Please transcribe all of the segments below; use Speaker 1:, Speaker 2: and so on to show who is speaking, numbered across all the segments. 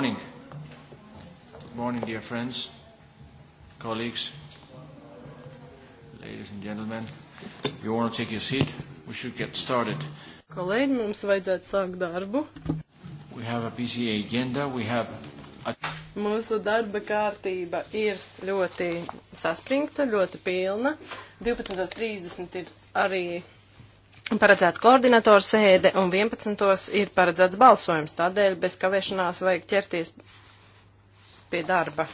Speaker 1: morning. Good morning, dear friends, colleagues, ladies and gentlemen. If you want to take your seat, we should get started.
Speaker 2: Kolēģi, mums vajadzētu sākt darbu.
Speaker 1: We have a busy agenda. We have a...
Speaker 2: Mūsu darba kārtība ir ļoti saspringta, ļoti pilna. 12.30 ir arī paredzēta koordinatora sēde un 11. ir paredzēts balsojums. Tādēļ bez kavēšanās vajag ķerties pie darba.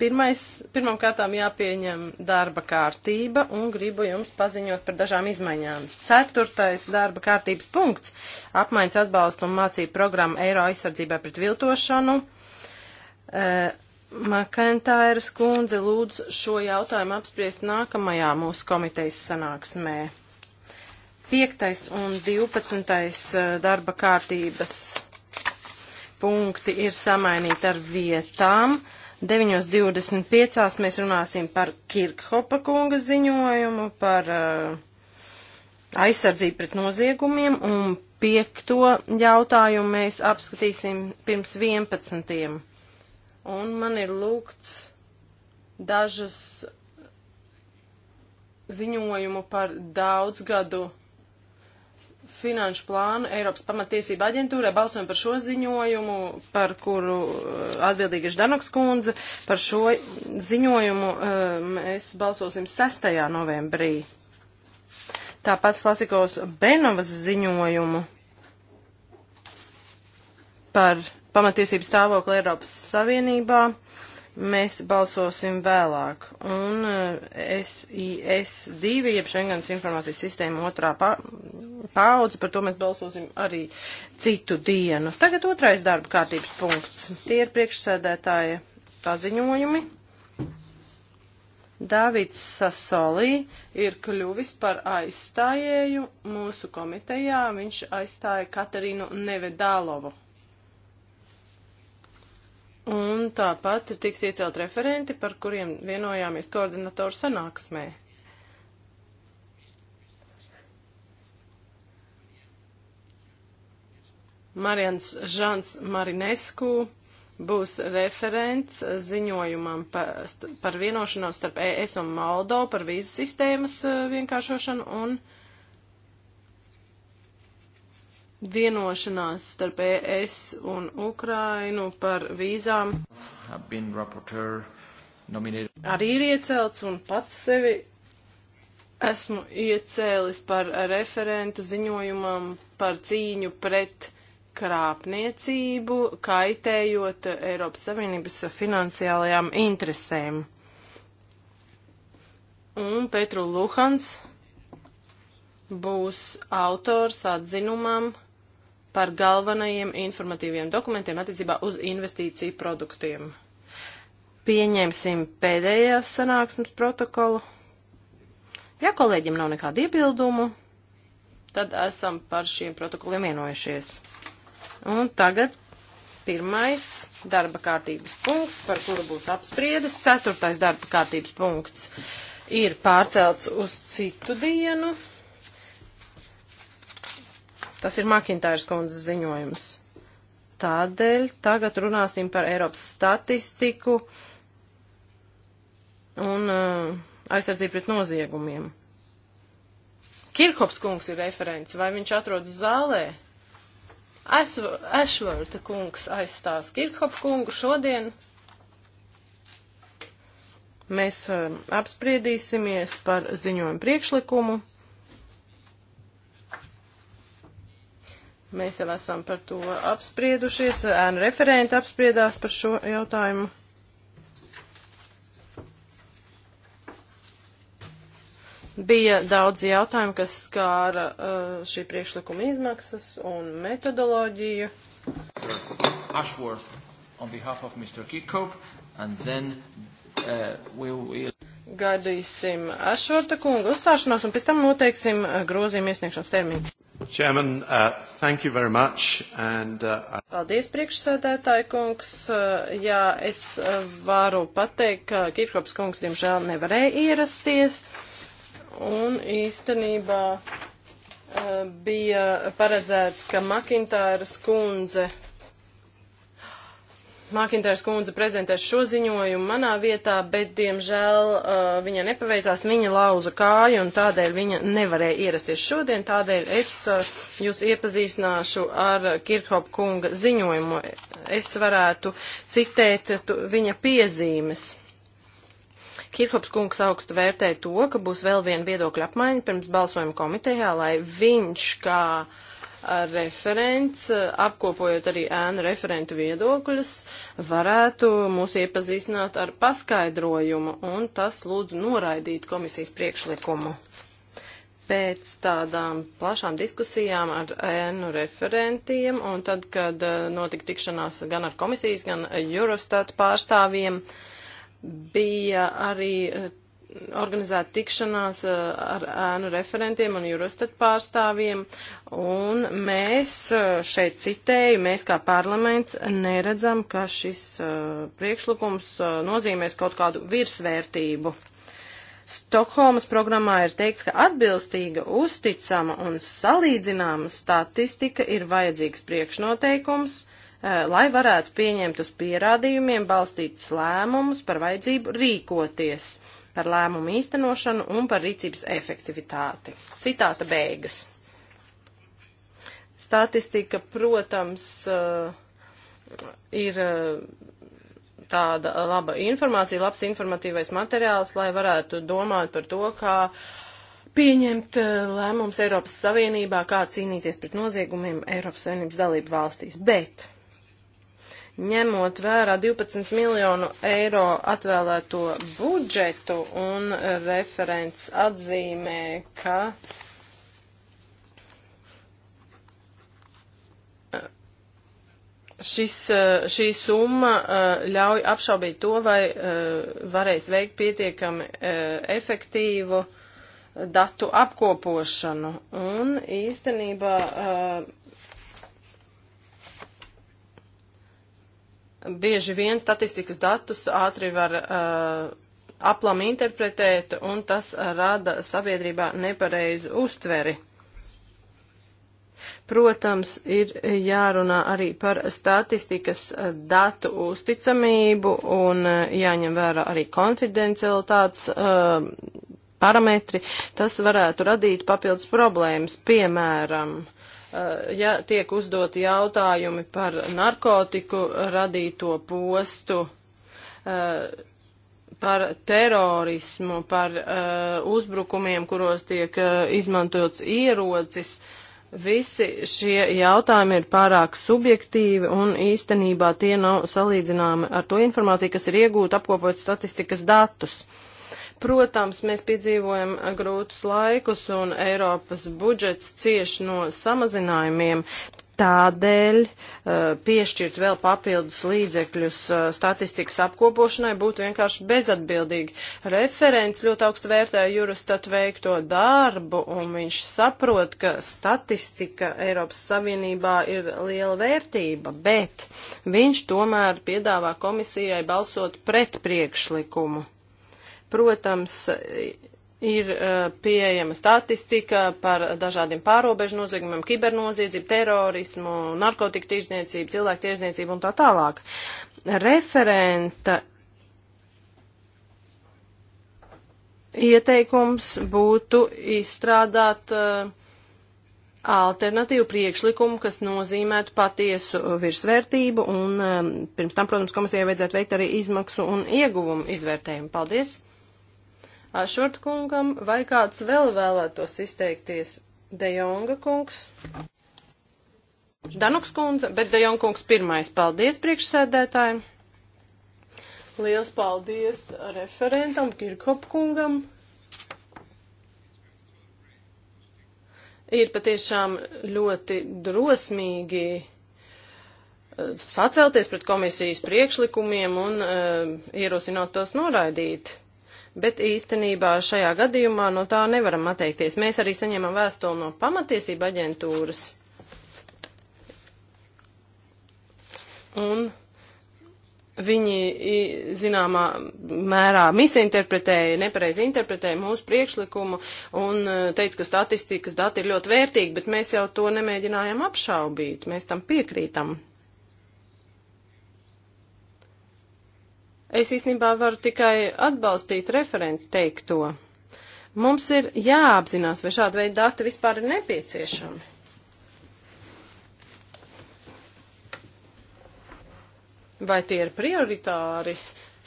Speaker 2: Pirmais, pirmam kārtām jāpieņem darba kārtība un gribu jums paziņot par dažām izmaiņām. Ceturtais darba kārtības punkts - apmaiņas atbalstu un mācību programmu Eiro aizsardzībā pret viltošanu. E, eh, Makentairas kundze lūdz šo jautājumu apspriest nākamajā mūsu komitejas sanāksmē. 5. un 12. Eh, darba kārtības punkti ir samainīti ar vietām. 9.25. mēs runāsim par Kirkhopa kunga ziņojumu, par uh, aizsardzību pret noziegumiem, un piekto jautājumu mēs apskatīsim pirms 11. Un man ir lūgts dažas ziņojumu par daudzgadu finanšu plānu Eiropas pamatiesība aģentūrai. Balsojam par šo ziņojumu, par kuru eh, atbildīgi ir Ždanoks kundze. Par šo ziņojumu eh, mēs balsosim 6. novembrī. Tāpat Flasikos Benovas ziņojumu par pamatiesību stāvokli Eiropas Savienībā. Uh, mēs balsosim vēlāk. Un eh, SIS2, jeb Schengens informācijas sistēma otrā pa, paudze, par to mēs balsosim arī citu dienu. Tagad otrais darba kārtības punkts. Tie ir priekšsēdētāja paziņojumi. Dāvids Sasolī ir kļuvis par aizstājēju mūsu komitejā. Viņš aizstāja Katarinu Nevedālovu. Un tāpat tiks iecelt referenti, par kuriem vienojāmies koordinatoru sanāksmē. Marians Žans Marinesku būs referents ziņojumam par, par vienošanos starp ES un Moldovu par vīzu sistēmas eh, vienkāršošanu un uh, vienošanās starp ES un Ukrainu par vīzām arī ir iecelts un pats sevi esmu iecēlis par referentu ziņojumam par cīņu pret krāpniecību, kaitējot Eiropas Savienības finansiālajām interesēm. Un Petru Luhans būs autors atzinumam par galvenajiem informatīviem dokumentiem attiecībā uz investīciju produktiem. Pieņemsim pēdējās sanāksmes protokolu. Ja kolēģiem nav nekādu iebildumu, tad esam par šiem protokoliem vienojušies. Un tagad pirmais darba kārtības punkts, par kuru būs apspriedas, ceturtais darba kārtības punkts ir pārcelts uz citu dienu. Tas ir Makintājas kundzes ziņojums. Tādēļ tagad runāsim par Eiropas statistiku un uh, aizsardzību pret noziegumiem. Kirkops kungs ir referents, vai viņš atrodas zālē? Ešvorta kungs aizstās Kirkopu kungu šodien. Mēs uh, apspriedīsimies par ziņojumu priekšlikumu. Mēs jau esam par to apspriedušies, ēnu referenti apspriedās par šo jautājumu. Bija daudz jautājumu, kas skāra uh, šī priekšlikuma izmaksas un metodoloģiju.
Speaker 1: Ashworth on behalf of Mr. Kirkhope, and then
Speaker 2: uh, we will... Gaidīsim Ashworta kungu uzstāšanos un pēc tam noteiksim uh, grozījuma iesniegšanas termiņu. Chairman, uh, thank you very much. And, uh, Paldies, priekšsēdētāji kungs. Uh, jā, es uh, varu pateikt, ka Kirkops kungs, diemžēl, nevarēja ierasties. Un īstenībā uh, bija paredzēts, ka Makintāras kundze Mākintērs kundze prezentēs šo ziņojumu manā vietā, bet, diemžēl, uh, viņa nepaveicās, viņa lauza kāju un tādēļ viņa nevarēja ierasties šodien, tādēļ es uh, jūs iepazīstināšu ar Kirkhop kunga ziņojumu. Es varētu citēt tu, viņa piezīmes. Kirhops kungs augstu vērtē to, ka būs vēl viena viedokļa apmaiņa pirms balsojuma komitejā, lai viņš kā uh, referents, apkopojot arī ēnu referentu viedokļus, varētu mūs iepazīstināt ar paskaidrojumu un tas lūdzu noraidīt komisijas priekšlikumu. Pēc tādām plašām diskusijām ar ēnu referentiem un tad, kad uh, notika tikšanās gan ar komisijas, gan Eurostat pārstāvjiem, bija arī uh, organizēt tikšanās eh, ar ēnu referentiem un jurastat pārstāvjiem, un mēs eh, šeit citēju, mēs kā parlaments neredzam, ka šis eh, priekšlikums nozīmēs kaut kādu virsvērtību. Stokholmas programmā ir teikts, ka atbilstīga, uzticama un salīdzināma statistika ir vajadzīgs priekšnoteikums, lai varētu pieņemt uz pierādījumiem balstītus lēmumus par vajadzību rīkoties – par lēmumu īstenošanu un par rīcības efektivitāti. Citāta beigas. Statistika, protams, eh, ir eh, tāda laba informācija, labs informatīvais materiāls, lai varētu domāt par to, kā pieņemt eh, lēmums Eiropas Savienībā, kā cīnīties pret noziegumiem Eiropas Savienības dalību valstīs. Bet ņemot vērā 12 miljonu eiro atvēlēto budžetu un referents atzīmē, ka eh, šis, eh, šī summa eh, ļauj apšaubīt to, vai varēs veikt pietiekami efektīvu datu apkopošanu. Un īstenībā bieži vien statistikas datus ātri var uh, aplam interpretēt, un tas rada sabiedrībā nepareizu uztveri. Protams, ir jārunā arī par statistikas uh, datu uzticamību un uh, jāņem vērā arī konfidencialitātes uh, parametri. Tas varētu radīt papildus problēmas, piemēram, Eh, ja tiek uzdoti jautājumi par narkotiku radīto postu, eh, par terorismu, par eh, uzbrukumiem, kuros tiek izmantots ierocis, visi šie jautājumi ir pārāk subjektīvi un īstenībā tie nav salīdzināmi ar to informāciju, kas ir iegūta apkopot statistikas datus. Protams, mēs piedzīvojam grūtus laikus un Eiropas budžets cieš no samazinājumiem. Tādēļ uh, piešķirt vēl papildus līdzekļus uh, statistikas apkopošanai būtu vienkārši bezatbildīgi. Referents ļoti augstu vērtēja Jurastat veikto darbu, un viņš saprot, ka statistika Eiropas Savienībā ir liela vērtība, bet viņš tomēr piedāvā komisijai balsot pret priekšlikumu. Protams, ir uh, pieejama statistika par dažādiem pārobežu noziegumiem, kibernoziedzību, terorismu, narkotiku tirzniecību, cilvēku tirzniecību un tā tālāk. Referenta ieteikums būtu izstrādāt uh, alternatīvu priekšlikumu, kas nozīmētu patiesu virsvērtību, un um, pirms tam, protams, komisijai vajadzētu veikt arī izmaksu un ieguvumu izvērtējumu. Paldies! Ašort kungam, vai kāds vēl vēlētos izteikties? De Jonga kungs. Danuks kundze, bet De Jonga kungs pirmais. Paldies priekšsēdētājiem. Liels paldies referentam Kirkop kungam. Ir patiešām ļoti drosmīgi eh, sacelties pret komisijas priekšlikumiem un uh, eh, ierosināt tos noraidīt bet īstenībā šajā gadījumā no tā nevaram atteikties. Mēs arī saņēmām vēstuli no pamatiesība aģentūras. Un viņi, zināmā mērā, misinterpretēja, nepareizi interpretēja mūsu priekšlikumu un e, teica, ka statistikas dati ir ļoti vērtīgi, bet mēs jau to nemēģinājām apšaubīt. Mēs tam piekrītam. es īstenībā varu tikai atbalstīt referentu teikto. Mums ir jāapzinās, vai šāda veida dati vispār ir nepieciešami. Vai tie ir prioritāri,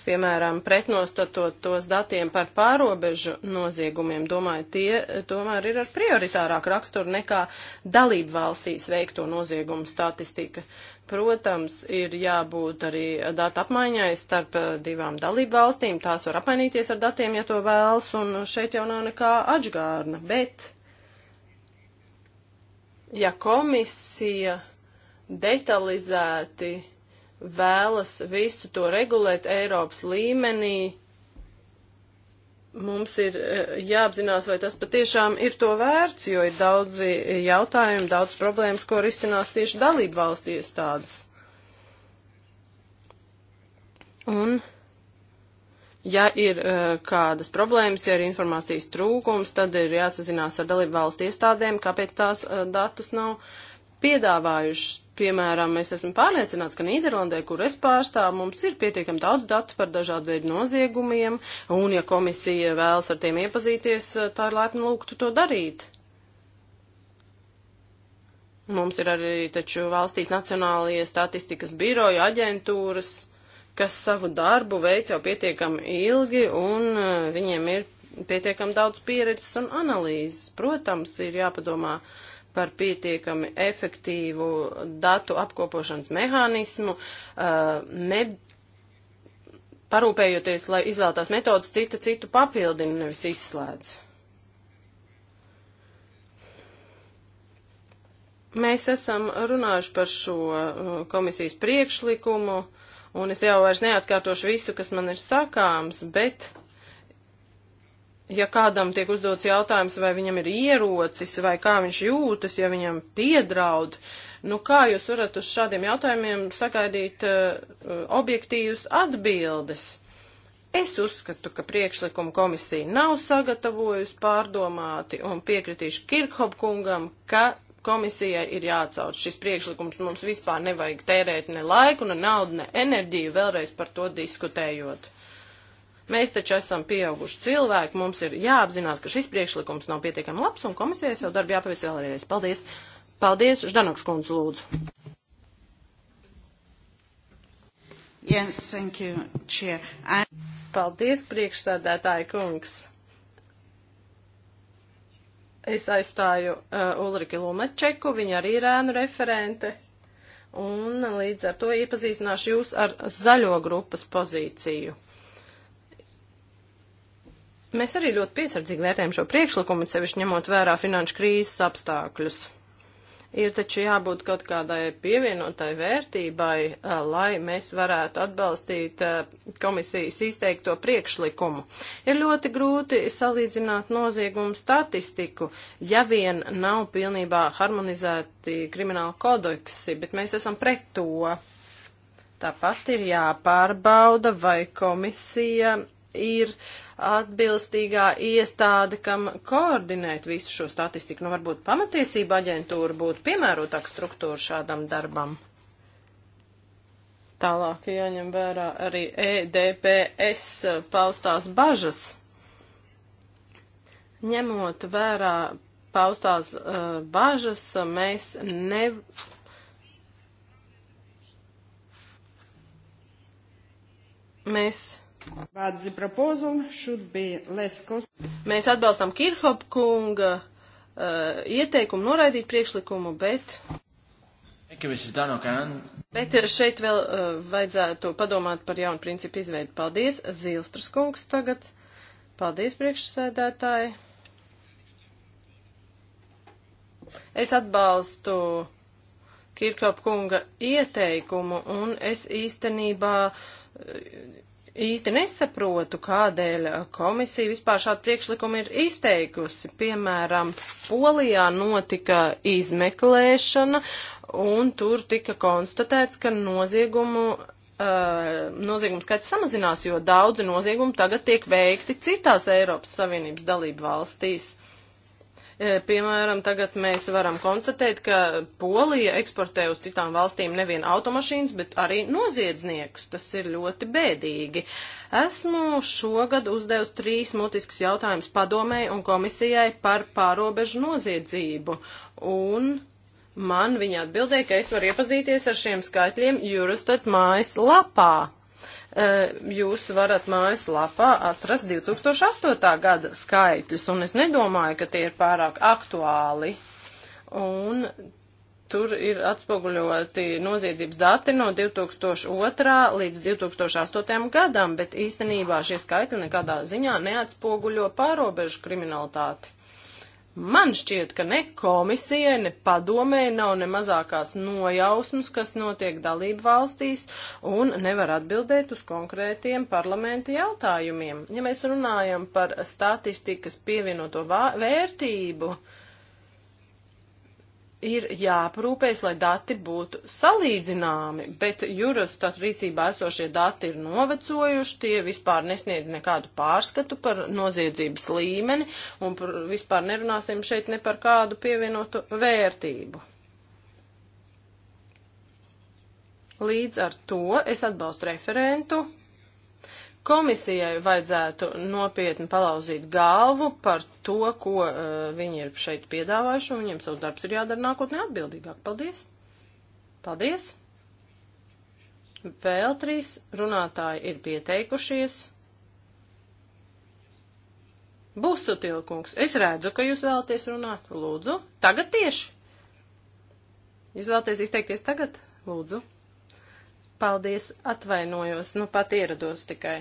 Speaker 2: piemēram, pretnostatot tos datiem par pārobežu noziegumiem, domāju, tie tomēr ir ar prioritārāku raksturu nekā dalību valstīs veikto noziegumu statistika. Protams, ir jābūt arī datu apmaiņai starp eh, divām dalību valstīm. Tās var apmainīties ar datiem, ja to vēlas, un šeit jau nav nekā atžgārna. Bet, ja komisija detalizēti vēlas visu to regulēt Eiropas līmenī, mums ir eh, jāapzinās, vai tas patiešām ir to vērts, jo ir daudzi jautājumi, daudz problēmas, ko risinās tieši dalību valstu iestādes. Un, ja ir eh, kādas problēmas, ja ir informācijas trūkums, tad ir jāsazinās ar dalību valstu iestādēm, kāpēc tās eh, datus nav piedāvājušas. Piemēram, es esmu pārliecināts, ka Nīderlandē, kur es pārstāvu, mums ir pietiekami daudz datu par dažādu veidu noziegumiem, un ja komisija vēlas ar tiem iepazīties, tā ir laipni lūgtu to darīt. Mums ir arī taču valstīs nacionālie statistikas biroja aģentūras, kas savu darbu veic jau pietiekami ilgi, un eh, viņiem ir pietiekami daudz pieredzes un analīzes. Protams, ir jāpadomā. Uh, par pietiekami efektīvu datu apkopošanas mehānismu, ne, uh, parūpējoties, lai izvēlētās metodas cita citu papildina, nevis izslēdz. Mēs esam runājuši par šo uh, komisijas priekšlikumu, un es jau vairs neatkārtošu visu, kas man ir sakāms, bet ja kādam tiek uzdots jautājums, vai viņam ir ierocis, vai kā viņš jūtas, ja viņam piedraud, nu kā jūs varat uz šādiem jautājumiem sagaidīt uh, objektīvas atbildes? Es uzskatu, ka priekšlikuma komisija nav sagatavojusi pārdomāti un piekritīšu Kirkhopkungam, ka komisijai ir jāatsauc šis priekšlikums. Mums vispār nevajag tērēt ne laiku, ne naudu, ne enerģiju vēlreiz par to diskutējot. Mēs taču esam pieauguši cilvēki, mums ir jāapzinās, ka šis priekšlikums nav pietiekami labs un komisijas jau darbi jāpaveic vēlreiz. Paldies! Paldies, Ždanoks kundze, lūdzu! Yes, thank you, Chair. I... Paldies, priekšsādātāja kungs. Es aizstāju uh, Ulriki Lumačeku, viņa arī ir ēnu referente, un līdz ar to iepazīstināšu jūs ar zaļo grupas pozīciju. Mēs arī ļoti piesardzīgi vērtējam šo priekšlikumu, sevišķi ņemot vērā finanšu krīzes apstākļus. Ir taču jābūt kaut kādai pievienotai vērtībai, eh, lai mēs varētu atbalstīt eh, komisijas izteikto priekšlikumu. Ir ļoti grūti salīdzināt noziegumu statistiku, ja vien nav pilnībā harmonizēti krimināla kodeksi, bet mēs esam pret to. Tāpat ir jāpārbauda, vai komisija ir uh, atbilstīgā iestāde, kam koordinēt visu šo statistiku. Nu, varbūt pamatiesība aģentūra būtu piemērotāk struktūra šādam darbam. Tālāk jāņem vērā arī EDPS paustās bažas. Ņemot vērā paustās uh, bažas, mēs ne. Mēs Mēs atbalstam Kirhop kunga uh, ieteikumu noraidīt priekšlikumu, bet.
Speaker 1: Bet
Speaker 2: uh, šeit vēl uh, vajadzētu padomāt par jaunu principu izveidu. Paldies, Zilstras kungs tagad. Paldies, priekšsēdētāji. Es atbalstu Kirkop kunga ieteikumu un es īstenībā uh, īsti nesaprotu, kādēļ komisija vispār šādu priekšlikumu ir izteikusi. Piemēram, Polijā notika izmeklēšana un tur tika konstatēts, ka noziegumu. Uh, eh, noziegums skaits samazinās, jo daudzi noziegumi tagad tiek veikti citās Eiropas Savienības dalību valstīs. E, piemēram, tagad mēs varam konstatēt, ka Polija eksportē uz citām valstīm nevien automašīnas, bet arī noziedzniekus. Tas ir ļoti bēdīgi. Esmu šogad uzdevusi trīs mutiskus jautājumus padomēji un komisijai par pārobežu noziedzību. Un man viņa atbildēja, ka es varu iepazīties ar šiem skaitļiem Eurostat mājas lapā. E, jūs varat mājas lapā atrast 2008. gada skaitļus, un es nedomāju, ka tie ir pārāk aktuāli. Un tur ir atspoguļoti noziedzības dati no 2002. līdz 2008. gadam, bet īstenībā šie skaitļi nekādā ziņā neatspoguļo pārobežu kriminalitāti. Man šķiet, ka ne komisijai, ne padomēji nav ne mazākās nojausmas, kas notiek dalību valstīs un nevar atbildēt uz konkrētiem parlamenta jautājumiem. Ja mēs runājam par statistikas pievienoto vērtību, uh, ir jāprūpēs, lai dati būtu salīdzināmi, bet Jurastat rīcībā esošie dati ir novecojuši, tie vispār nesniedz nekādu pārskatu par noziedzības līmeni un par, vispār nerunāsim šeit ne par kādu pievienotu vērtību. Līdz ar to es atbalstu referentu Komisijai vajadzētu nopietni palauzīt galvu par to, ko uh, viņi ir šeit piedāvājuši, un viņiem savs darbs ir jādara nākotnē atbildīgāk. Paldies! Paldies! Vēl trīs runātāji ir pieteikušies. Busutilkungs, es redzu, ka jūs vēlaties runāt. Lūdzu, tagad tieši. Jūs vēlaties izteikties tagad? Lūdzu. Paldies, atvainojos, nu pat ierados tikai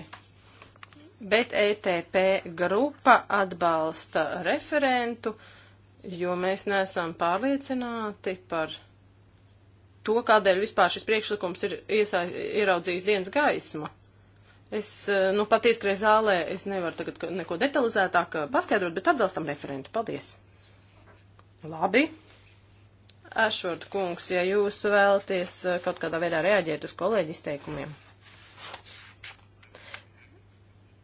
Speaker 2: bet ETP grupa atbalsta referentu, jo mēs neesam pārliecināti par to, kādēļ vispār šis priekšlikums ir iesā, ieraudzījis dienas gaismu. Es, eh, nu, pat ieskrēju zālē, es nevaru tagad neko detalizētāk eh, paskaidrot, bet atbalstam referentu. Paldies! Labi. Ešvard kungs, ja jūs vēlaties eh, kaut kādā veidā reaģēt uz kolēģi izteikumiem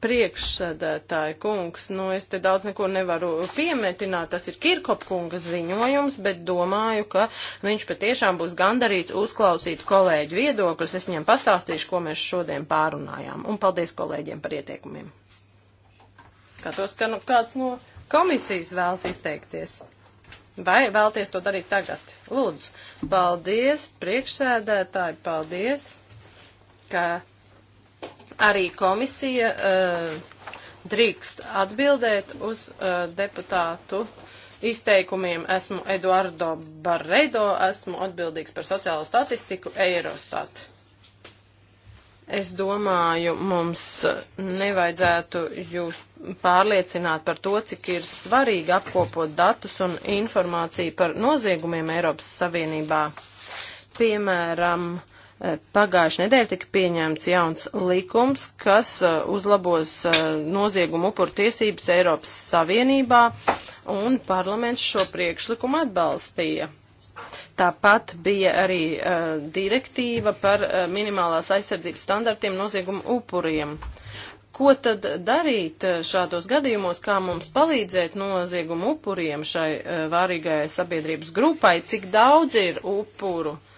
Speaker 2: priekšsēdētāji kungs, nu es te daudz neko nevaru piemetināt, tas ir Kirkop kunga ziņojums, bet domāju, ka viņš patiešām būs gandarīts uzklausīt kolēģu viedokļus. Es viņam pastāstīšu, ko mēs šodien pārunājām. Un paldies kolēģiem par ieteikumiem. Skatos, ka nu, kāds no komisijas vēlas izteikties. Vai vēlties to darīt tagad? Lūdzu, paldies, priekšsēdētāji, paldies, ka Arī komisija uh, drīkst atbildēt uz uh, deputātu izteikumiem. Esmu Eduardo Barreido, esmu atbildīgs par sociālo statistiku Eirostat. Es domāju, mums nevajadzētu jūs pārliecināt par to, cik ir svarīgi apkopot datus un informāciju par noziegumiem Eiropas Savienībā. Piemēram, uh, Eh, Pagājušajā nedēļā tika pieņemts jauns likums, kas eh, uzlabos eh, noziegumu upuru tiesības Eiropas Savienībā, un parlaments šo priekšlikumu atbalstīja. Tāpat bija arī uh, direktīva par uh, minimālās aizsardzības standartiem noziegumu upuriem. Ko tad darīt šādos gadījumos, kā mums palīdzēt noziegumu upuriem šai vārīgajai sabiedrības grupai, cik daudz ir upuru? Uh,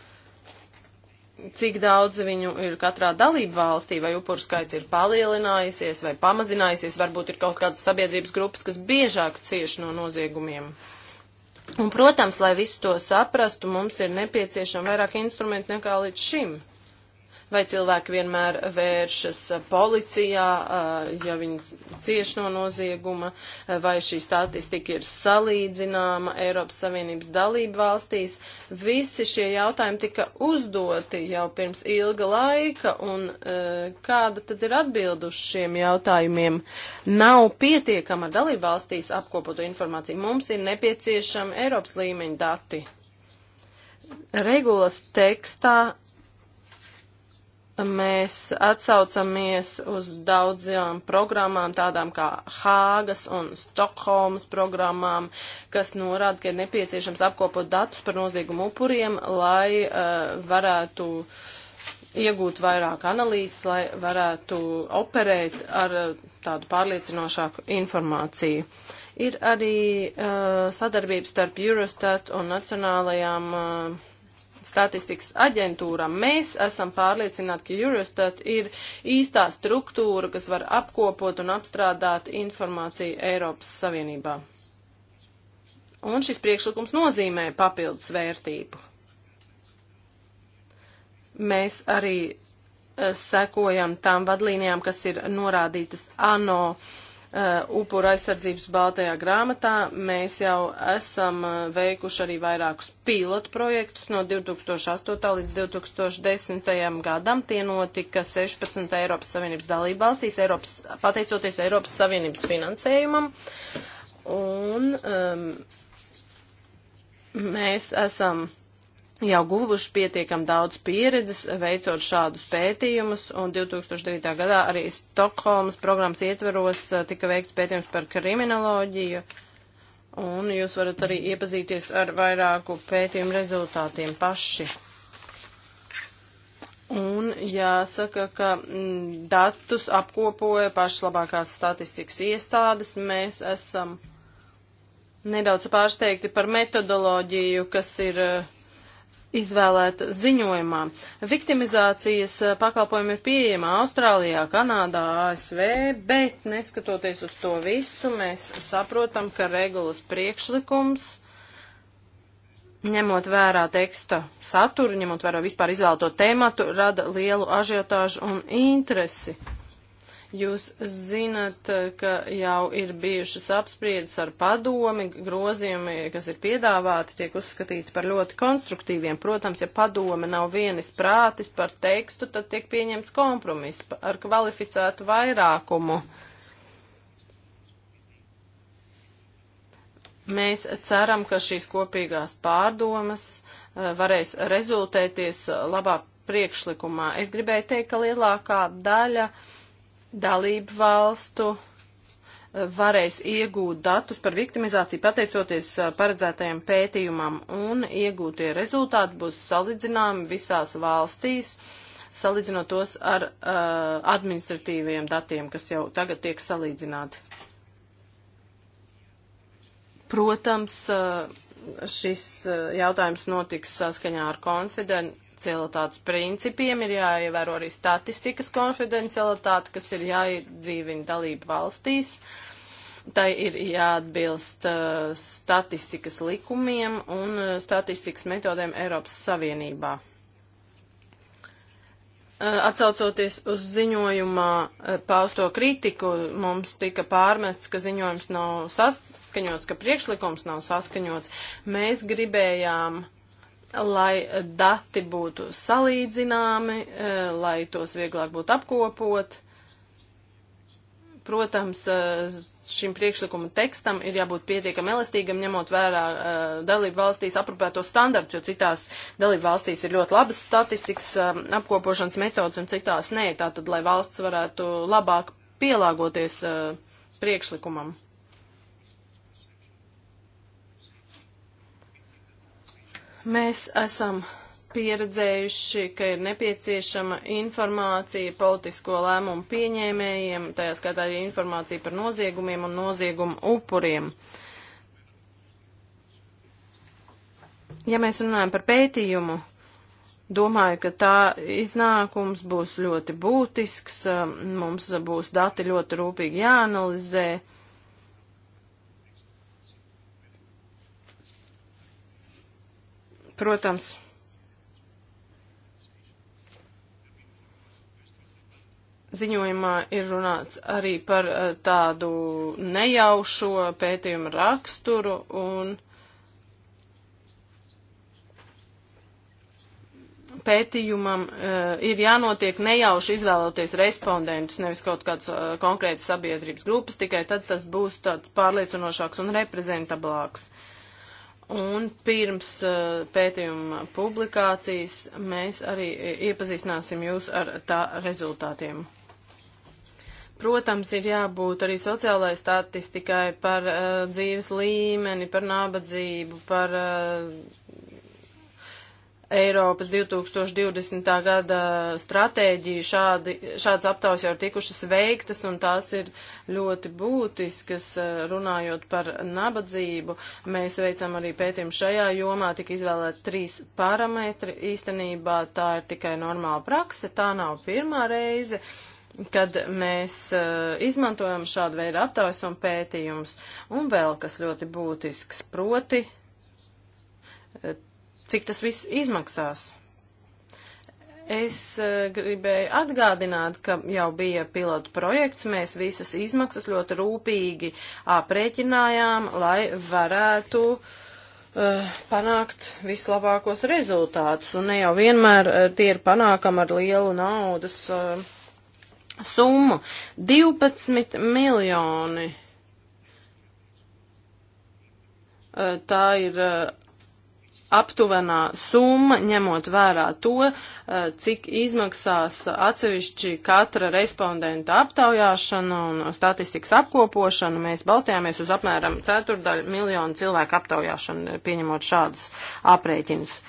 Speaker 2: cik daudz viņu ir katrā dalību valstī, vai upuru skaits ir palielinājusies vai pamazinājusies, varbūt ir kaut kādas sabiedrības grupas, kas biežāk cieš no noziegumiem. Un, protams, lai visu to saprastu, mums ir nepieciešama vairāk instrumentu nekā līdz šim vai cilvēki vienmēr vēršas policijā, ja viņi cieš no nozieguma, vai šī statistika ir salīdzināma Eiropas Savienības dalību valstīs. Visi šie jautājumi tika uzdoti jau pirms ilga laika, un kāda tad ir atbildu uz šiem jautājumiem? Nav pietiekama dalību valstīs apkopoto informāciju. Mums ir nepieciešama Eiropas līmeņa dati regulas tekstā mēs atsaucamies uz daudzām programmām, tādām kā Hāgas un Stokholmas programmām, kas norāda, ka ir nepieciešams apkopot datus par nozīgumu upuriem, lai uh, varētu iegūt vairāk analīzes, lai varētu operēt ar uh, tādu pārliecinošāku informāciju. Ir arī uh, sadarbības starp Eurostat un nacionālajām uh, statistikas aģentūram. Mēs esam pārliecināti, ka Eurostat ir īstā struktūra, kas var apkopot un apstrādāt informāciju Eiropas Savienībā. Un šis priekšlikums nozīmē papildus vērtību. Mēs arī eh, sekojam tām vadlīnijām, kas ir norādītas ANO uh, Uh, upura aizsardzības baltajā grāmatā mēs jau esam uh, veikuši arī vairākus pilotu projektus no 2008. līdz 2010. gadam. Tie notika 16 Eiropas Savienības dalība valstīs, Eiropas, pateicoties Eiropas Savienības finansējumam. Un um, mēs esam jau guvuši pietiekam daudz pieredzes, veicot šādus pētījumus, un 2009. gadā arī Stokholmas programmas ietveros eh, tika veikts pētījums par kriminoloģiju, un jūs varat arī iepazīties ar vairāku pētījumu rezultātiem paši. Un jāsaka, ka mm, datus apkopoja pašas labākās statistikas iestādes. Mēs esam nedaudz pārsteigti par metodoloģiju, kas ir uh, izvēlēta ziņojumā. Viktimizācijas eh, pakalpojumi ir pieejama Austrālijā, Kanādā, ASV, bet neskatoties uz to visu, mēs saprotam, ka regulas priekšlikums, ņemot vērā teksta saturu, ņemot vērā vispār izvēlto tēmatu, rada lielu ažiotāžu un interesi. Jūs zinat, ka jau ir bijušas apspriedas ar padomi, grozījumi, kas ir piedāvāti, tiek uzskatīti par ļoti konstruktīviem. Protams, ja padome nav vienis prātis par tekstu, tad tiek pieņemts kompromiss ar kvalificētu vairākumu. Mēs ceram, ka šīs kopīgās pārdomas eh, varēs rezultēties labā priekšlikumā. Es gribēju teikt, ka lielākā daļa uh, dalību valstu eh, varēs iegūt datus par viktimizāciju pateicoties eh, paredzētajam pētījumam, un iegūtie rezultāti būs salīdzināmi visās valstīs, salīdzinot tos ar uh, administratīvajiem datiem, kas jau tagad tiek salīdzināti. Protams, šis jautājums notiks saskaņā ar konfiden konfidencialitātes principiem ir jāievēro arī statistikas konfidencialitāte, kas ir jāiedzīvina dalību valstīs. Tai ir jāatbilst uh, statistikas likumiem un uh, statistikas metodēm Eiropas Savienībā. Uh, Atcaucoties uz ziņojumā uh, pausto kritiku, mums tika pārmests, ka ziņojums nav saskaņots, ka priekšlikums nav saskaņots. Mēs gribējām uh, lai dati būtu salīdzināmi, eh, lai tos vieglāk būtu apkopot. Protams, eh, šim priekšlikuma tekstam ir jābūt pietiekam elastīgam, ņemot vērā eh, dalību valstīs aprūpēto standarts, jo citās dalību valstīs ir ļoti labas statistikas apkopošanas metodas un citās nē. Tātad, lai valsts varētu labāk pielāgoties priekšlikumam. Mēs esam pieredzējuši, ka ir nepieciešama informācija politisko lēmumu pieņēmējiem, tajā skaitā arī informācija par noziegumiem un noziegumu upuriem. Ja mēs runājam par pētījumu, domāju, ka tā iznākums būs ļoti būtisks, mums būs dati ļoti rūpīgi jāanalizē. protams, ziņojumā ir runāts arī par eh, tādu nejaušo pētījumu raksturu un pētījumam uh, ir jānotiek nejauši izvēloties respondentus, nevis kaut kāds uh, konkrēts sabiedrības grupas, tikai tad tas būs tāds pārliecinošāks un reprezentablāks. Uh, Un pirms eh, pētījuma publikācijas mēs arī iepazīstināsim jūs ar tā rezultātiem. Protams, ir jābūt arī sociālai statistikai par uh, dzīves līmeni, par nabadzību, par uh, Eiropas 2020. gada stratēģiju šādi, šāds aptaus jau ir tikušas veiktas un tās ir ļoti būtiskas, eh, runājot par nabadzību. Mēs veicam arī pētījumu šajā jomā, tika izvēlēt trīs parametri. Īstenībā tā ir tikai normāla prakse, tā nav pirmā reize kad mēs uh, izmantojam šādu veidu aptaujas un pētījumus. Un vēl kas ļoti būtisks, proti cik tas viss izmaksās. Es eh, gribēju atgādināt, ka jau bija pilotu projekts, mēs visas izmaksas ļoti rūpīgi aprēķinājām, lai varētu uh, panākt vislabākos rezultātus, un ne jau vienmēr uh, tie ir panākami ar lielu naudas uh, summu. 12 miljoni. Tā ir aptuvenā summa, ņemot vērā to, eh, cik izmaksās atsevišķi katra respondenta aptaujāšana un statistikas apkopošana. Mēs balstījāmies uz apmēram ceturdaļu miljonu cilvēku aptaujāšanu, pieņemot šādus aprēķinus.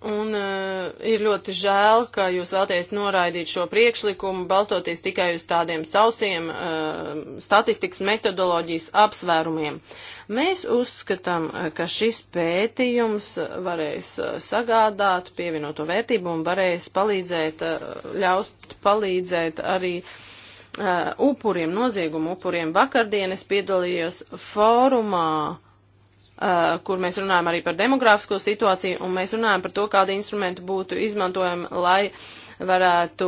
Speaker 2: Un uh, ir ļoti žēl, ka jūs vēlties noraidīt šo priekšlikumu, balstoties tikai uz tādiem saustiem uh, statistikas metodoloģijas apsvērumiem. Mēs uzskatām, eh, ka šis pētījums varēs sagādāt pievienoto vērtību un varēs palīdzēt, uh, ļaust palīdzēt arī uh, upuriem, noziegumu upuriem. Vakardien es piedalījos fórumā. Uh, Uh, kur mēs runājam arī par demogrāfisko situāciju, un mēs runājam par to, kādi instrumenti būtu izmantojami, lai varētu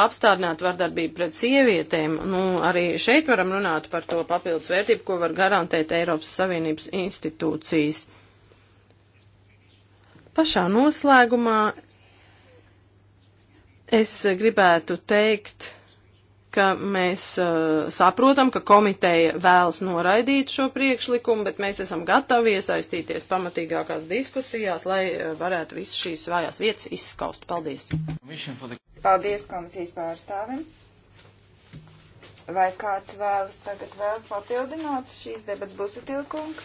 Speaker 2: apstādināt vardarbību pret sievietēm. Nu, arī šeit varam runāt par to papildus vērtību, ko var garantēt Eiropas Savienības institūcijas. Pašā noslēgumā es gribētu teikt, ka mēs uh, saprotam, ka komiteja vēlas noraidīt šo priekšlikumu, bet mēs esam gatavi iesaistīties pamatīgākās diskusijās, lai uh, varētu visas šīs vājās vietas izskaust. Paldies!
Speaker 1: Paldies komisijas pārstāvim! Vai kāds vēlas tagad vēl papildināt šīs debats būs utilkums?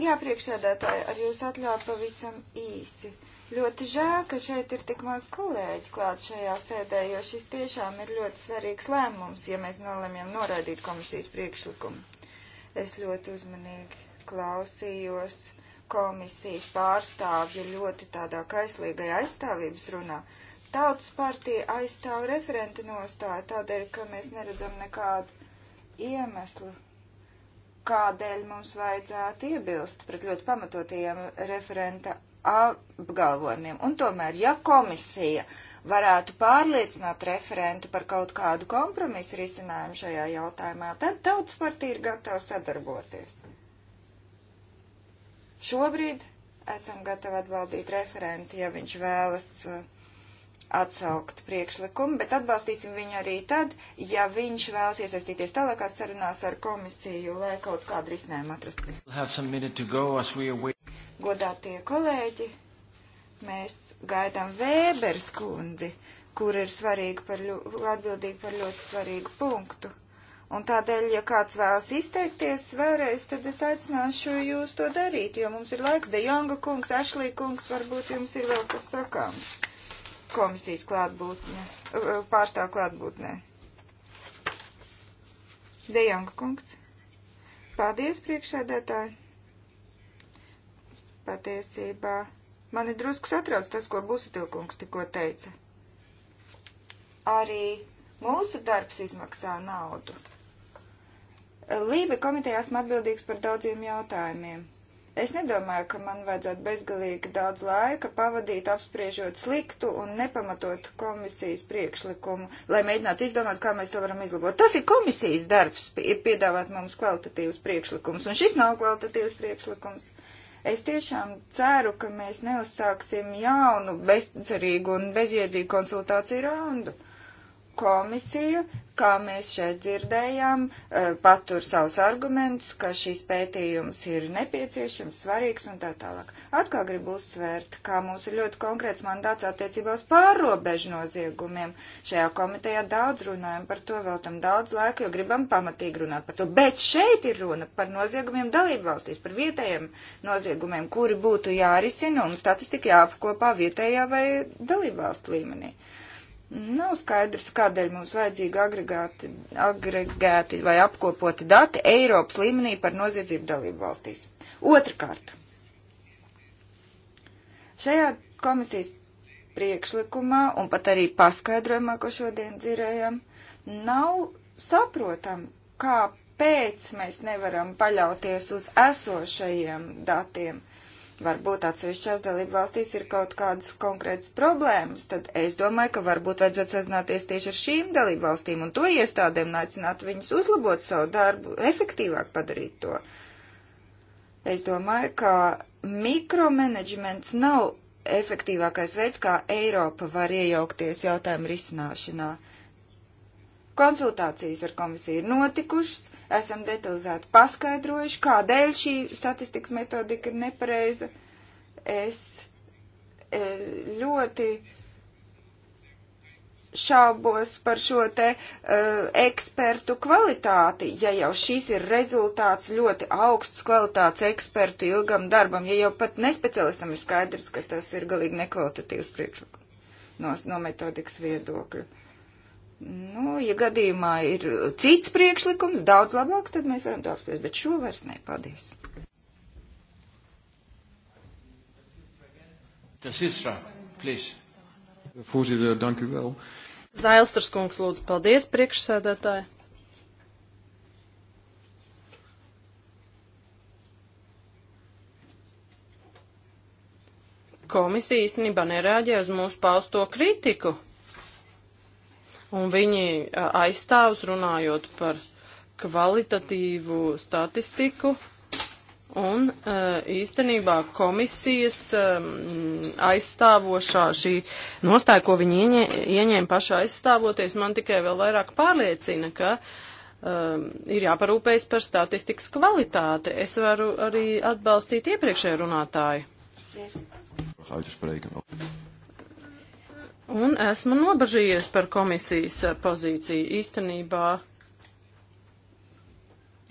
Speaker 1: Jā, priekšsēdētāji, ar jūs atļauju pavisam īsi. Uh, Ļoti žēl, ka šeit ir tik maz kolēģi klāt šajā sēdē, jo šis tiešām ir ļoti svarīgs lēmums, ja mēs nolemjam noraidīt komisijas priekšlikumu. Es ļoti uzmanīgi klausījos komisijas pārstāvju ļoti tādā kaislīgajā aizstāvības runā. Tautas partija aizstāv referenta nostāju tādēļ, ka mēs neredzam nekādu iemeslu, kādēļ mums vajadzētu iebilst pret ļoti pamatotajiem referenta apgalvojumiem. Un tomēr, ja komisija varētu pārliecināt referentu par kaut kādu kompromisu risinājumu šajā jautājumā, tad tautas partija ir gatava sadarboties. Šobrīd esam gatavi atbaldīt referentu, ja viņš vēlas uh, atsaukt priekšlikumu, bet atbalstīsim viņu arī tad, ja viņš vēlas iesaistīties tālākās sarunās ar komisiju, lai kaut kādu risinājumu atrastu. We'll Godātie kolēģi, mēs gaidām Vēbers kundzi, kur ir svarīga par atbildīga par ļoti svarīgu punktu. Un tādēļ, ja kāds vēlas izteikties vēlreiz, tad es aicināšu jūs to darīt, jo mums ir laiks, De Jonga kungs, Ešlī kungs, varbūt jums ir vēl kas sakāms komisijas eh, eh, klātbūtnē, pārstāv klātbūtnē. Dejonga kungs. Paldies, priekšsēdētāji. Patiesībā mani drusku satrauc tas, ko Busutilkungs tikko teica. Arī mūsu darbs izmaksā naudu. Lība komitejā esmu atbildīgs par daudziem jautājumiem Es nedomāju, ka man vajadzētu bezgalīgi daudz laika pavadīt apspriežot sliktu un nepamatotu komisijas priekšlikumu, lai mēģinātu izdomāt, kā mēs to varam izlabot. Tas ir komisijas darbs, ir piedāvāt mums kvalitatīvus priekšlikumus, un šis nav kvalitatīvs priekšlikums. Es tiešām ceru, ka mēs neuzsāksim jaunu, bezcerīgu un bezjēdzīgu konsultāciju raundu. Komisija, kā mēs šeit dzirdējām, e, patur savus argumentus, ka šīs pētījums ir nepieciešams, svarīgs un tā tālāk. Atkal gribu uzsvērt, kā mums ir ļoti konkrēts mandāts attiecībā uz pārrobežu noziegumiem. Šajā komitejā daudz runājam par to, vēl tam daudz laika, jo gribam pamatīgi runāt par to. Bet šeit ir runa par noziegumiem dalību valstīs, par vietējiem noziegumiem, kuri būtu jārisina un statistika jāapkopā vietējā vai dalību valstu līmenī. Uh, Nav skaidrs, kādēļ mums vajadzīgi agregāti, agregēti vai apkopoti dati Eiropas līmenī par noziedzību dalību valstīs. Otrakārt, šajā komisijas priekšlikumā un pat arī paskaidrojumā, ko šodien dzirdējam, nav saprotam, kāpēc mēs nevaram paļauties uz esošajiem datiem varbūt atsevišķās dalību valstīs ir kaut kādas konkrētas problēmas, tad es domāju, ka varbūt vajadzētu sazināties tieši ar šīm dalību valstīm un to iestādēm aicināt viņus uzlabot savu darbu, efektīvāk padarīt to. Es domāju, ka mikromanagements nav efektīvākais veids, kā Eiropa var iejaukties jautājumu risināšanā. Uh, Konsultācijas ar komisiju ir notikušas, esam detalizēti paskaidrojuši, kādēļ šī statistikas metodika ir nepareiza. Es e, ļoti šaubos par šo te uh, ekspertu kvalitāti, ja jau šis ir rezultāts ļoti augsts kvalitātes ekspertu ilgam darbam, ja jau pat nespecialistam ir skaidrs, ka tas ir galīgi nekvalitatīvs priekšlikums no, no metodikas viedokļa. Uh, Nu, ja gadījumā ir cits priekšlikums, daudz labāks, tad mēs varam to apspriest, bet šo vairs ne. Paldies. Tas izsrā, plīs.
Speaker 2: Fūzīdē, danki vēl. Zailstras kungs, lūdzu, paldies priekšsēdētāji. Komisija īstenībā nereaģē uz mūsu pausto kritiku un viņi aizstāvs runājot par kvalitatīvu statistiku. Un īstenībā komisijas aizstāvošā šī nostāja, ko viņi ieņē, ieņēma pašā aizstāvoties, man tikai vēl vairāk pārliecina, ka um, ir jāparūpējas par statistikas kvalitāti. Es varu arī atbalstīt iepriekšēju runātāju. Un esmu nobažījies par komisijas pozīciju. Īstenībā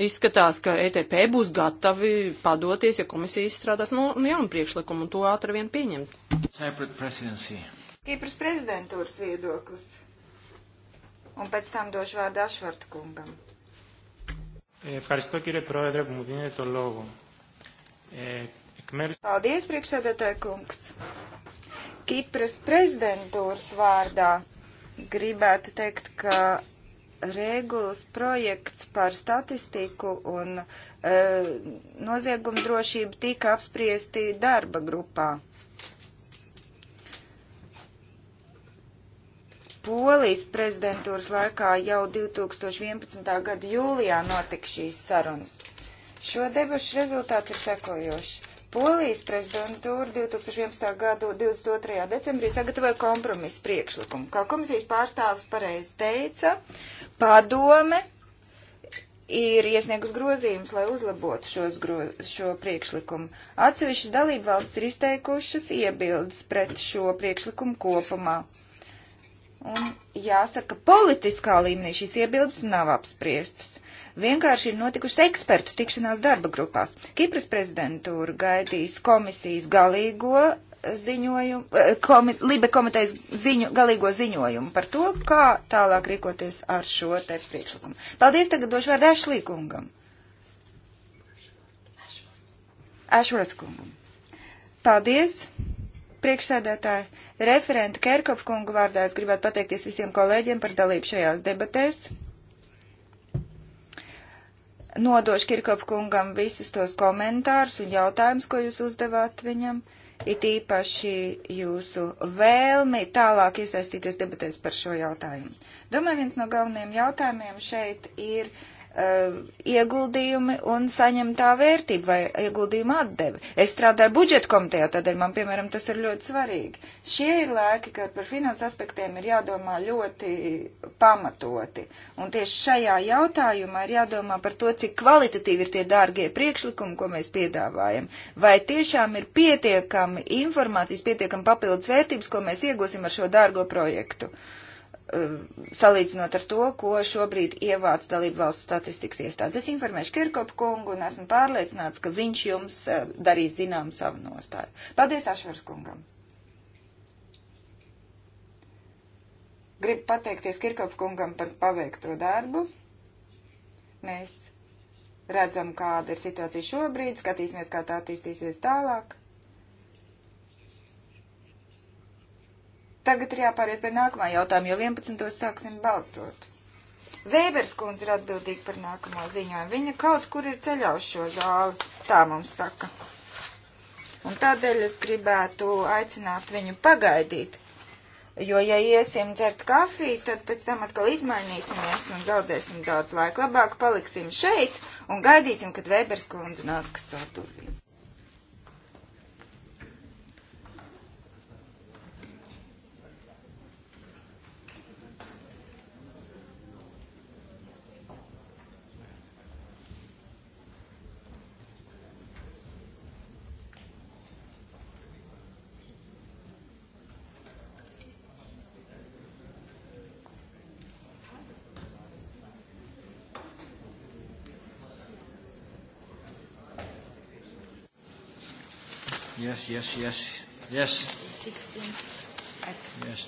Speaker 2: izskatās, ka ETP būs gatavi padoties, ja komisija izstrādās no, no jaunu priekšlikumu un to ātri vien pieņemt.
Speaker 1: Kipras prezidentūras viedoklis. Un pēc tam došu vārdu Ašvarta kungam.
Speaker 2: Eh, ευχαριστώ κύριε Πρόεδρε που μου δίνετε το λόγο. Ε, εκ μέρους...
Speaker 1: Paldies, priekšsēdētāji kungs. Kipras prezidentūras vārdā gribētu teikt, ka regulas projekts par statistiku un e, noziegumu drošību tika apspriesti darba grupā. Polijas prezidentūras laikā jau 2011. gada jūlijā notika šīs sarunas. Šo debašu rezultāti ir sekojoši. Polijas prezidentūra 2011. gada 22. decembrī sagatavoja kompromisu priekšlikumu. Kā komisijas pārstāvis pareizi teica, padome ir iesniegus grozījumus, lai uzlabotu šos gro, šo priekšlikumu. Atsevišķas dalība valsts ir izteikušas iebildes pret šo priekšlikumu kopumā. Un jāsaka, politiskā līmenī šīs iebildes nav apspriestas. Vienkārši ir notikušas ekspertu tikšanās darba grupās. Kipras prezidentūra gaidīs komisijas galīgo ziņojumu, eh, komi, Libe komitejas ziņu, galīgo ziņojumu par to, kā tālāk rīkoties ar šo te priekšlikumu. Paldies, tagad došu vārdu Ešlīkungam. Ešvaras kungam. Paldies! priekšsēdētāji, referenta Kerkopkungu vārdā es gribētu pateikties visiem kolēģiem par dalību šajās debatēs nodošu Kirkopkungam visus tos komentārus un jautājumus, ko jūs uzdevāt viņam, it īpaši jūsu vēlmi tālāk iesaistīties debatēs par šo jautājumu. Domāju, viens no galvenajiem jautājumiem šeit ir uh, Um, ieguldījumi un saņemtā vērtība vai ieguldījuma atdeve. Es strādāju budžeta komitejā, tad man, piemēram, tas ir ļoti svarīgi. Šie ir laiki, kad par finansu aspektiem ir jādomā ļoti pamatoti. Un tieši šajā jautājumā ir jādomā par to, cik kvalitatīvi ir tie dārgie priekšlikumi, ko mēs piedāvājam. Vai tiešām ir pietiekami informācijas, pietiekami papildus vērtības, ko mēs iegūsim ar šo dārgo projektu. Uh, Um, salīdzinot ar to, ko šobrīd ievāc dalību valsts statistikas iestādes. Es informēšu Kirkopu kungu un esmu pārliecināts, ka viņš jums uh, darīs zinām savu nostāju. Paldies Ašvars kungam! Gribu pateikties Kirkopu kungam par paveikto darbu. Mēs redzam, kāda ir situācija šobrīd, skatīsimies, kā tā attīstīsies tālāk. Tagad ir jāpāriet pie nākamā jautājuma, jo 11. sāksim balstot. Vēbers kundze ir atbildīga par nākamo ziņojumu. Viņa kaut kur ir ceļā uz šo zāli, tā mums saka. Un tādēļ es gribētu aicināt viņu pagaidīt, jo, ja iesim dzert kafiju, tad pēc tam atkal izmainīsimies un zaudēsim daudz laika. Labāk paliksim šeit un gaidīsim, kad Vēbers kundze nāks caur durvīm. yes, yes, yes, yes. 16. Yes,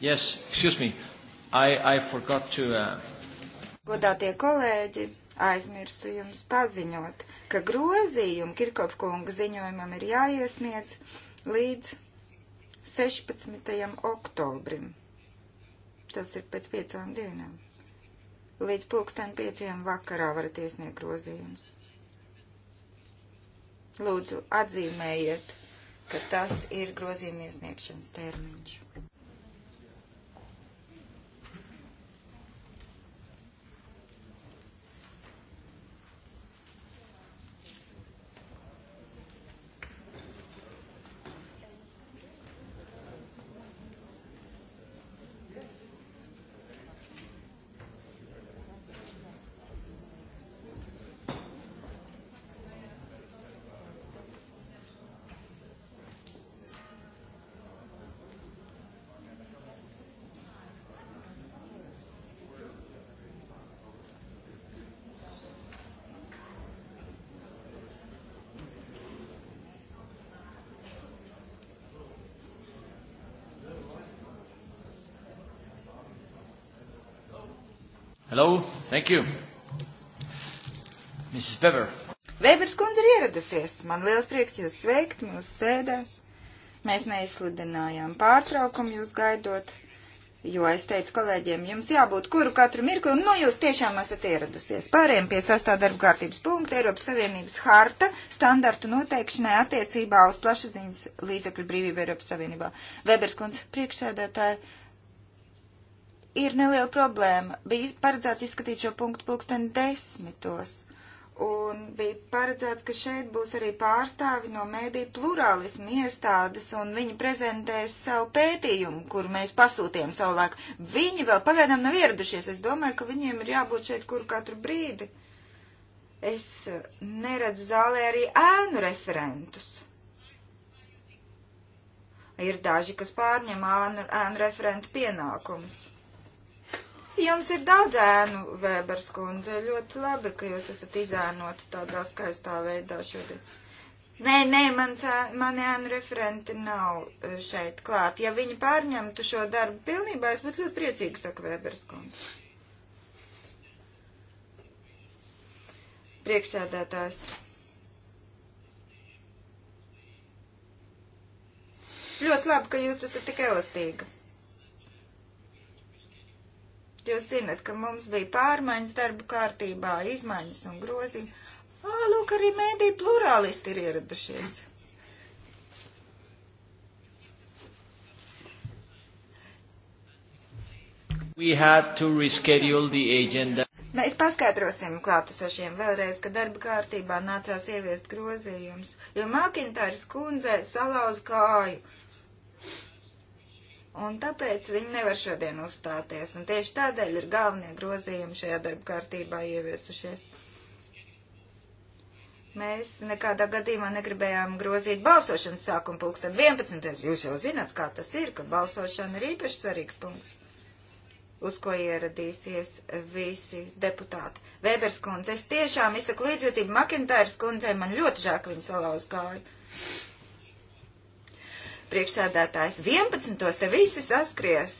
Speaker 1: yes, excuse me. I, I forgot to... Uh... Godātie kolēģi, aizmirsu jums paziņot, ka grozījumi Kirkopkunga ziņojumam ir jāiesniedz līdz 16. oktobrim. Tas ir pēc piecām dienām. Līdz pulksten pieciem vakarā varat iesniegt grozījumus. Lūdzu, atzīmējiet, ka tas ir grozījuma iesniegšanas termiņš. Hello, thank you. Mrs. Weber. Vēbers kundze ir ieradusies. Man liels prieks jūs sveikt mūsu sēdē. Mēs neizsludinājām pārtraukumu jūs gaidot, jo es teicu kolēģiem, jums jābūt kuru katru mirkli, un nu jūs tiešām esat ieradusies. Pārējiem pie sastā darba kārtības punkta Eiropas Savienības harta standartu noteikšanai attiecībā uz plašaziņas līdzekļu brīvību Eiropas Savienībā. Vēbers kundze priekšsēdētāja ir neliela problēma. Bija paredzēts izskatīt šo punktu pulksten desmitos. Un bija paredzēts, ka šeit būs arī pārstāvi no mēdīju plurālismu iestādes, un viņi prezentēs savu pētījumu, kur mēs pasūtījām savulaik. Viņi vēl pagaidām nav ieradušies. Es domāju, ka viņiem ir jābūt šeit kur katru brīdi. Es eh, neredzu zālē arī ēnu referentus ir daži, kas pārņem ēnu referentu pienākumus. Jums ir daudz ēnu, Vēbers kundze, ļoti labi, ka jūs esat izēnoti tādā skaistā veidā šodien. Nē, nē, mans, mani ēnu referenti nav e, šeit klāt. Ja viņi pārņemtu šo darbu pilnībā, es būtu ļoti priecīgi, saka Vēbers kundze. Priekšsēdētājs. Ļoti labi, ka jūs esat tik elastīga. Jūs zinat, ka mums bija pārmaiņas darba kārtībā, izmaiņas un grozījumi. Ā, lūk, arī mēdī plurālisti ir ieradušies. Mēs paskaidrosim klātesošiem vēlreiz, ka darba kārtībā nācās ieviest grozījums, jo Makintārs kundze salauza kāju un tāpēc viņi nevar šodien uzstāties. Un tieši tādēļ ir galvenie grozījumi šajā darba kārtībā ieviesušies. Mēs nekādā gadījumā negribējām grozīt balsošanas sākumu pulksten 11. Jūs jau zināt, kā tas ir, ka balsošana ir īpaši svarīgs punkts, uz ko ieradīsies visi deputāti. Vēbers kundze, es tiešām izsaku līdzjūtību Makintāras kundzei, man ļoti žāk viņas salauz kāju. Priekšsēdētājs 11. te visi saskries.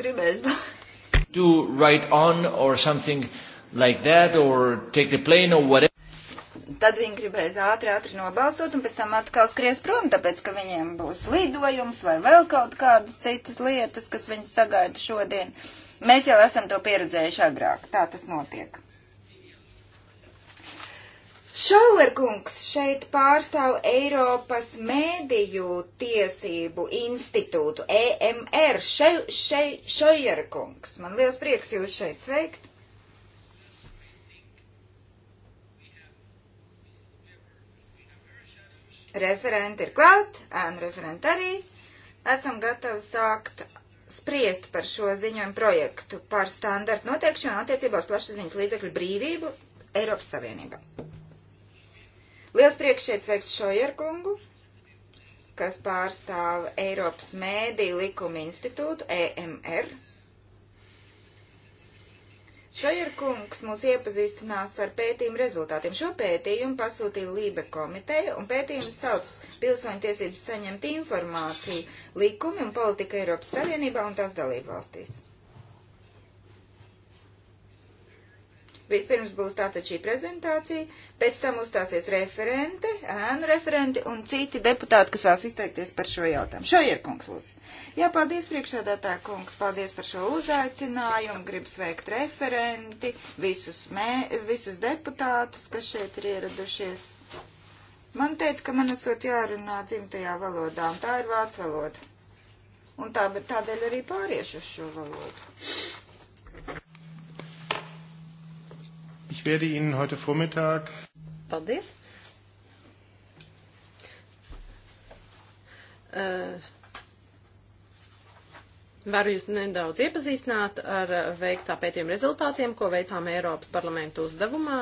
Speaker 1: Gribēs. Do right on or something like that or take the plane or whatever. Tad viņi gribēs ātri, ātri nobalsot un pēc tam atkal skries prom, tāpēc, ka viņiem būs lidojums vai vēl kaut kādas citas lietas, kas viņus sagaida šodien. Mēs jau esam to pieredzējuši agrāk. Tā tas notiek. Šaulerkungs šeit pārstāv Eiropas mēdīju tiesību institūtu, EMR. Šaulerkungs, man liels prieks jūs šeit sveikt. Referenti ir klāt, ēnu referenti arī. Esam gatavi sākt spriest par šo ziņojumu projektu par standartu noteikšanu attiecībā uz plašsaziņas līdzekļu brīvību Eiropas Savienībā. Liels prieks šeit sveikt Šojerkungu, kas pārstāv Eiropas mēdīju likuma institūtu EMR. Šajer kungs mūs iepazīstinās ar pētījumu rezultātiem. Šo pētījumu pasūtīja Lībe komiteja, un pētījums sauc pilsoņu tiesības saņemt informāciju, likumi un politika Eiropas Savienībā un tās dalībvalstīs. Vispirms būs tātad šī prezentācija, pēc tam uzstāsies referente, ēnu referenti un citi deputāti, kas vēlas izteikties par šo jautājumu. Šo ir kungs, lūdzu. Jā, paldies priekšādātā kungs, paldies par šo uzaicinājumu, gribu sveikt referenti, visus, mē, visus deputātus, kas šeit ir ieradušies. Man teica, ka man esot jārunā dzimtajā valodā, un tā ir vācu valoda. Un tā, tādēļ arī pāriešu uz šo valodu.
Speaker 2: Ich werde Ihnen heute Vormittag. Paldies. Uh, Varu jūs nedaudz iepazīstināt ar veiktā pētījuma rezultātiem, ko veicām Eiropas parlamentu uzdevumā,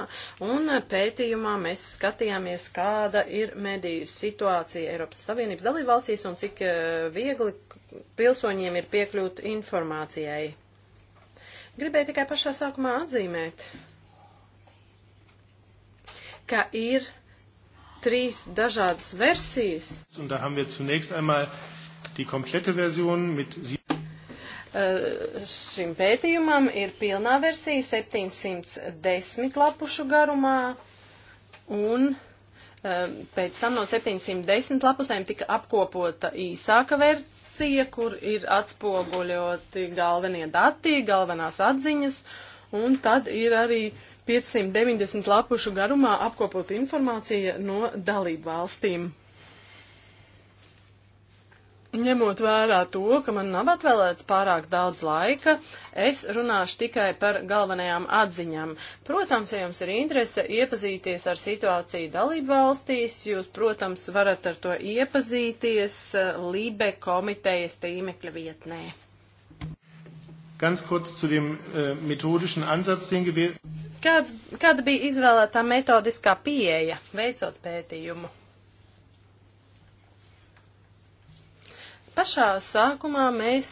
Speaker 2: un pētījumā mēs skatījāmies, kāda ir mediju situācija Eiropas Savienības dalībvalstīs un cik eh, viegli pilsoņiem ir piekļūt informācijai. Gribēju tikai pašā sākumā atzīmēt, ka ir trīs dažādas versijas. Un da haben wir zunächst einmal die komplette Version mit Uh, šim pētījumam ir pilnā versija 710 lapušu garumā, un uh, pēc tam no 710 lapusēm tika apkopota īsāka versija, kur ir atspoguļoti galvenie dati, galvenās atziņas, un tad ir arī uh, 590 lapušu garumā apkopot informācija no dalību valstīm. Ņemot vērā to, ka man nav atvēlēts pārāk daudz laika, es runāšu tikai par galvenajām atziņām. Protams, ja jums ir interese iepazīties ar situāciju dalību valstīs, jūs, protams, varat ar to iepazīties eh, Libe komitejas tīmekļa vietnē. Ganz kurz zu dem äh, methodischen Ansatz, den gewählt. Kāds, kāda bija izvēlētā metodiskā pieeja veicot pētījumu? Pašā sākumā mēs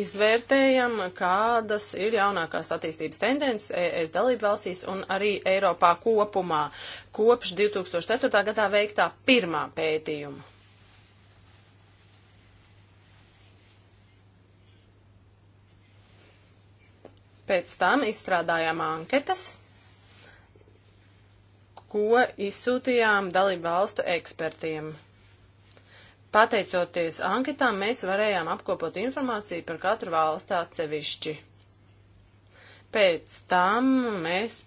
Speaker 2: izvērtējam, kādas ir jaunākās attīstības tendences ES dalību valstīs un arī Eiropā kopumā kopš 2004. gadā veiktā pirmā pētījuma. Pēc tam izstrādājām anketas, ko izsūtījām dalību valstu ekspertiem. Pateicoties anketām, mēs varējām apkopot informāciju par katru valstu atsevišķi. Pēc tam mēs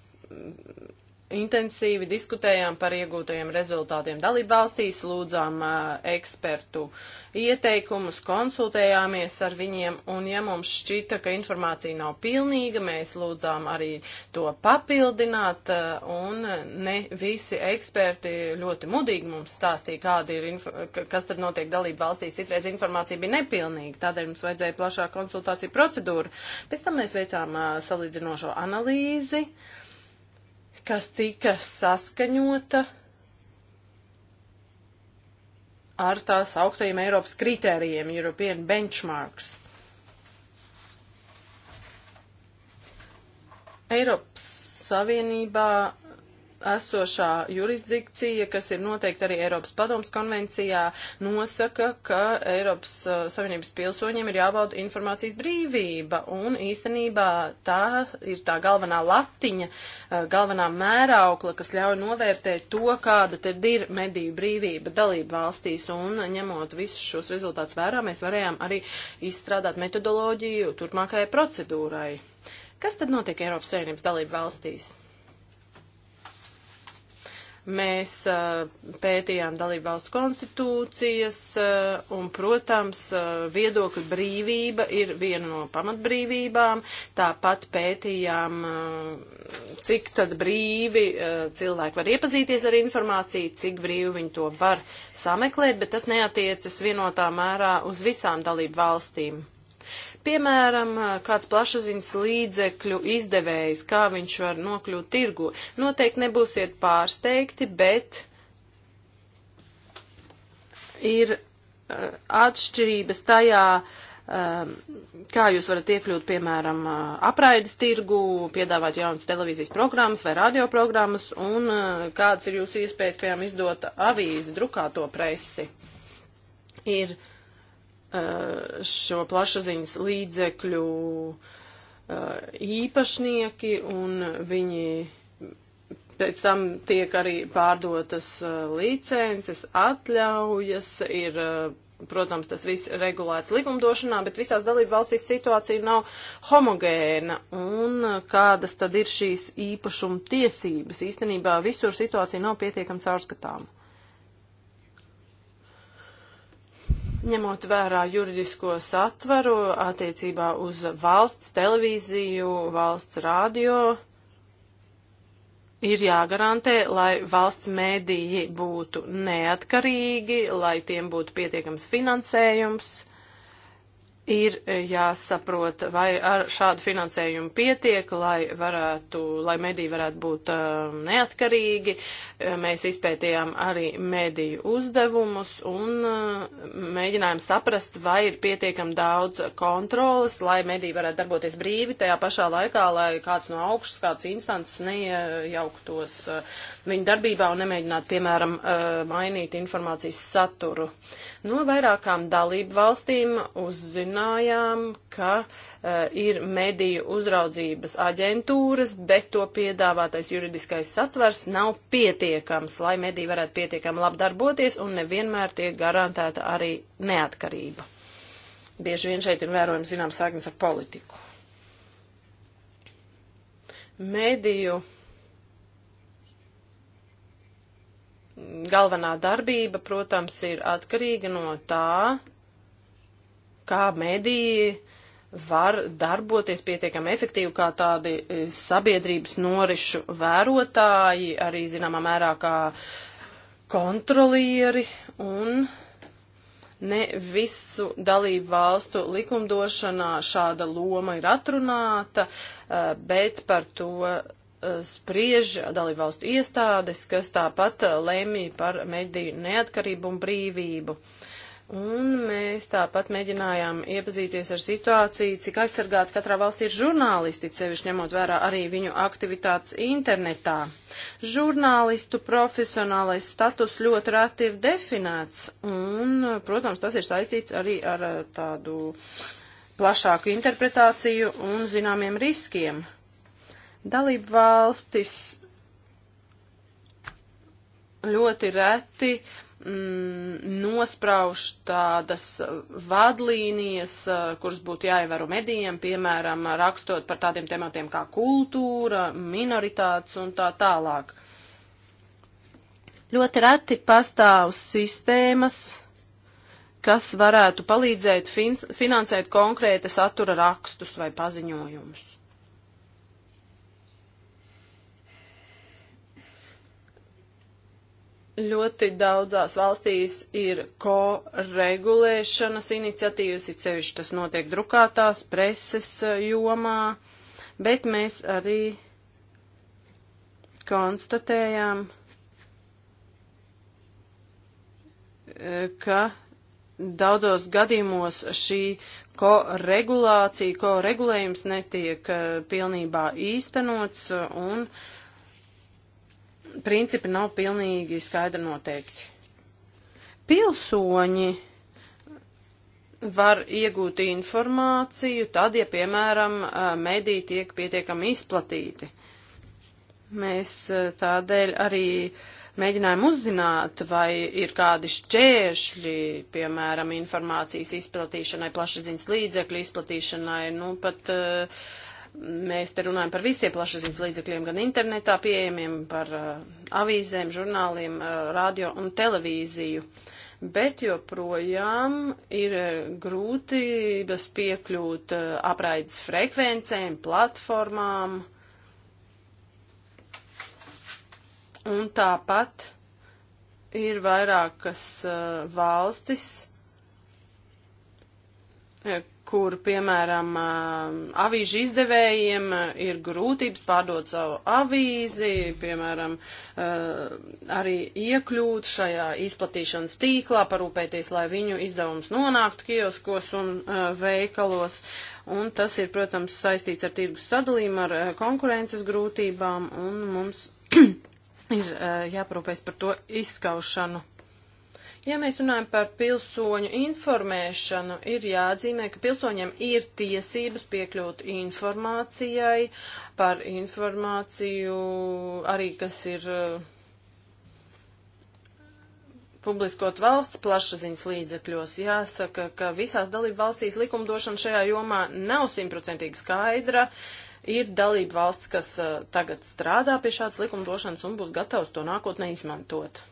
Speaker 2: intensīvi diskutējām par iegūtajiem rezultātiem dalībvalstīs, lūdzām uh, ekspertu ieteikumus, konsultējāmies ar viņiem, un ja mums šķita, ka informācija nav pilnīga, mēs lūdzām arī to papildināt, uh, un ne visi eksperti ļoti mudīgi mums stāstīja, kāda ir, kas tad notiek dalībvalstīs. Citreiz informācija bija nepilnīga, tādēļ mums vajadzēja plašāku konsultāciju procedūru. Pēc tam mēs veicām uh, salīdzinošo analīzi. Uh, kas tika saskaņota ar tās augstajiem Eiropas kritērijiem, European benchmarks. Eiropas Savienībā esošā jurisdikcija, kas ir noteikta arī Eiropas padomas konvencijā, nosaka, ka Eiropas uh, Savienības pilsoņiem ir jābauda informācijas brīvība, un īstenībā tā ir tā galvenā latiņa, uh, galvenā mēraukla, kas ļauj novērtēt to, kāda tad ir mediju brīvība dalība valstīs, un ņemot visus šos rezultātus vērā, mēs varējām arī izstrādāt metodoloģiju turpmākajai procedūrai. Kas tad notiek Eiropas Savienības dalību valstīs? Mēs uh, pētījām dalību valstu konstitūcijas uh, un, protams, uh, viedokļu brīvība ir viena no pamatbrīvībām. Tāpat pētījām, cik tad brīvi cilvēki var iepazīties ar informāciju, cik brīvi viņi to var sameklēt, bet tas neatiecas vienotā mērā uz visām dalību valstīm. Piemēram, kāds plašsaziņas līdzekļu izdevējs, kā viņš var nokļūt tirgu. Noteikti nebūsiet pārsteigti, bet ir eh, atšķirības tajā, eh, kā jūs varat iekļūt, piemēram, eh, apraides tirgu, piedāvāt jaunas televīzijas programmas vai radioprogrammas, un kādas ir jūsu iespējas, piemēram, izdot avīzi, drukāto presi. Ir uh, Uh, šo plašsaziņas līdzekļu uh, īpašnieki un viņi pēc tam tiek arī pārdotas uh, licences, atļaujas, ir, protams, tas viss regulēts likumdošanā, bet visās dalību valstīs situācija nav homogēna. Un kādas tad ir šīs īpašuma tiesības? Īstenībā visur situācija nav pietiekami caurskatāma. ņemot vērā juridisko satvaru attiecībā uz valsts televīziju, valsts radio, ir jāgarantē, lai valsts mēdīji būtu neatkarīgi, lai tiem būtu pietiekams finansējums ir e, jāsaprot, vai ar šādu finansējumu pietiek, lai varētu, lai mediji varētu būt uh, neatkarīgi. E, mēs izpētījām arī mediju uzdevumus un uh, mēģinājām saprast, vai ir pietiekam daudz kontrolas, lai mediji varētu darboties brīvi, tajā pašā laikā, lai kāds no augšas, kāds instants neiejauktos uh, viņu darbībā un nemēģinātu, piemēram, mainīt informācijas saturu. No vairākām dalību valstīm uzzinu, zinājām, ka uh, ir mediju uzraudzības aģentūras, bet to piedāvātais juridiskais satvers nav pietiekams, lai mediji varētu pietiekami labi darboties un nevienmēr tiek garantēta arī neatkarība. Bieži vien šeit ir vērojams zināms saknes ar politiku. Mediju galvenā darbība, protams, ir atkarīga no tā, kā mediji var darboties pietiekami efektīvi kā tādi e, sabiedrības norišu vērotāji, arī zināmā mērā kā kontrolieri un ne visu dalību valstu likumdošanā šāda loma ir atrunāta, e, bet par to e, spriež dalību valstu iestādes, kas tāpat lemj par mediju neatkarību un brīvību. Uh, Un mēs tāpat mēģinājām iepazīties ar situāciju, cik aizsargāti katrā valstī ir žurnālisti, sevišķi ņemot vērā arī viņu aktivitātes internetā. Žurnālistu profesionālais status ļoti reti ir definēts, un, protams, tas ir saistīts arī ar eh, tādu plašāku interpretāciju un zināmiem riskiem. Dalību valstis ļoti reti uh, Mm, nosprauž tādas vadlīnijas, eh, kuras būtu jāievēro medijiem, piemēram, rakstot par tādiem tematiem kā kultūra, minoritātes un tā tālāk. Ļoti reti pastāv sistēmas, kas varētu palīdzēt fin finansēt konkrēta satura rakstus vai paziņojumus. Ļoti daudzās valstīs ir koregulēšanas iniciatīvas, it sevišķi tas notiek drukātās preses e, jomā, bet mēs arī konstatējām, e, ka daudzos gadījumos šī koregulācija, koregulējums netiek e, pilnībā īstenots un uh, principi nav pilnīgi skaidri noteikti. Pilsoņi var iegūt informāciju tad, ja, piemēram, mediji tiek pietiekami izplatīti. Mēs tādēļ arī mēģinājām uzzināt, vai ir kādi šķēršļi, piemēram, informācijas izplatīšanai, plašsaziņas līdzekļu izplatīšanai, nu pat uh, Mēs te runājam par visiem plašsaziņas līdzekļiem, gan internetā pieejamiem, par uh, avīzēm, žurnāliem, uh, radio un televīziju. Bet joprojām ir uh, grūtības piekļūt uh, apraides frekvencēm, platformām. Un tāpat ir vairākas uh, valstis, kur, piemēram, avīžu izdevējiem ir grūtības pārdot savu avīzi, piemēram, arī iekļūt šajā izplatīšanas tīklā, parūpēties, lai viņu izdevums nonāktu kioskos un veikalos. Un tas ir, protams, saistīts ar tirgus sadalījumu, ar konkurences grūtībām, un mums ir jāparūpēs par to izskaušanu. Ja mēs runājam par pilsoņu informēšanu, ir jāatzīmē, ka pilsoņiem ir tiesības piekļūt informācijai par informāciju arī, kas ir eh, publiskot valsts plašsaziņas līdzekļos. Jāsaka, ka visās dalību valstīs likumdošana šajā jomā nav simtprocentīgi skaidra. Ir dalība valsts, kas eh, tagad strādā pie šādas likumdošanas un būs gatavs to nākotnē izmantot.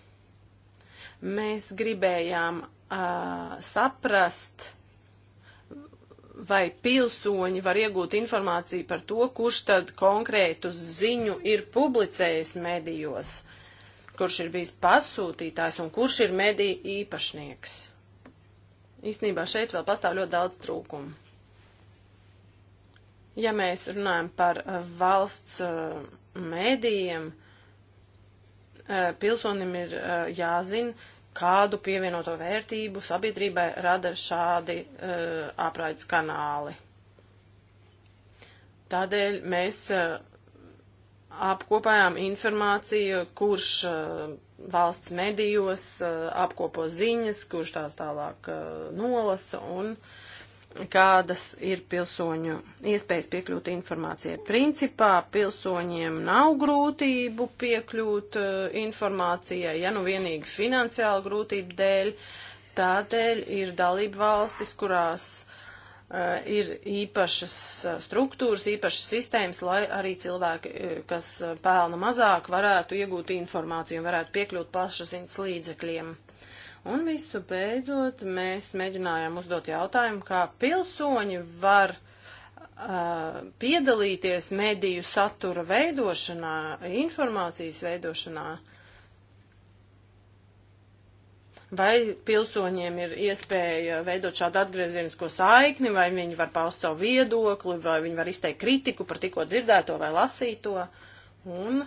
Speaker 2: Mēs gribējām uh, saprast, vai pilsoņi var iegūt informāciju par to, kurš tad konkrētu ziņu ir publicējis medijos, kurš ir bijis pasūtītājs un kurš ir mediju īpašnieks. Īsnībā šeit vēl pastāv ļoti daudz trūkumu. Ja mēs runājam par valsts mēdījiem, uh, Eh, pilsonim ir eh, jāzina, kādu pievienoto vērtību sabiedrībai rada šādi eh, apraides kanāli. Tādēļ mēs apkopējām informāciju, kurš valsts medijos apkopo ziņas, kurš tās tālāk nolasa un uh, kādas ir pilsoņu iespējas piekļūt informācijai. Principā pilsoņiem nav grūtību piekļūt uh, informācijai, ja nu vienīgi finansiāla grūtība dēļ. Tādēļ ir dalība valstis, kurās uh, ir īpašas uh, struktūras, īpašas sistēmas, lai arī cilvēki, uh, kas uh, pelna mazāk, varētu iegūt informāciju un varētu piekļūt plašsaziņas līdzekļiem. Un visu beidzot mēs mēģinājām uzdot jautājumu, kā pilsoņi var uh, piedalīties mediju satura veidošanā, informācijas veidošanā. Vai pilsoņiem ir iespēja veidot šādu atgriezienisko saikni, vai viņi var paust savu viedokli, vai viņi var izteikt kritiku par tikko dzirdēto vai lasīto. Un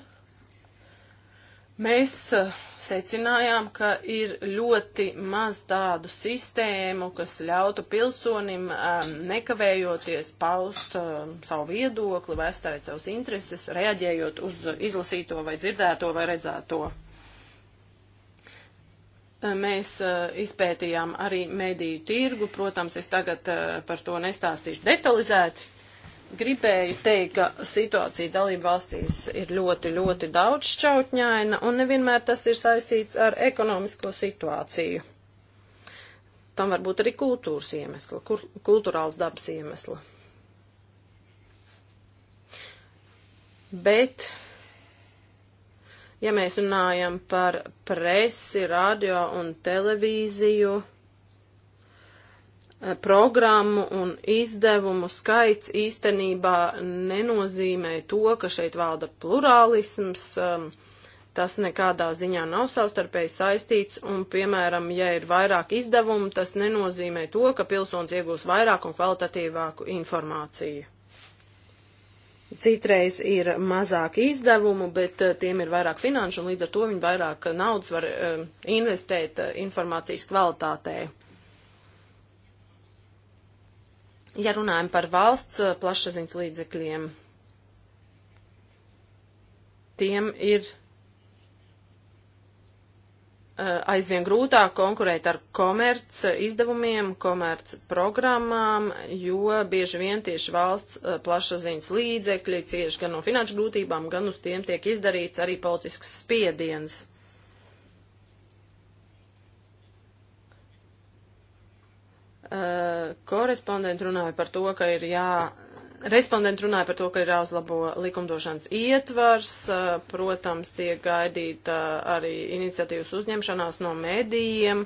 Speaker 2: Mēs eh, secinājām, ka ir ļoti maz tādu sistēmu, kas ļautu pilsonim eh, nekavējoties paust eh, savu viedokli vai aizstāvēt savus intereses, reaģējot uz izlasīto vai dzirdēto vai redzēto. Mēs izpētījām arī mediju tirgu, protams, es tagad par to nestāstīšu detalizēti, gribēju teikt, ka situācija dalību valstīs ir ļoti, ļoti daudz šķautņaina un nevienmēr tas ir saistīts ar ekonomisko situāciju. Tam var būt arī kultūras iemesli, kur, kultūrāls dabas iemesli. Bet, ja mēs runājam par presi, radio un televīziju, Eh, programmu un izdevumu skaits īstenībā nenozīmē to, ka šeit valda plurālisms. Um, tas nekādā ziņā nav savstarpēji saistīts, un, piemēram, ja ir vairāk izdevumu, tas nenozīmē to, ka pilsonis iegūs vairāk un kvalitatīvāku informāciju. Citreiz ir mazāk izdevumu, bet eh, tiem ir vairāk finanšu, un līdz ar to viņi vairāk naudas var ehm, investēt eh, informācijas kvalitātē. Ja runājam par valsts eh, plašsaziņas līdzekļiem, tiem ir eh, aizvien grūtāk konkurēt ar komerc izdevumiem, komerc programmām, jo bieži vien tieši valsts eh, plašsaziņas līdzekļi cieši gan no finanšu grūtībām, gan uz tiem tiek izdarīts arī politisks spiediens. Eh, korespondenti runāja par to, ka ir jā. Respondenti runāja par to, ka ir jāuzlabo likumdošanas ietvars, eh, protams, tiek gaidīta arī iniciatīvas uzņemšanās no medijiem,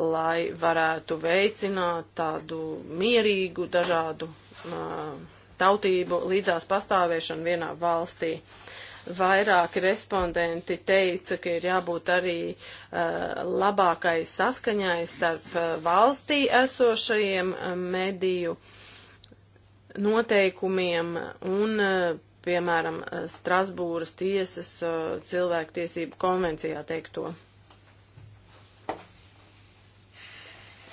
Speaker 2: lai varētu veicināt tādu mierīgu dažādu eh, tautību līdzās pastāvēšanu vienā valstī. Vairāki respondenti teica, ka ir jābūt arī uh, Eh, labākai saskaņai starp eh, valstī esošajiem eh, mediju noteikumiem un, piemēram, Strasbūras tiesas cilvēktiesību konvencijā teikto.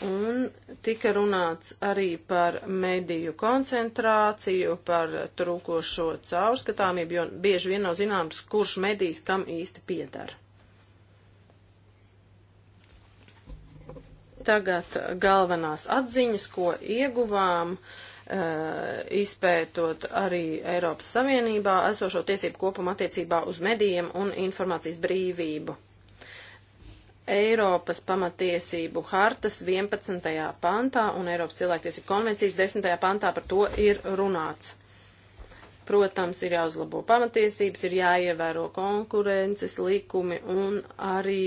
Speaker 2: Un tika runāts arī par mediju koncentrāciju, par trūkošo caurskatāmību, jo bieži vien nav zināms, kurš medijs kam īsti piedara. Tagad galvenās atziņas, ko ieguvām, eh, izpētot arī Eiropas Savienībā esošo tiesību kopumu attiecībā uz medijiem un informācijas brīvību. Eiropas pamatiesību hartas 11. pantā un Eiropas cilvēktiesību konvencijas 10. pantā par to ir runāts. Protams, ir jāuzlabo pamatiesības, ir jāievēro konkurences likumi un arī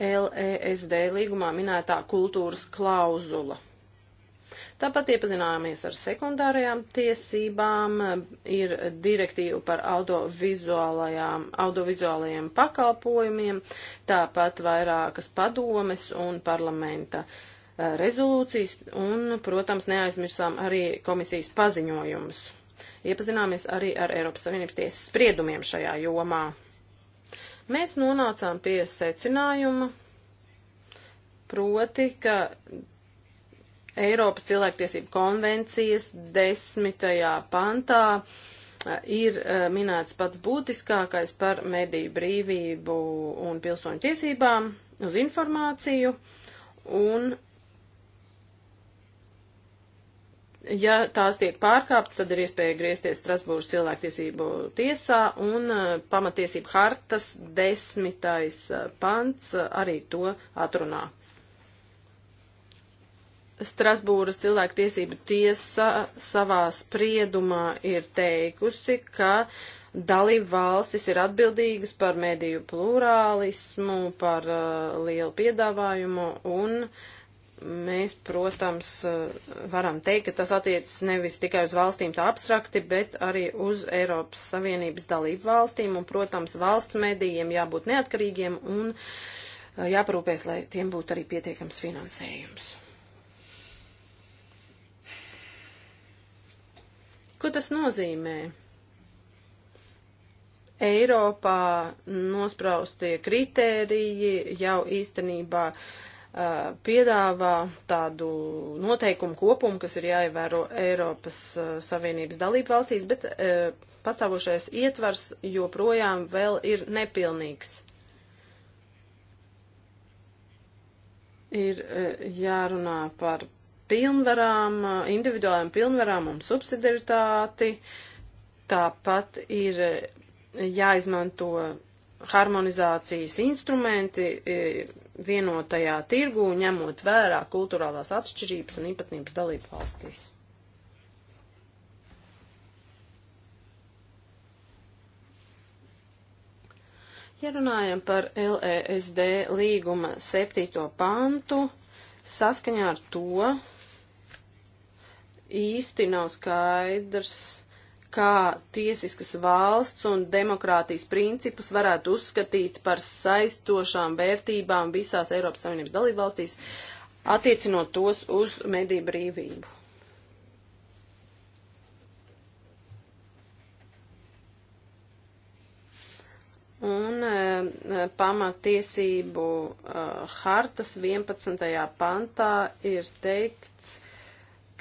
Speaker 2: LESD līgumā minētā kultūras klauzula. Tāpat iepazināmies ar sekundārajām tiesībām, ir direktīva par audiovizuālajiem pakalpojumiem, tāpat vairākas padomes un parlamenta eh, rezolūcijas un, protams, neaizmirsām arī komisijas paziņojumus. Iepazināmies arī ar Eiropas Savienības tiesas spriedumiem šajā jomā. Mēs nonācām pie secinājuma, proti, ka Eiropas cilvēktiesību konvencijas desmitajā pantā eh, ir eh, minēts pats būtiskākais par mediju brīvību un pilsoņu tiesībām uz informāciju, un ja tās tiek pārkāptas, tad ir iespēja griezties Strasbūras cilvēktiesību tiesā un uh, pamatiesību hartas desmitais uh, pants uh, arī to atrunā. Strasbūras cilvēktiesību tiesa savā spriedumā ir teikusi, ka dalību valstis ir atbildīgas par mediju plurālismu, par uh, lielu piedāvājumu un uh, mēs, protams, varam teikt, ka tas attiecas nevis tikai uz valstīm tā abstrakti, bet arī uz Eiropas Savienības dalību valstīm, un, protams, valsts medijiem jābūt neatkarīgiem un eh, jāparūpēs, lai tiem būtu arī pietiekams finansējums. Ko tas nozīmē? Eiropā nospraustie kritēriji jau īstenībā uh, Uh, piedāvā tādu noteikumu kopumu, kas ir jāievēro Eiropas uh, Savienības dalību valstīs, bet uh, pastāvošais ietvars joprojām vēl ir nepilnīgs. Ir jārunā par pilnvarām, individuālajām pilnvarām un subsidiaritāti. Tāpat ir jāizmanto harmonizācijas instrumenti, vienotajā tirgū, ņemot vērā kultūrālās atšķirības un īpatnības dalību valstīs. Ja runājam par LESD līguma septīto pantu, saskaņā ar to īsti nav skaidrs kā tiesiskas valsts un demokrātijas principus varētu uzskatīt par saistošām vērtībām visās Eiropas Savienības dalībvalstīs, attiecinot tos uz mediju brīvību. Un e, e pamatiesību e, hartas 11. pantā ir teikts,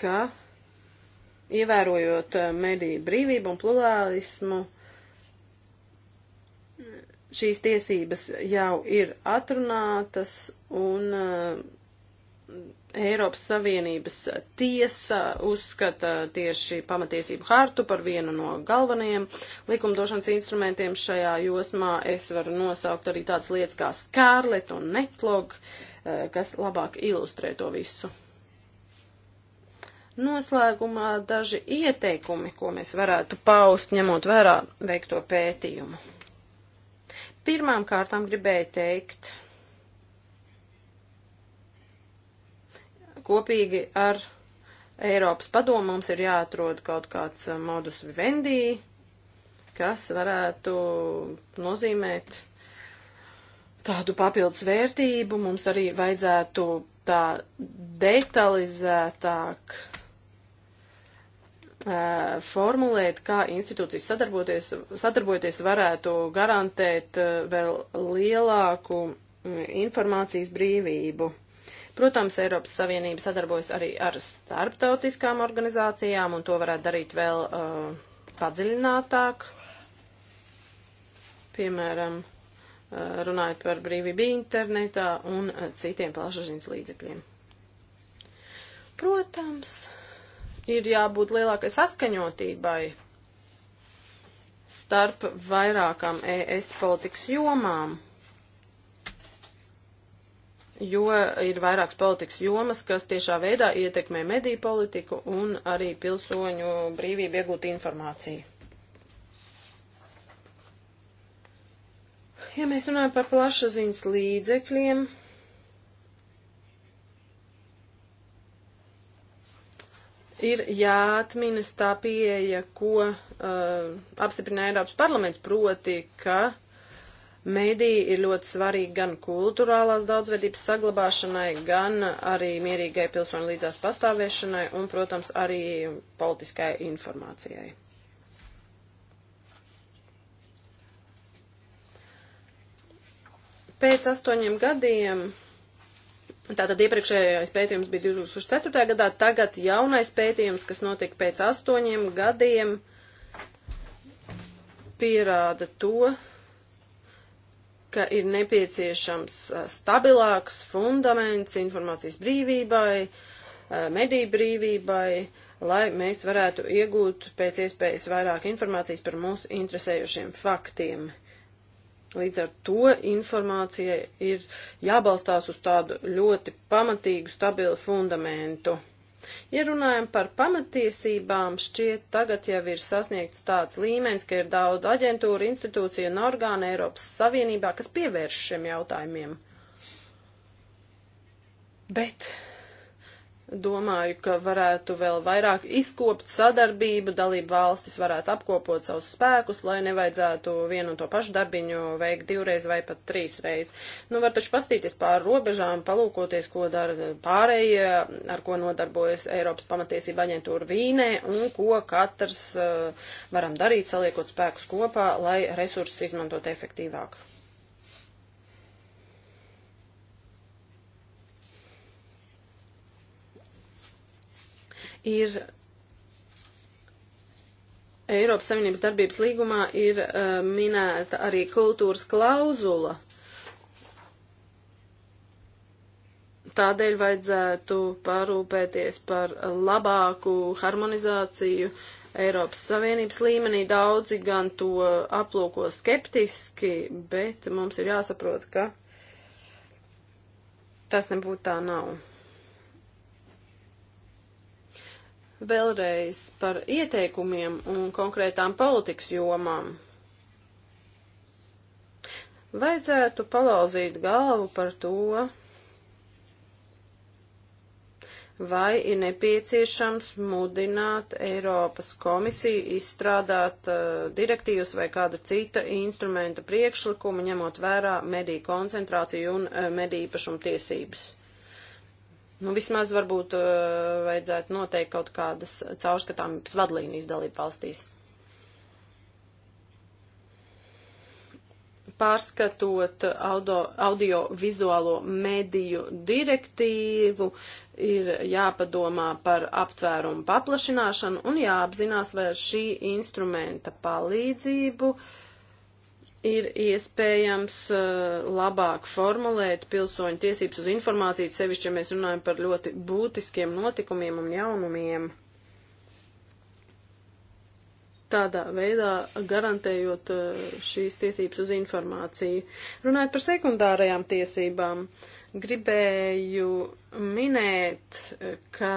Speaker 2: ka ievērojot eh, mediju brīvību un plurālismu, šīs tiesības jau ir atrunātas un eh, Eiropas Savienības tiesa uzskata tieši pamatiesību hartu par vienu no galvenajiem likumdošanas instrumentiem šajā josmā. Es varu nosaukt arī tādas lietas kā Skārlet un Netlog, eh, kas labāk ilustrē to visu. Noslēgumā daži ieteikumi, ko mēs varētu paust, ņemot vērā veikto pētījumu. Pirmām kārtām gribēju teikt, kopīgi ar Eiropas padomu mums ir jāatrod kaut kāds eh, modus vivendi, kas varētu nozīmēt tādu papildus vērtību. Mums arī vajadzētu tā detalizētāk formulēt, kā institūcijas sadarboties, sadarbojoties varētu garantēt vēl lielāku informācijas brīvību. Protams, Eiropas Savienība sadarbojas arī ar starptautiskām organizācijām, un to varētu darīt vēl uh, padziļinātāk. Piemēram, uh, runājot par brīvību internetā un uh, citiem plašsaziņas līdzekļiem. Protams, uh, ir jābūt lielākai saskaņotībai starp vairākām ES politikas jomām, jo ir vairākas politikas jomas, kas tiešā veidā ietekmē mediju politiku un arī pilsoņu brīvību iegūt informāciju. Ja mēs runājam par plašsaziņas līdzekļiem, ir jāatminas tā pieeja, ko uh, apstiprināja Eiropas parlaments, proti, ka Mēdīja ir ļoti svarīga gan kultūrālās daudzveidības saglabāšanai, gan arī mierīgai pilsoņu līdzās pastāvēšanai un, protams, arī politiskai informācijai. Pēc astoņiem gadiem Tātad iepriekšējais pētījums bija 2004. gadā, tagad jaunais pētījums, kas notika pēc astoņiem gadiem, pierāda to, ka ir nepieciešams stabilāks fundaments informācijas brīvībai, mediju brīvībai, lai mēs varētu iegūt pēc iespējas vairāk informācijas par mūsu interesējušiem faktiem. Līdz ar to informācija ir jābalstās uz tādu ļoti pamatīgu, stabilu fundamentu. Ja runājam par pamatiesībām, šķiet tagad jau ir sasniegts tāds līmenis, ka ir daudz aģentūra, institūcija un orgāna Eiropas Savienībā, kas pievērš šiem jautājumiem. Bet domāju, ka varētu vēl vairāk izkopt sadarbību, dalību valstis varētu apkopot savus spēkus, lai nevajadzētu vienu un to pašu darbiņu veikt divreiz vai pat trīsreiz. Nu, var taču pastīties pāri robežām, palūkoties, ko dara pārējie, ar ko nodarbojas Eiropas pamatiesība aģentūra Vīnē un ko katrs uh, varam darīt, saliekot spēkus kopā, lai resursus izmantot efektīvāk. ir Eiropas Savienības darbības līgumā ir uh, minēta arī kultūras klauzula. Tādēļ vajadzētu parūpēties par labāku harmonizāciju Eiropas Savienības līmenī. Daudzi gan to aplūko skeptiski, bet mums ir jāsaprot, ka tas nebūtu tā nav. Vēlreiz par ieteikumiem un konkrētām politikas jomām. Vajadzētu palauzīt galvu par to, vai ir nepieciešams mudināt Eiropas komisiju izstrādāt uh, direktīvas vai kāda cita instrumenta priekšlikumu, ņemot vērā mediju koncentrāciju un uh, mediju pašumtiesības. Nu, vismaz varbūt uh, vajadzētu noteikt kaut kādas caurskatāmības vadlīnijas dalību valstīs. Pārskatot audio, audio-vizuālo mediju direktīvu, ir jāpadomā par aptvērumu paplašināšanu un jāapzinās, vai ar šī instrumenta palīdzību uh, ir iespējams uh, labāk formulēt pilsoņu tiesības uz informāciju, sevišķi, ja mēs runājam par ļoti būtiskiem notikumiem un jaunumiem. Tādā veidā garantējot uh, šīs tiesības uz informāciju. Runājot par sekundārajām tiesībām, gribēju minēt, eh, ka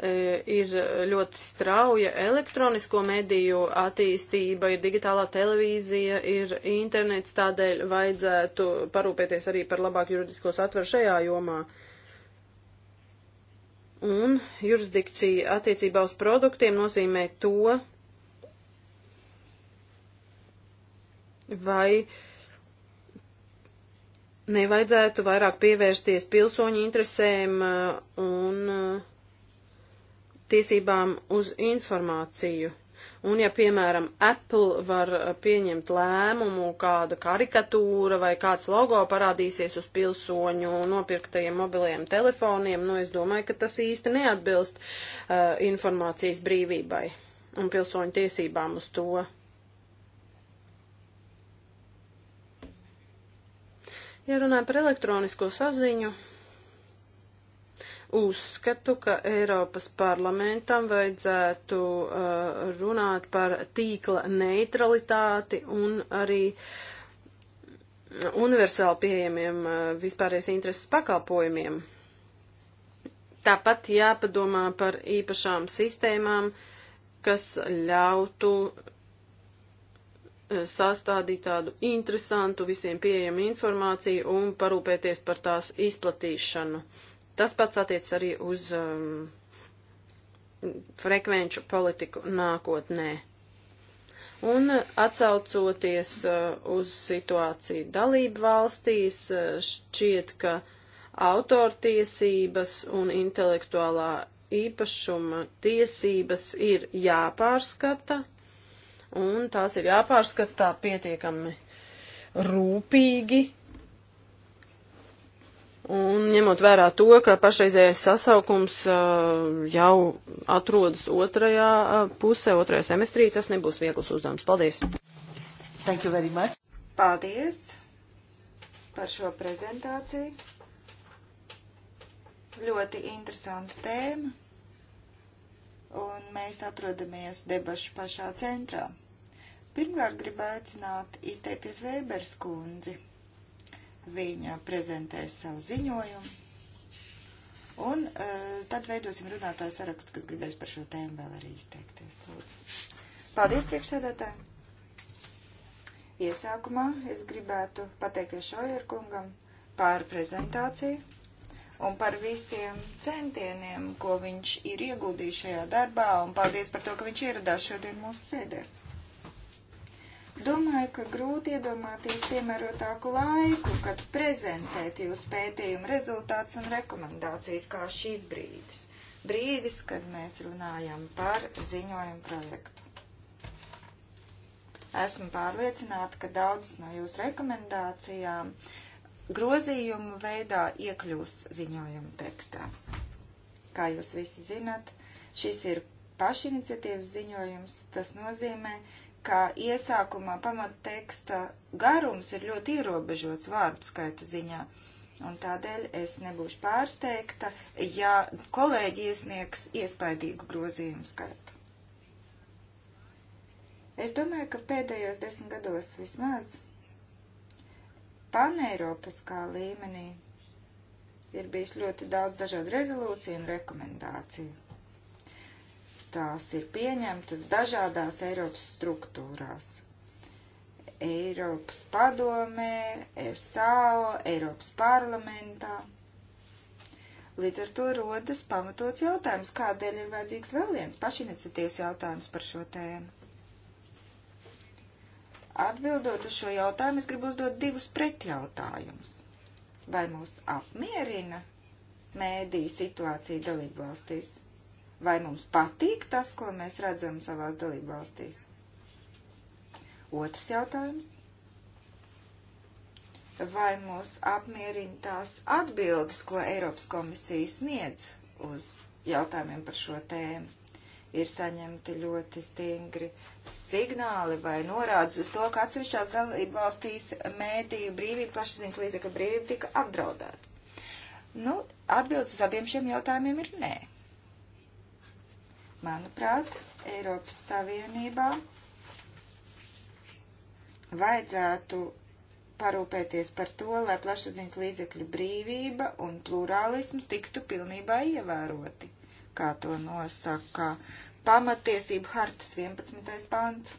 Speaker 2: E, ir ļoti strauja elektronisko mediju attīstība, ir digitālā televīzija, ir internets, tādēļ vajadzētu parūpēties arī par labāku juridisko satveru šajā jomā. Un jurisdikcija attiecībā uz produktiem nozīmē to, vai nevajadzētu vairāk pievērsties pilsoņu interesēm e, un uh, tiesībām uz informāciju. Un ja, piemēram, Apple var uh, pieņemt lēmumu, kāda karikatūra vai kāds logo parādīsies uz pilsoņu nopirktajiem mobiliem telefoniem, nu es domāju, ka tas īsti neatbilst uh, informācijas brīvībai un pilsoņu tiesībām uz to. Ja runājam par elektronisko saziņu, Uzskatu, ka Eiropas parlamentam vajadzētu uh, runāt par tīkla neutralitāti un arī universāli pieejamiem uh, vispārējais intereses pakalpojumiem. Tāpat jāpadomā par īpašām sistēmām, kas ļautu uh, sastādīt tādu interesantu, visiem pieejamu informāciju un parūpēties par tās izplatīšanu. Uh, Tas pats attiec arī uz um, frekvenču politiku nākotnē. Un uh, atsaucoties uh, uz situāciju dalību valstīs, uh, šķiet, ka autortiesības un intelektuālā īpašuma tiesības ir jāpārskata, un tās ir jāpārskata pietiekami rūpīgi, Un ņemot vērā to, ka pašreizējais sasaukums uh, jau atrodas otrajā uh, pusē, otrajā semestrī, tas nebūs viegls uzdevums. Paldies! Thank you very much!
Speaker 1: Paldies par šo prezentāciju. Ļoti interesanta tēma. Un mēs atrodamies debašu pašā centrā. Pirmkārt gribētu aicināt izteikties Vēbers kundzi Viņa prezentēs savu ziņojumu. Un uh, tad veidosim runātāju sarakstu, kas gribēs par šo tēmu vēl arī izteikties. Lūdzu. Paldies, priekšsēdētāji! Iesākumā es gribētu pateikties Šojer kungam par prezentāciju un par visiem centieniem, ko viņš ir ieguldījis šajā darbā, un paldies par to, ka viņš ieradās šodien mūsu sēdē. Domāju, ka grūti iedomāties piemērotāku laiku, kad prezentēt jūsu pētījumu rezultātus un rekomendācijas kā šīs brīdis. Brīdis, kad mēs runājam par ziņojumu projektu. Esmu pārliecināta, ka daudzas no jūsu rekomendācijām grozījumu veidā iekļūs ziņojumu tekstā. Kā jūs visi zinat, šis ir pašiniciatīvas ziņojums. Tas nozīmē, ka iesākumā pamatteksta garums ir ļoti ierobežots vārdu skaita ziņā. Un tādēļ es nebūšu pārsteigta, ja kolēģi iesniegs iespaidīgu grozījumu skaitu. Es domāju, ka pēdējos desmit gados vismaz paneiropiskā līmenī ir bijis ļoti daudz dažādu rezolūciju un rekomendāciju. Tās ir pieņemtas dažādās Eiropas struktūrās. Eiropas padomē, SAO, Eiropas parlamentā. Līdz ar to rodas pamatots jautājums, kādēļ ir vajadzīgs vēl viens pašiniciatīvs jautājums par šo tēmu. Atbildot uz šo jautājumu, es gribu uzdot divus pretjautājumus. Vai mūs apmierina mēdī situācija dalību valstīs? Vai mums patīk tas, ko mēs redzam savās dalībvalstīs? Otrs jautājums. Vai mūs apmierina tās atbildes, ko Eiropas komisija sniedz uz jautājumiem par šo tēmu? Ir saņemti ļoti stingri signāli vai norādes uz to, ka atsevišķās dalību valstīs mēdīju brīvība, plašsaziņas līdzekļu brīvība tika apdraudēta. Nu, atbildes uz abiem šiem jautājumiem ir nē. Manuprāt, Eiropas Savienībā vajadzētu parūpēties par to, lai plašsaziņas līdzekļu brīvība un plurālisms tiktu pilnībā ievēroti, kā to nosaka pamatiesību hartas 11. pants.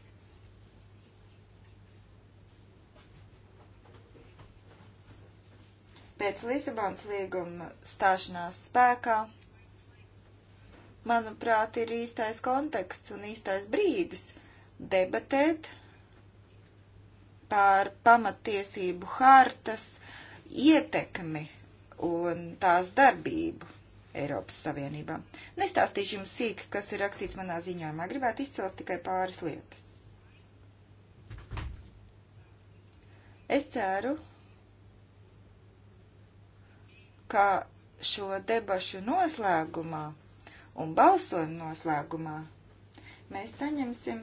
Speaker 1: Pēc Lisabonas līguma stāšanās spēkā manuprāt, ir īstais konteksts un īstais brīdis debatēt par pamatiesību hartas ietekmi un tās darbību Eiropas Savienībā. Nestāstīšu jums sīki, kas ir rakstīts manā ziņojumā. Gribētu izcelt tikai pāris lietas. Es ceru, ka šo debašu noslēgumā un balsojuma noslēgumā mēs saņemsim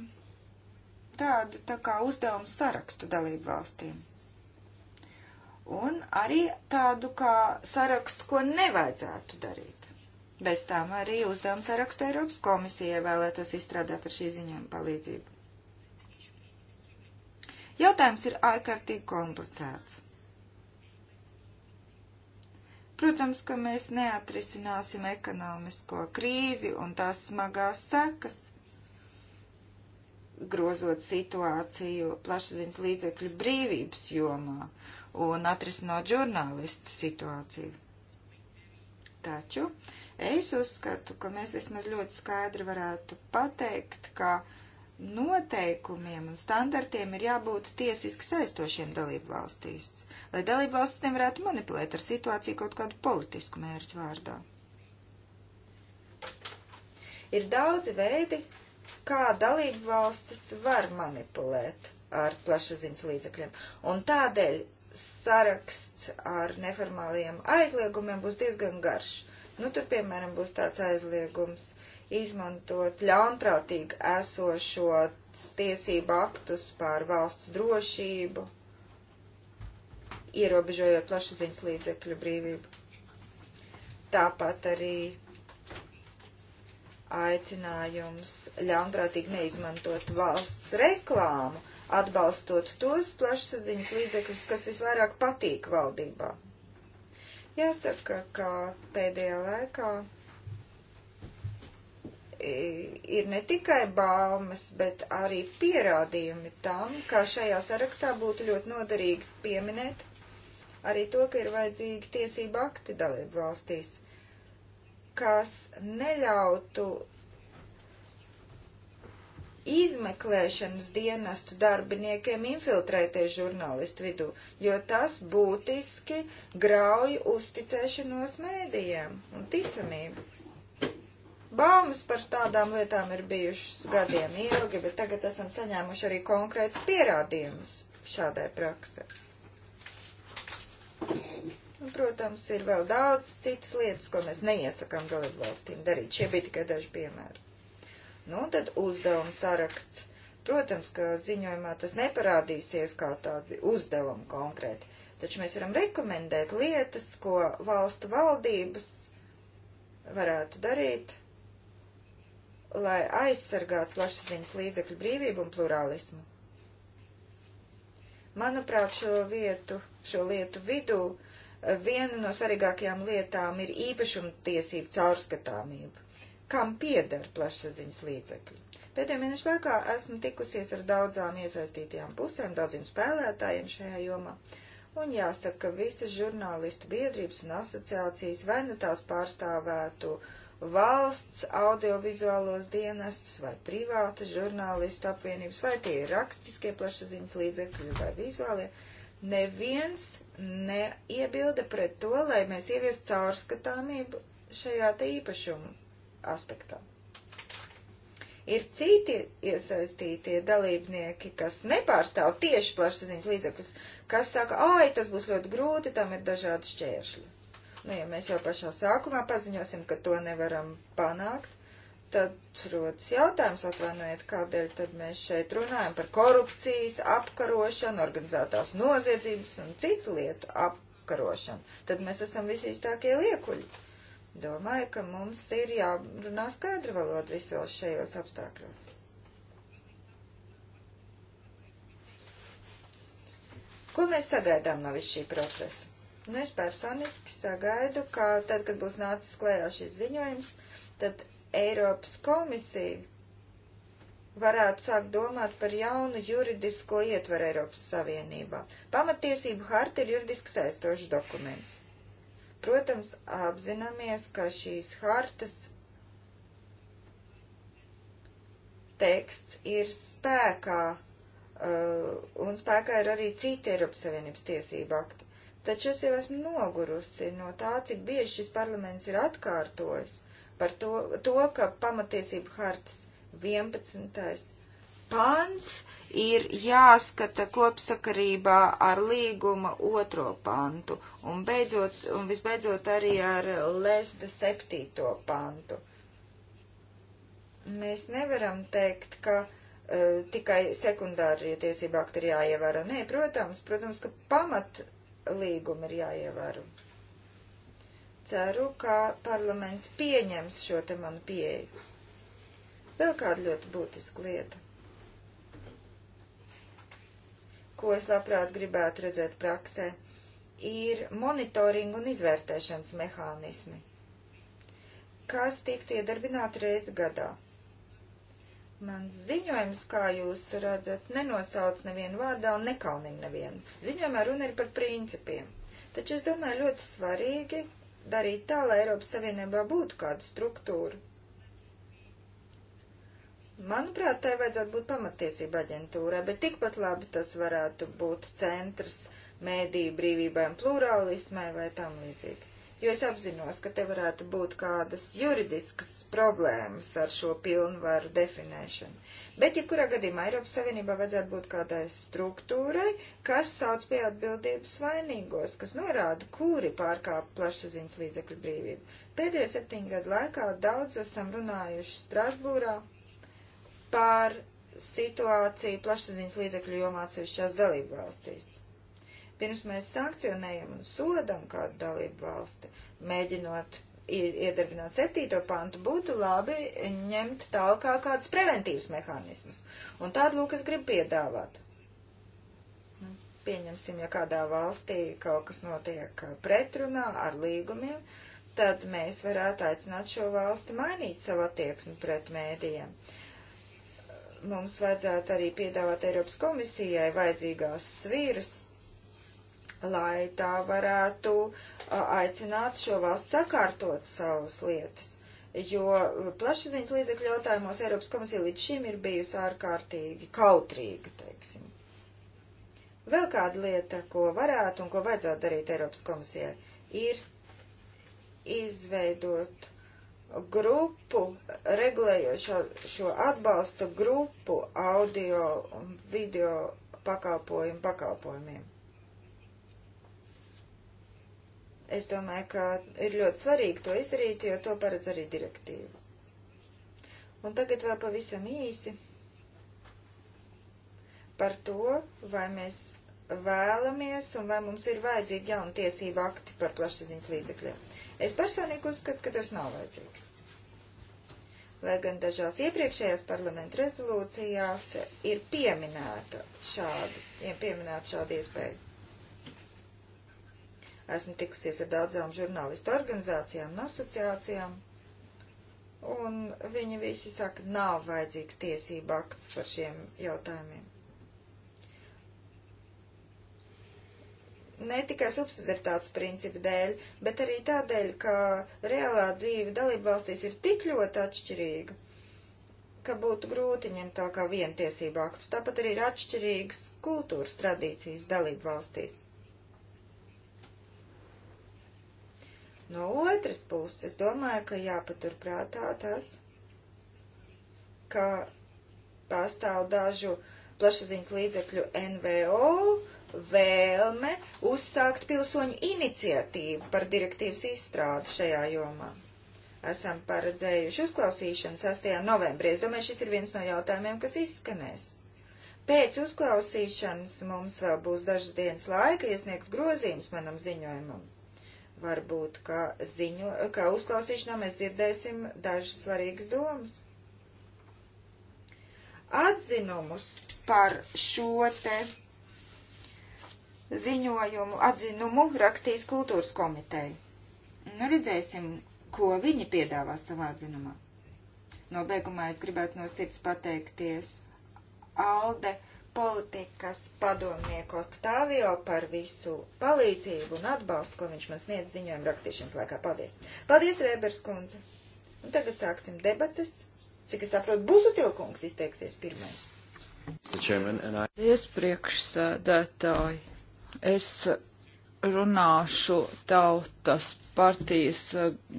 Speaker 1: tādu tā kā uzdevumu sarakstu dalību valstīm. Un arī tādu kā sarakstu, ko nevajadzētu darīt. Bez tām arī uzdevumu sarakstu Eiropas komisijai vēlētos izstrādāt ar šī ziņojuma palīdzību. Jautājums ir ārkārtīgi komplicēts. Protams, ka mēs neatrisināsim ekonomisko krīzi un tās smagās sekas, grozot situāciju plašsaziņas līdzekļu brīvības jomā un atrisinot žurnālistu situāciju. Taču es uzskatu, ka mēs vismaz ļoti skaidri varētu pateikt, ka noteikumiem un standartiem ir jābūt tiesiski saistošiem dalību valstīs, lai dalību valstis nevarētu manipulēt ar situāciju kaut kādu politisku mērķu vārdā. Ir daudzi veidi, kā dalību valstis var manipulēt ar plašsaziņas līdzekļiem, un tādēļ saraksts ar neformālajiem aizliegumiem būs diezgan garš. Nu, tur, piemēram, būs tāds aizliegums izmantot ļaunprātīgi esošo tiesību aktus pār valsts drošību, ierobežojot plašsaziņas līdzekļu brīvību. Tāpat arī aicinājums ļaunprātīgi neizmantot valsts reklāmu, atbalstot tos plašsaziņas līdzekļus, kas visvairāk patīk valdībā. Jāsaka, ka pēdējā laikā ir ne tikai baumas, bet arī pierādījumi tam, ka šajā sarakstā būtu ļoti noderīgi pieminēt arī to, ka ir vajadzīgi tiesība akti dalību valstīs, kas neļautu izmeklēšanas dienestu darbiniekiem infiltrēties žurnālistu vidū, jo tas būtiski grauj uzticēšanos mēdījiem un ticamību. Baumas par tādām lietām ir bijušas gadiem ilgi, bet tagad esam saņēmuši arī konkrēts pierādījumus šādai praksē. Un, protams, ir vēl daudz citas lietas, ko mēs neiesakām dalību valstīm darīt. Šie bija tikai daži piemēri. Nu, un tad uzdevumu saraksts. Protams, ka ziņojumā tas neparādīsies kā tādi uzdevumi konkrēti, taču mēs varam rekomendēt lietas, ko valstu valdības varētu darīt, lai aizsargātu plašsaziņas līdzekļu brīvību un plurālismu. Manuprāt, šo, vietu, šo lietu vidū eh, viena no svarīgākajām lietām ir īpašumtiesību caurskatāmība. Kam pieder plašsaziņas līdzekļi? Pēdējo mēnešu laikā esmu tikusies ar daudzām iesaistītajām pusēm, daudziem spēlētājiem šajā jomā. Un jāsaka, ka visas žurnālistu biedrības un asociācijas vai nu tās pārstāvētu uh, valsts audiovizuālos dienestus vai privātas žurnālistu apvienības, vai tie ir rakstiskie plašsaziņas līdzekļi vai vizuālie. Neviens neiebilda pret to, lai mēs ieviestu caurskatāmību šajā te īpašuma aspektā. Ir citi iesaistītie dalībnieki, kas nepārstāv tieši plašsaziņas līdzekļus, kas saka, ai, tas būs ļoti grūti, tam ir dažādi šķēršļi. Nu, ja mēs jau pašā sākumā paziņosim, ka to nevaram panākt, tad rodas jautājums, atvainojiet, kādēļ tad mēs šeit runājam par korupcijas apkarošanu, organizētās noziedzības un citu lietu apkarošanu. Tad mēs esam visīstākie liekuļi. Domāju, ka mums ir jārunā skaidra valoda visos šajos apstākļos. Ko mēs sagaidām no viss šī procesa? Un es personiski sagaidu, ka tad, kad būs nācis klējā šis ziņojums, tad Eiropas komisija varētu sākt domāt par jaunu juridisko ietveru Eiropas Savienībā. Pamatiesību harta ir juridiski saistošs dokuments. Protams, apzināmies, ka šīs hartas teksts ir spēkā, uh, un spēkā ir arī citi Eiropas Savienības tiesība akti. Taču es jau esmu nogurusi no tā, cik bieži šis parlaments ir atkārtojis par to, to ka pamatiesību hartas 11. pants ir jāskata kopsakarībā ar līguma otro pantu un, beidzot, un visbeidzot arī ar lesda septīto pantu. Mēs nevaram teikt, ka uh, tikai sekundārie tiesība akti ir jāievēro. Nē, protams, protams, ka pamat līgumi ir jāievēro. Ceru, ka parlaments pieņems šo te manu pieeju. Vēl kāda ļoti būtiska lieta, ko es labprāt gribētu redzēt praksē, ir monitoringa un izvērtēšanas mehānismi, kas tiktu iedarbināti reizi gadā. Mans ziņojums, kā jūs redzat, nenosauc nevienu vārdā un nekaunina nevienu. Ziņojumā runa ir par principiem. Taču es domāju, ļoti svarīgi darīt tā, lai Eiropas Savienībā būtu kāda struktūra. Manuprāt, tai vajadzētu būt pamatiesība aģentūrai, bet tikpat labi tas varētu būt centrs mēdīju brīvībai un plurālismai vai tam līdzīgi jo es apzinos, ka te varētu būt kādas juridiskas problēmas ar šo pilnvaru definēšanu. Bet, ja kurā gadījumā Eiropas Savienībā vajadzētu būt kādai struktūrai, kas sauc pie atbildības vainīgos, kas norāda, kuri pārkāp plašsaziņas līdzekļu brīvību. Pēdējo septiņu gadu laikā daudz esam runājuši Strasbūrā par situāciju plašsaziņas līdzekļu jomā atsevišķās dalību valstīs. Pirms mēs sankcionējam un sodam kādu dalību valsti, mēģinot iedarbināt septīto pantu, būtu labi ņemt tālākā kādus preventīvus mehānismus. Un tādu lūk es gribu piedāvāt. Nu, pieņemsim, ja kādā valstī kaut kas notiek pretrunā ar līgumiem, tad mēs varētu aicināt šo valsti mainīt savu attieksmi pret mēdījiem. Mums vajadzētu arī piedāvāt Eiropas komisijai vajadzīgās svīras lai tā varētu aicināt šo valsts sakārtot savas lietas. Jo plašsaziņas līdzekļu jautājumos Eiropas komisija līdz šim ir bijusi ārkārtīgi kautrīga, teiksim. Vēl kāda lieta, ko varētu un ko vajadzētu darīt Eiropas komisijai, ir izveidot grupu, regulējošo šo atbalsta grupu audio un video pakalpojumu pakalpojumiem. Es domāju, ka ir ļoti svarīgi to izdarīt, jo to paredz arī direktīva. Un tagad vēl pavisam īsi par to, vai mēs vēlamies un vai mums ir vajadzīgi jauni tiesību akti par plašsaziņas līdzekļiem. Es personīgi uzskatu, ka tas nav vajadzīgs. Lai gan dažās iepriekšējās parlamentu rezolūcijās ir pieminēta šāda, ja pieminēta šāda iespēja. Esmu tikusies ar daudzām žurnālistu organizācijām un asociācijām. Un viņi visi saka, nav vajadzīgs tiesība akts par šiem jautājumiem. ne tikai subsidiaritātes principu dēļ, bet arī tādēļ, ka reālā dzīve dalību valstīs ir tik ļoti atšķirīga, ka būtu grūti ņemt tā kā vientiesību aktu. Tāpat arī ir atšķirīgas kultūras tradīcijas dalību valstīs. No otras puses, es domāju, ka jāpaturprātā tas, ka pastāv dažu plašsaziņas līdzekļu NVO vēlme uzsākt pilsoņu iniciatīvu par direktīvas izstrādi šajā jomā. Esam paredzējuši uzklausīšanu 6. novembrī. Es domāju, šis ir viens no jautājumiem, kas izskanēs. Pēc uzklausīšanas mums vēl būs dažas dienas laika iesniegt grozījums manam ziņojumam. Varbūt, ka, ziņo, ka uzklausīšanā mēs dzirdēsim dažas svarīgas domas. Atzinumus par šo te ziņojumu atzinumu rakstīs kultūras komiteja. Nu, redzēsim, ko viņi piedāvās savā atzinumā. Nobeigumā es gribētu no sirds pateikties Alde politikas padomnieku Oktavio par visu palīdzību un atbalstu, ko viņš man sniedz ziņojuma rakstīšanas laikā. Paldies! Paldies, Vēbers kundze! Un tagad sāksim debatas. Cik es saprotu, Busutilkungs
Speaker 3: izteiksies pirmais. Paldies, priekšsēdētāji! Es runāšu tautas partijas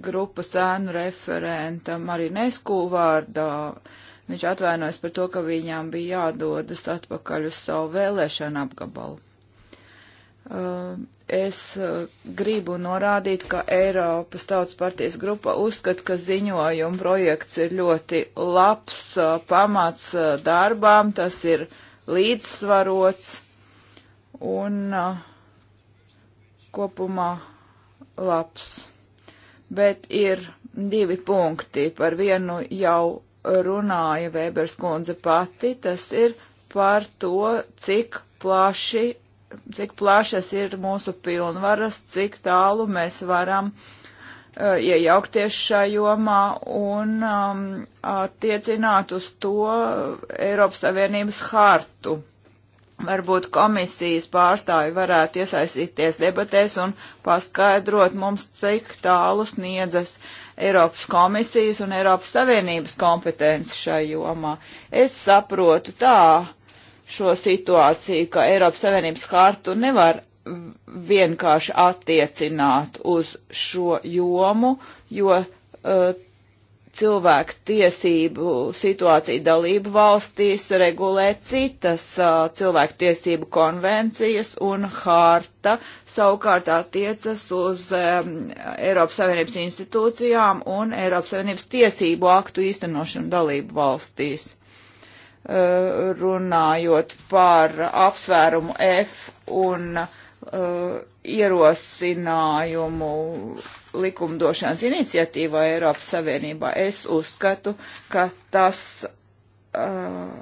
Speaker 3: grupas ēnu referentam arī neskūvārdā. vārdā Viņš atvainojas par to, ka viņām bija jādodas atpakaļ uz savu vēlēšanu apgabalu. Uh, es uh, gribu norādīt, ka Eiropas Tautas partijas grupa uzskata, ka ziņojuma projekts ir ļoti labs uh, pamats darbām, tas ir līdzsvarots un kopumā labs. Bet ir divi punkti, par vienu jau runāja Vēbers kundze pati, tas ir par to, cik plaši, cik plašas ir mūsu pilnvaras, cik tālu mēs varam uh, iejaukties šajā jomā un um, attiecināt uz to Eiropas Savienības hartu. Varbūt komisijas pārstāvi varētu iesaistīties debatēs un paskaidrot mums, cik tālu sniedzas Eiropas komisijas un Eiropas Savienības kompetence šai jomā. Es saprotu tā šo situāciju, ka Eiropas Savienības hartu nevar vienkārši attiecināt uz šo jomu, jo uh, cilvēku tiesību situāciju dalību valstīs regulē citas uh, cilvēku tiesību konvencijas un harta savukārt attiecas uz um, Eiropas Savienības institūcijām un Eiropas Savienības tiesību aktu īstenošanu dalību valstīs. Uh, runājot par apsvērumu F un uh, ierosinājumu likumdošanas iniciatīvā Eiropas Savienībā, es uzskatu, ka tas uh,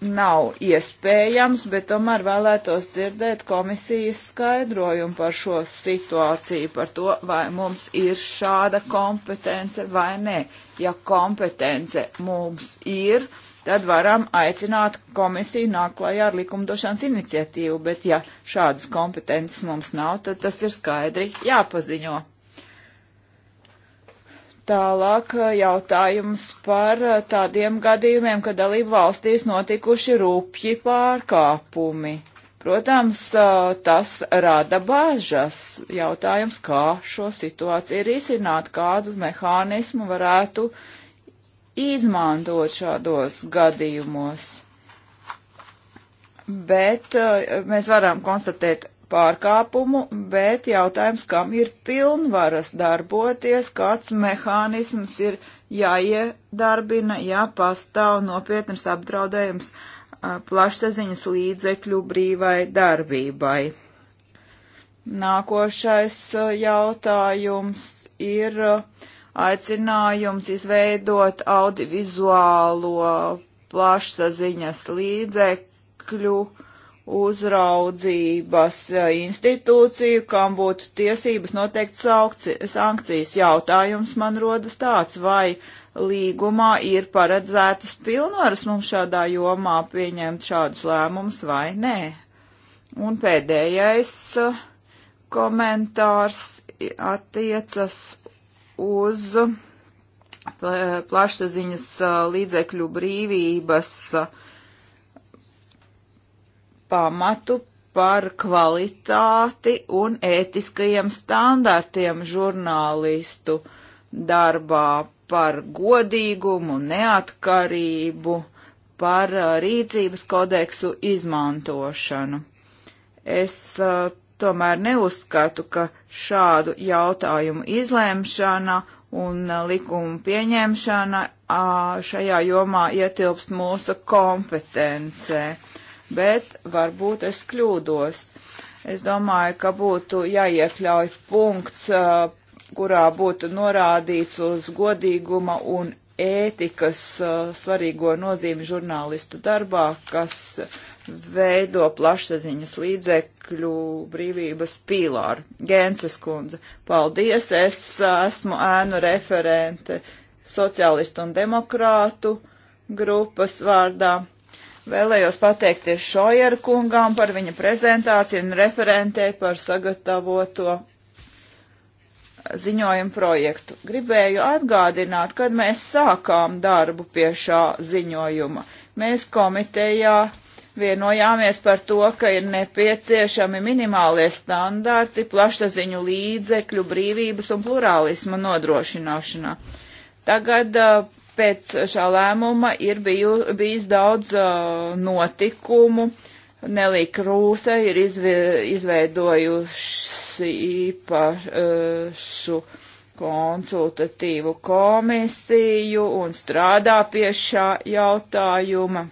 Speaker 3: nav iespējams, bet tomēr vēlētos dzirdēt komisijas skaidrojumu par šo situāciju, par to, vai mums ir šāda kompetence vai nē. Ja kompetence mums ir, tad varam aicināt komisiju nāk klajā ar likumdošanas iniciatīvu, bet ja šādas kompetences mums nav, tad tas ir skaidri jāpaziņo. Tālāk eh, jautājums par eh, tādiem gadījumiem, kad dalību valstīs notikuši rūpji pārkāpumi. Protams, eh, tas rada bažas. Jautājums, kā šo situāciju risināt, kādu mehānismu varētu uh, izmantot šādos gadījumos. Bet eh, mēs varam konstatēt pārkāpumu, bet jautājums, kam ir pilnvaras darboties, kāds mehānisms ir jāiedarbina, ja pastāv nopietnas apdraudējums eh, plašsaziņas līdzekļu brīvai darbībai. Nākošais eh, jautājums ir uh, aicinājums izveidot audiovizuālo plašsaziņas līdzekļu uzraudzības e, institūciju, kam būtu tiesības noteikt sankcijas. Jautājums man rodas tāds, vai līgumā ir paredzētas pilnvaras mums šādā jomā pieņemt šādus lēmumus vai nē. Un pēdējais e, komentārs attiecas uz plašsaziņas līdzekļu brīvības pamatu par kvalitāti un ētiskajiem standartiem žurnālistu darbā, par godīgumu, neatkarību, par rīcības kodeksu izmantošanu. Es tomēr neuzskatu, ka šādu jautājumu izlēmšana un uh, likumu pieņemšana uh, šajā jomā ietilpst mūsu kompetencē, bet varbūt es kļūdos. Es domāju, ka būtu jāiekļauj punkts, uh, kurā būtu norādīts uz godīguma un ētikas svarīgo nozīmi žurnālistu darbā, kas veido plašsaziņas līdzekļu brīvības pīlāru. Gēnces kundze, paldies, es esmu ēnu referente sociālistu un demokrātu grupas vārdā. Vēlējos pateikties Šojeru kungām par viņa prezentāciju un referentē par sagatavoto ziņojumu projektu. Gribēju atgādināt, kad mēs sākām darbu pie šā ziņojuma. Mēs komitejā vienojāmies par to, ka ir nepieciešami minimālie standarti plašsaziņu līdzekļu brīvības un plurālisma nodrošināšanā. Tagad pēc šā lēmuma ir biju, bijis daudz notikumu. Nelī Krūse ir izveidojusi īpašu konsultatīvu komisiju un strādā pie šā jautājuma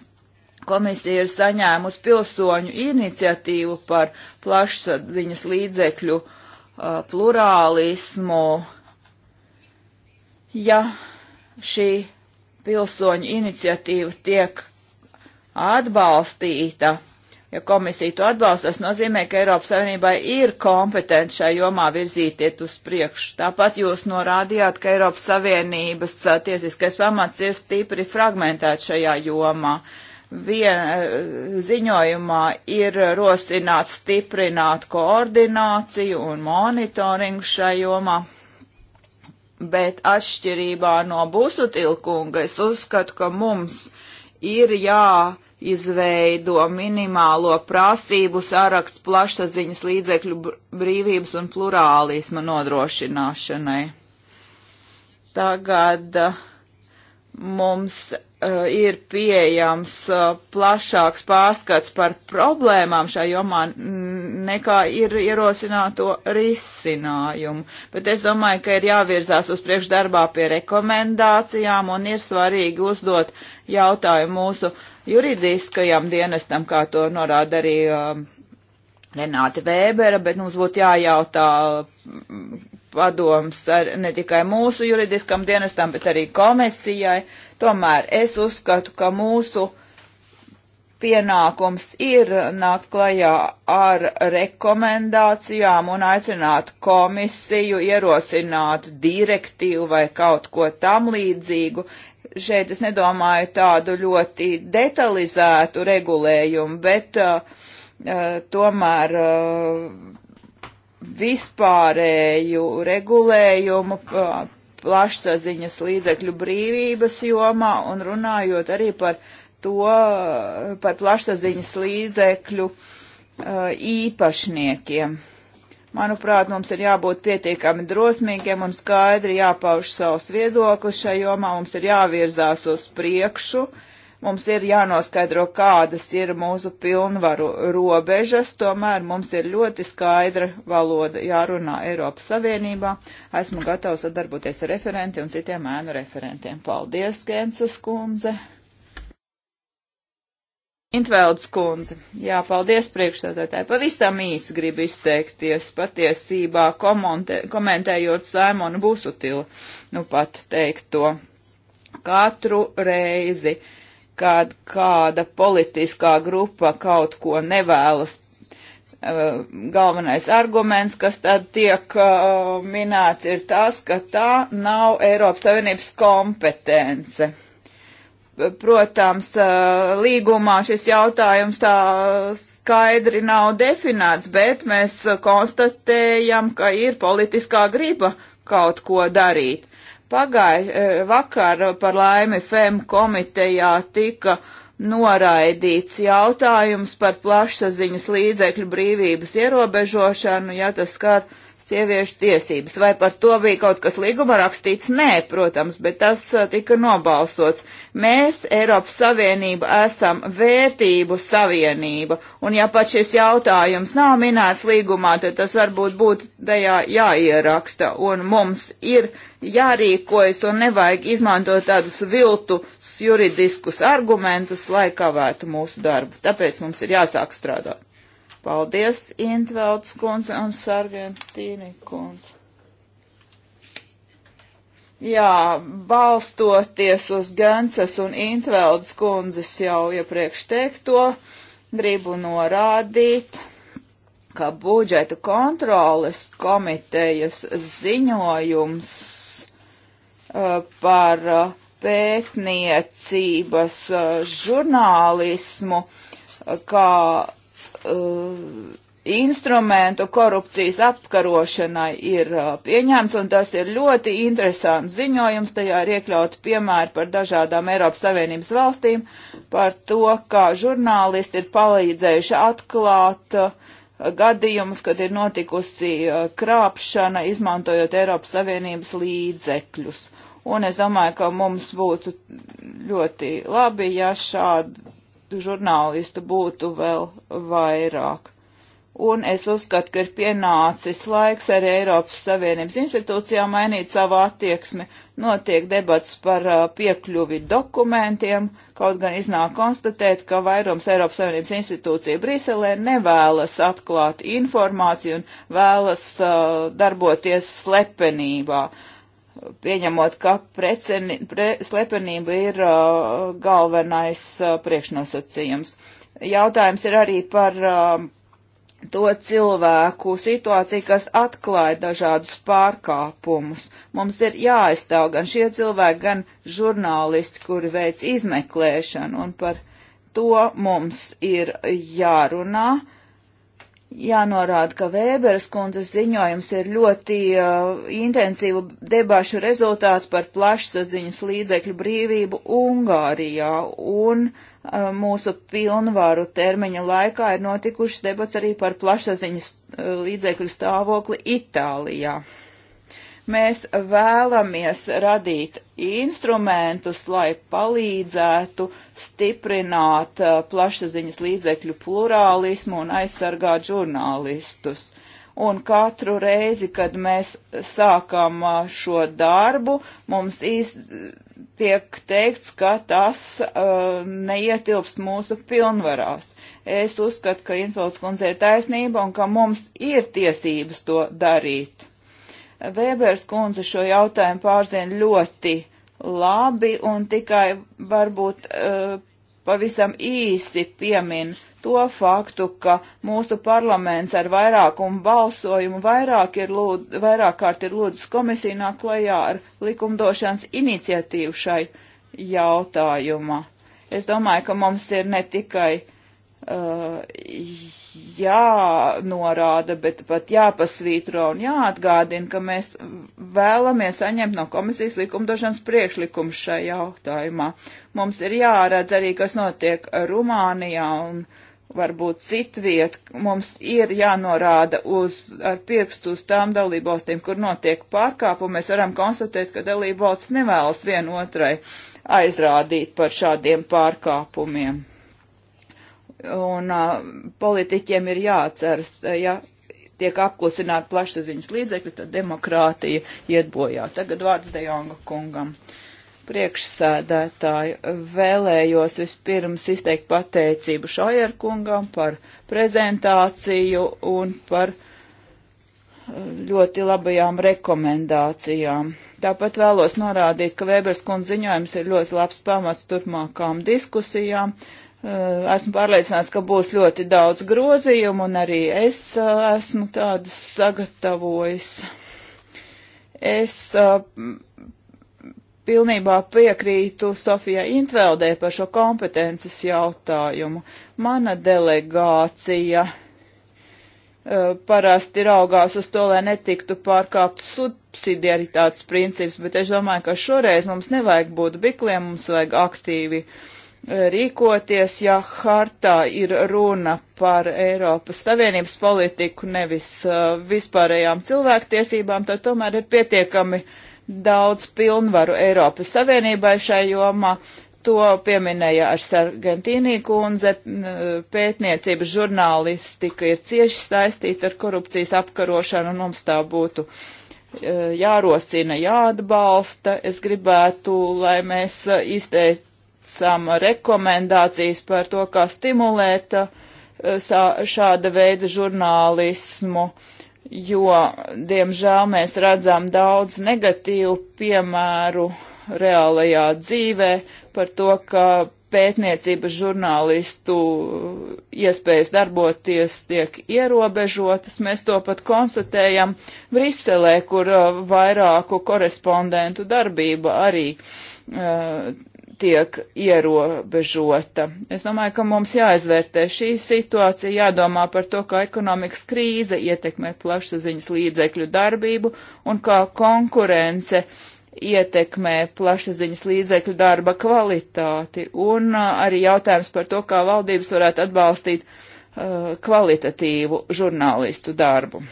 Speaker 3: Komisija ir saņēmusi pilsoņu iniciatīvu par plašsaziņas līdzekļu uh, plurālismu. Ja šī pilsoņu iniciatīva tiek atbalstīta, ja komisija to atbalsta, tas nozīmē, ka Eiropas Savienībai ir kompetence šai jomā virzīties uz priekšu. Tāpat jūs norādījāt, ka Eiropas Savienības uh, tiesiskais pamats ir stipri fragmentēts šajā jomā. Uh, vien, eh, ziņojumā ir rosināts stiprināt koordināciju un monitoringu šai jomā. Bet atšķirībā no Busutilkunga es uzskatu, ka mums ir jāizveido minimālo prasību saraksts plašsaziņas līdzekļu brīvības un plurālisma nodrošināšanai. Tagad eh, mums Uh, ir pieejams uh, plašāks pārskats par problēmām šajā jomā nekā ir ierosināto risinājumu. Bet es domāju, ka ir jāvirzās uz priekšu darbā pie rekomendācijām un ir svarīgi uzdot jautājumu mūsu juridiskajam dienestam, kā to norāda arī um, Renāte Vēbera, bet mums būtu jājautā mm, padoms ar, ne tikai mūsu juridiskam dienestam, bet arī komisijai. Uh, Tomēr es uzskatu, ka mūsu pienākums ir nākt klajā ar rekomendācijām un aicināt komisiju, ierosināt direktīvu vai kaut ko tam līdzīgu. Šeit es nedomāju tādu ļoti detalizētu regulējumu, bet uh, uh tomēr uh, vispārēju regulējumu uh, plašsaziņas līdzekļu brīvības jomā un runājot arī par to, par plašsaziņas līdzekļu īpašniekiem. Manuprāt, mums ir jābūt pietiekami drosmīgiem un skaidri jāpauž savus viedokli šajā jomā, mums ir jāvirzās uz priekšu. Uh, Mums ir jānoskaidro, kādas ir mūsu pilnvaru robežas, tomēr mums ir ļoti skaidra valoda jārunā Eiropas Savienībā. Esmu gatavs sadarboties ar referenti un citiem ēnu referentiem. Paldies, Gensas kundze! Intveldes kundze, jā, paldies priekšstādātāji. Pavisam īsi gribu izteikties patiesībā komentē, komentējot Saimonu Busutilu, nu pat teikt to. Katru reizi, kad kāda politiskā grupa kaut ko nevēlas. Uh, galvenais arguments, kas tad tiek uh, minēts, ir tas, ka tā nav Eiropas Savienības kompetence. Protams, uh, līgumā šis jautājums tā skaidri nav definēts, bet mēs konstatējam, ka ir politiskā griba kaut ko darīt. Pagāju e, vakar par laimi FEM komitejā tika noraidīts jautājums par plašsaziņas līdzekļu brīvības ierobežošanu, ja tas skar uh, sieviešu tiesības. Vai par to bija kaut kas līguma rakstīts? Nē, protams, bet tas uh, tika nobalsots. Mēs, Eiropas Savienība, esam vērtību savienība, un ja pat šis jautājums nav minēts līgumā, tad tas varbūt būtu tajā jāieraksta, un mums ir jārīkojas, un nevajag izmantot tādus viltus juridiskus argumentus, lai kavētu mūsu darbu. Tāpēc mums ir jāsāk strādāt. Paldies, Intvelds kundze un Sargentīni kundze. Jā, balstoties uz Gansas un Intveldes kundzes jau iepriekš teikto, gribu norādīt, ka budžeta kontroles komitejas ziņojums uh, par uh, pētniecības uh, žurnālismu, uh, kā Uh, instrumentu korupcijas apkarošanai ir uh, pieņemts, un tas ir ļoti interesants ziņojums. Tajā ir iekļauti piemēri par dažādām Eiropas Savienības valstīm, par to, kā žurnālisti ir palīdzējuši atklāt uh, gadījumus, kad ir notikusi krāpšana, izmantojot Eiropas Savienības līdzekļus. Un es domāju, ka mums būtu ļoti labi, ja šādi žurnālistu būtu vēl vairāk. Un es uzskatu, ka ir pienācis laiks arī Eiropas Savienības institūcijām mainīt savu attieksmi. Notiek debats par uh, piekļuvi dokumentiem, kaut gan iznāk konstatēt, ka vairums Eiropas Savienības institūcija Briselē nevēlas atklāt informāciju un vēlas uh, darboties slepenībā. Uh, pieņemot, ka preceni, pre, slepenība ir uh, galvenais uh, priekšnosacījums. Jautājums ir arī par uh, to cilvēku situāciju, kas atklāja dažādus pārkāpumus. Mums ir jāaizstāv gan šie cilvēki, gan žurnālisti, kuri veic izmeklēšanu, un par to mums ir jārunā. Uh, jānorāda, ka Vēberas kundzes ziņojums ir ļoti uh, intensīvu debašu rezultāts par plašsaziņas līdzekļu brīvību Ungārijā, un uh, mūsu pilnvaru termiņa laikā ir notikušas debats arī par plašsaziņas uh, līdzekļu stāvokli Itālijā. Mēs vēlamies radīt instrumentus, lai palīdzētu stiprināt uh, plašsaziņas līdzekļu plurālismu un aizsargāt žurnālistus. Un katru reizi, kad mēs sākam uh, šo darbu, mums īst tiek teikts, ka tas uh, neietilpst mūsu pilnvarās. Es uzskatu, ka Infolds kundze ir taisnība un ka mums ir tiesības to darīt Vēbers kundze šo jautājumu pārzina ļoti labi un tikai varbūt uh, pavisam īsi piemin to faktu, ka mūsu parlaments ar vairākumu balsojumu vairāk, ir lūd, vairāk kārt ir lūdzis komisiju nāk klajā ar likumdošanas iniciatīvu šai jautājumā. Es domāju, ka mums ir ne tikai Eh, jānorāda, bet pat jāpasvītro un jāatgādina, ka mēs vēlamies saņemt no komisijas likumdošanas priekšlikumu šajā jautājumā. Mums ir jāredz arī, kas notiek Rumānijā un varbūt citviet. Mums ir jānorāda uz, ar pirkstu uz tām dalībvalstīm, kur notiek pārkāpumi. Mēs varam konstatēt, ka dalībvalsts nevēlas vienotrai aizrādīt par šādiem pārkāpumiem. Un uh, politiķiem ir jāatceras, ja tiek apklusināti plašsaziņas līdzekļi, tad demokrātija iet bojā. Tagad vārds Dejonga kungam. Priekšsēdētāji vēlējos vispirms izteikt pateicību Šajer kungam par prezentāciju un par ļoti labajām rekomendācijām. Tāpat vēlos norādīt, ka Vēbers kundz ziņojums ir ļoti labs pamats turpmākām diskusijām. Uh, Eh, esmu pārliecināts, ka būs ļoti daudz grozījumu, un arī es eh, esmu tādus sagatavojis. Es eh, pilnībā piekrītu Sofijai Intveldē par šo kompetences jautājumu. Mana delegācija parasti raugās uz to, lai netiktu pārkāpt subsidiaritātes princips, bet es domāju, ka šoreiz mums nevajag būt bikliem, mums vajag aktīvi uh, rīkoties, ja hartā ir runa par Eiropas Savienības politiku, nevis uh, vispārējām cilvēktiesībām, tad tomēr ir pietiekami daudz pilnvaru Eiropas Savienībai šai jomā. To pieminēja ar Sargentīnī kundze. Uh, pētniecības žurnālistika ir cieši saistīta ar korupcijas apkarošanu, un mums tā būtu uh, jārosina, jāatbalsta. Es gribētu, lai mēs uh, izteikt esam rekomendācijas par to, kā stimulēt uh, šāda veida žurnālismu, jo, diemžēl, mēs redzam daudz negatīvu piemēru reālajā dzīvē par to, ka pētniecības žurnālistu iespējas darboties tiek ierobežotas. Mēs to pat konstatējam Briselē, kur uh, vairāku korespondentu darbība arī uh, tiek ierobežota. Es domāju, ka mums jāizvērtē šī situācija, jādomā par to, kā ekonomikas krīze ietekmē plašsaziņas līdzekļu darbību un kā konkurence ietekmē plašsaziņas līdzekļu darba kvalitāti. Un uh, arī jautājums par to, kā valdības varētu atbalstīt uh, kvalitatīvu žurnālistu darbu.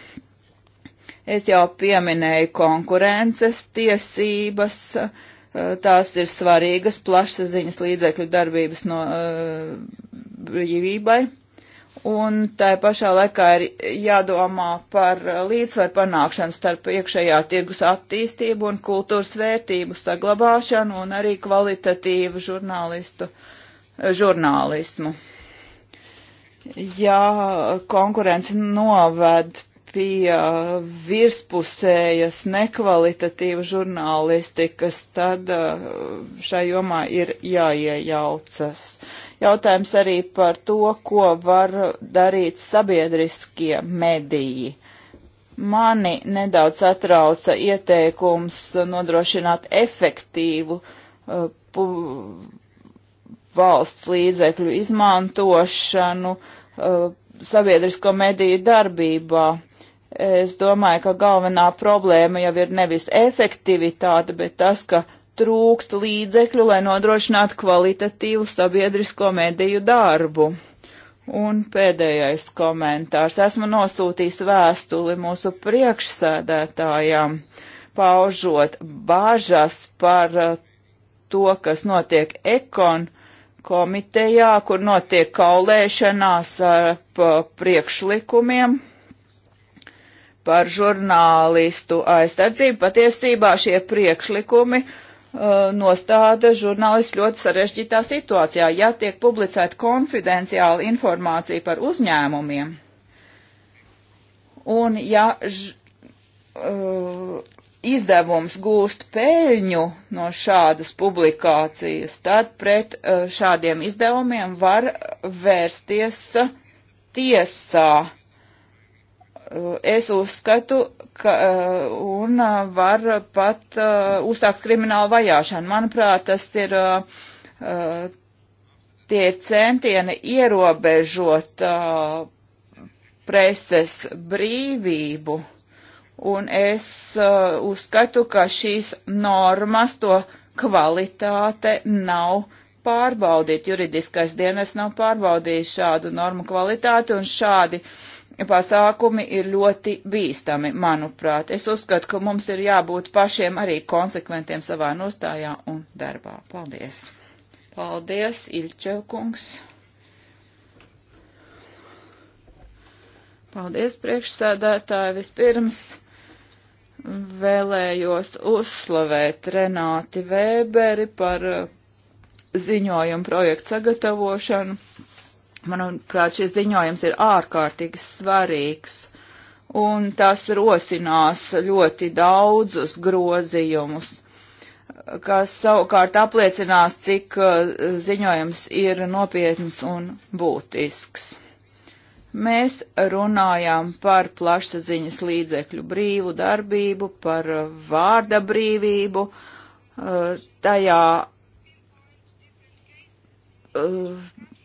Speaker 3: Es jau pieminēju konkurences tiesības, uh, Eh, tās ir svarīgas plašsaziņas līdzekļu darbības no uh, brīvībai. Un tā pašā laikā ir jādomā par līdzsvaru panākšanu starp iekšējā tirgus attīstību un kultūras vērtību saglabāšanu un arī kvalitatīvu žurnālistu, eh, žurnālismu. Ja konkurence noved pie virspusējas nekvalitatīvas žurnālistikas, tad uh, šai jomā ir jāiejaucas. Jautājums arī par to, ko var darīt sabiedriskie mediji. Mani nedaudz atrauca ieteikums nodrošināt efektīvu uh, valsts līdzekļu izmantošanu uh, sabiedrisko mediju darbībā Es domāju, ka galvenā problēma jau ir nevis efektivitāte, bet tas, ka trūkst līdzekļu, lai nodrošinātu kvalitatīvu sabiedrisko mediju darbu. Un pēdējais komentārs. Esmu nosūtījis vēstuli mūsu priekšsēdētājām, paužot bāžas par uh, to, kas notiek ekon komitejā, kur notiek kaulēšanās ar uh, priekšlikumiem par žurnālistu aizsardzību. Patiesībā šie priekšlikumi uh, nostāda žurnālistu ļoti sarežģītā situācijā, ja tiek publicēta konfidenciāla informācija par uzņēmumiem. Un ja ž, uh, izdevums gūst peļņu no šādas publikācijas, tad pret uh, šādiem izdevumiem var vērsties tiesā es uzskatu, ka eh, un eh, var pat eh, uzsākt kriminālu vajāšanu. Manuprāt, tas ir tie ir centieni ierobežot preses brīvību, un es uzskatu, ka šīs normas to kvalitāte nav pārbaudīt. Juridiskais dienas nav pārbaudījis šādu normu kvalitāti un šādi uh, pasākumi ir ļoti bīstami, manuprāt. Es uzskatu, ka mums ir jābūt pašiem arī konsekventiem savā nostājā un darbā. Paldies! Paldies, Ilčevkungs! Paldies, priekšsēdētāji! Vispirms vēlējos uzslavēt Renāti Vēberi par eh, ziņojumu projektu sagatavošanu Manuprāt, šis ziņojums ir ārkārtīgi svarīgs, un tas rosinās ļoti daudzus grozījumus, kas savukārt apliecinās, cik uh, ziņojums ir nopietns un būtisks. Mēs runājām par plašsaziņas līdzekļu brīvu darbību, par vārda brīvību. Uh, tajā uh,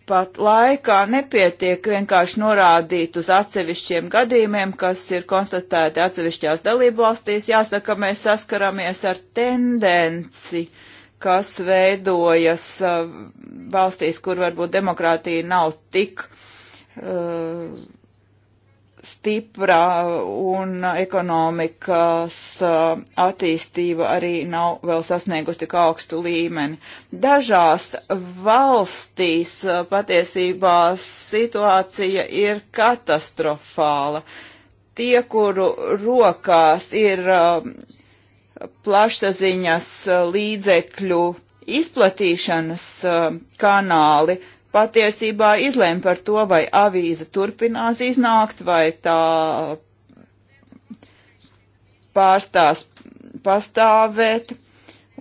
Speaker 3: Tāpat laikā nepietiek vienkārši norādīt uz atsevišķiem gadījumiem, kas ir konstatēti atsevišķās dalībvalstīs. Jāsaka, mēs saskaramies ar tendenci, kas veidojas uh, valstīs, kur varbūt demokrātija nav tik uh, stiprā un ekonomikas uh, attīstība arī nav vēl sasniegusi tik augstu līmeni. Dažās valstīs uh, patiesībā situācija ir katastrofāla. Tie, kuru rokās ir uh, plašsaziņas līdzekļu izplatīšanas kanāli, patiesībā izlēma par to, vai avīze turpinās iznākt, vai tā pārstās pastāvēt,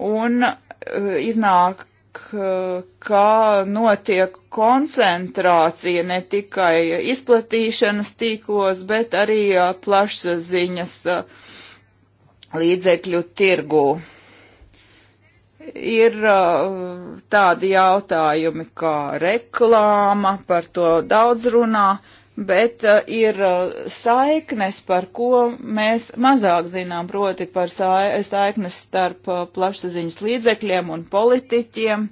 Speaker 3: un eh, iznāk, eh, kā notiek koncentrācija ne tikai izplatīšanas tīklos, bet arī eh, plašsaziņas līdzekļu tirgū ir uh, tādi jautājumi kā reklāma, par to daudz runā, bet uh, ir uh, saiknes, par ko mēs mazāk zinām, proti par saiknes starp plašsaziņas līdzekļiem un politiķiem.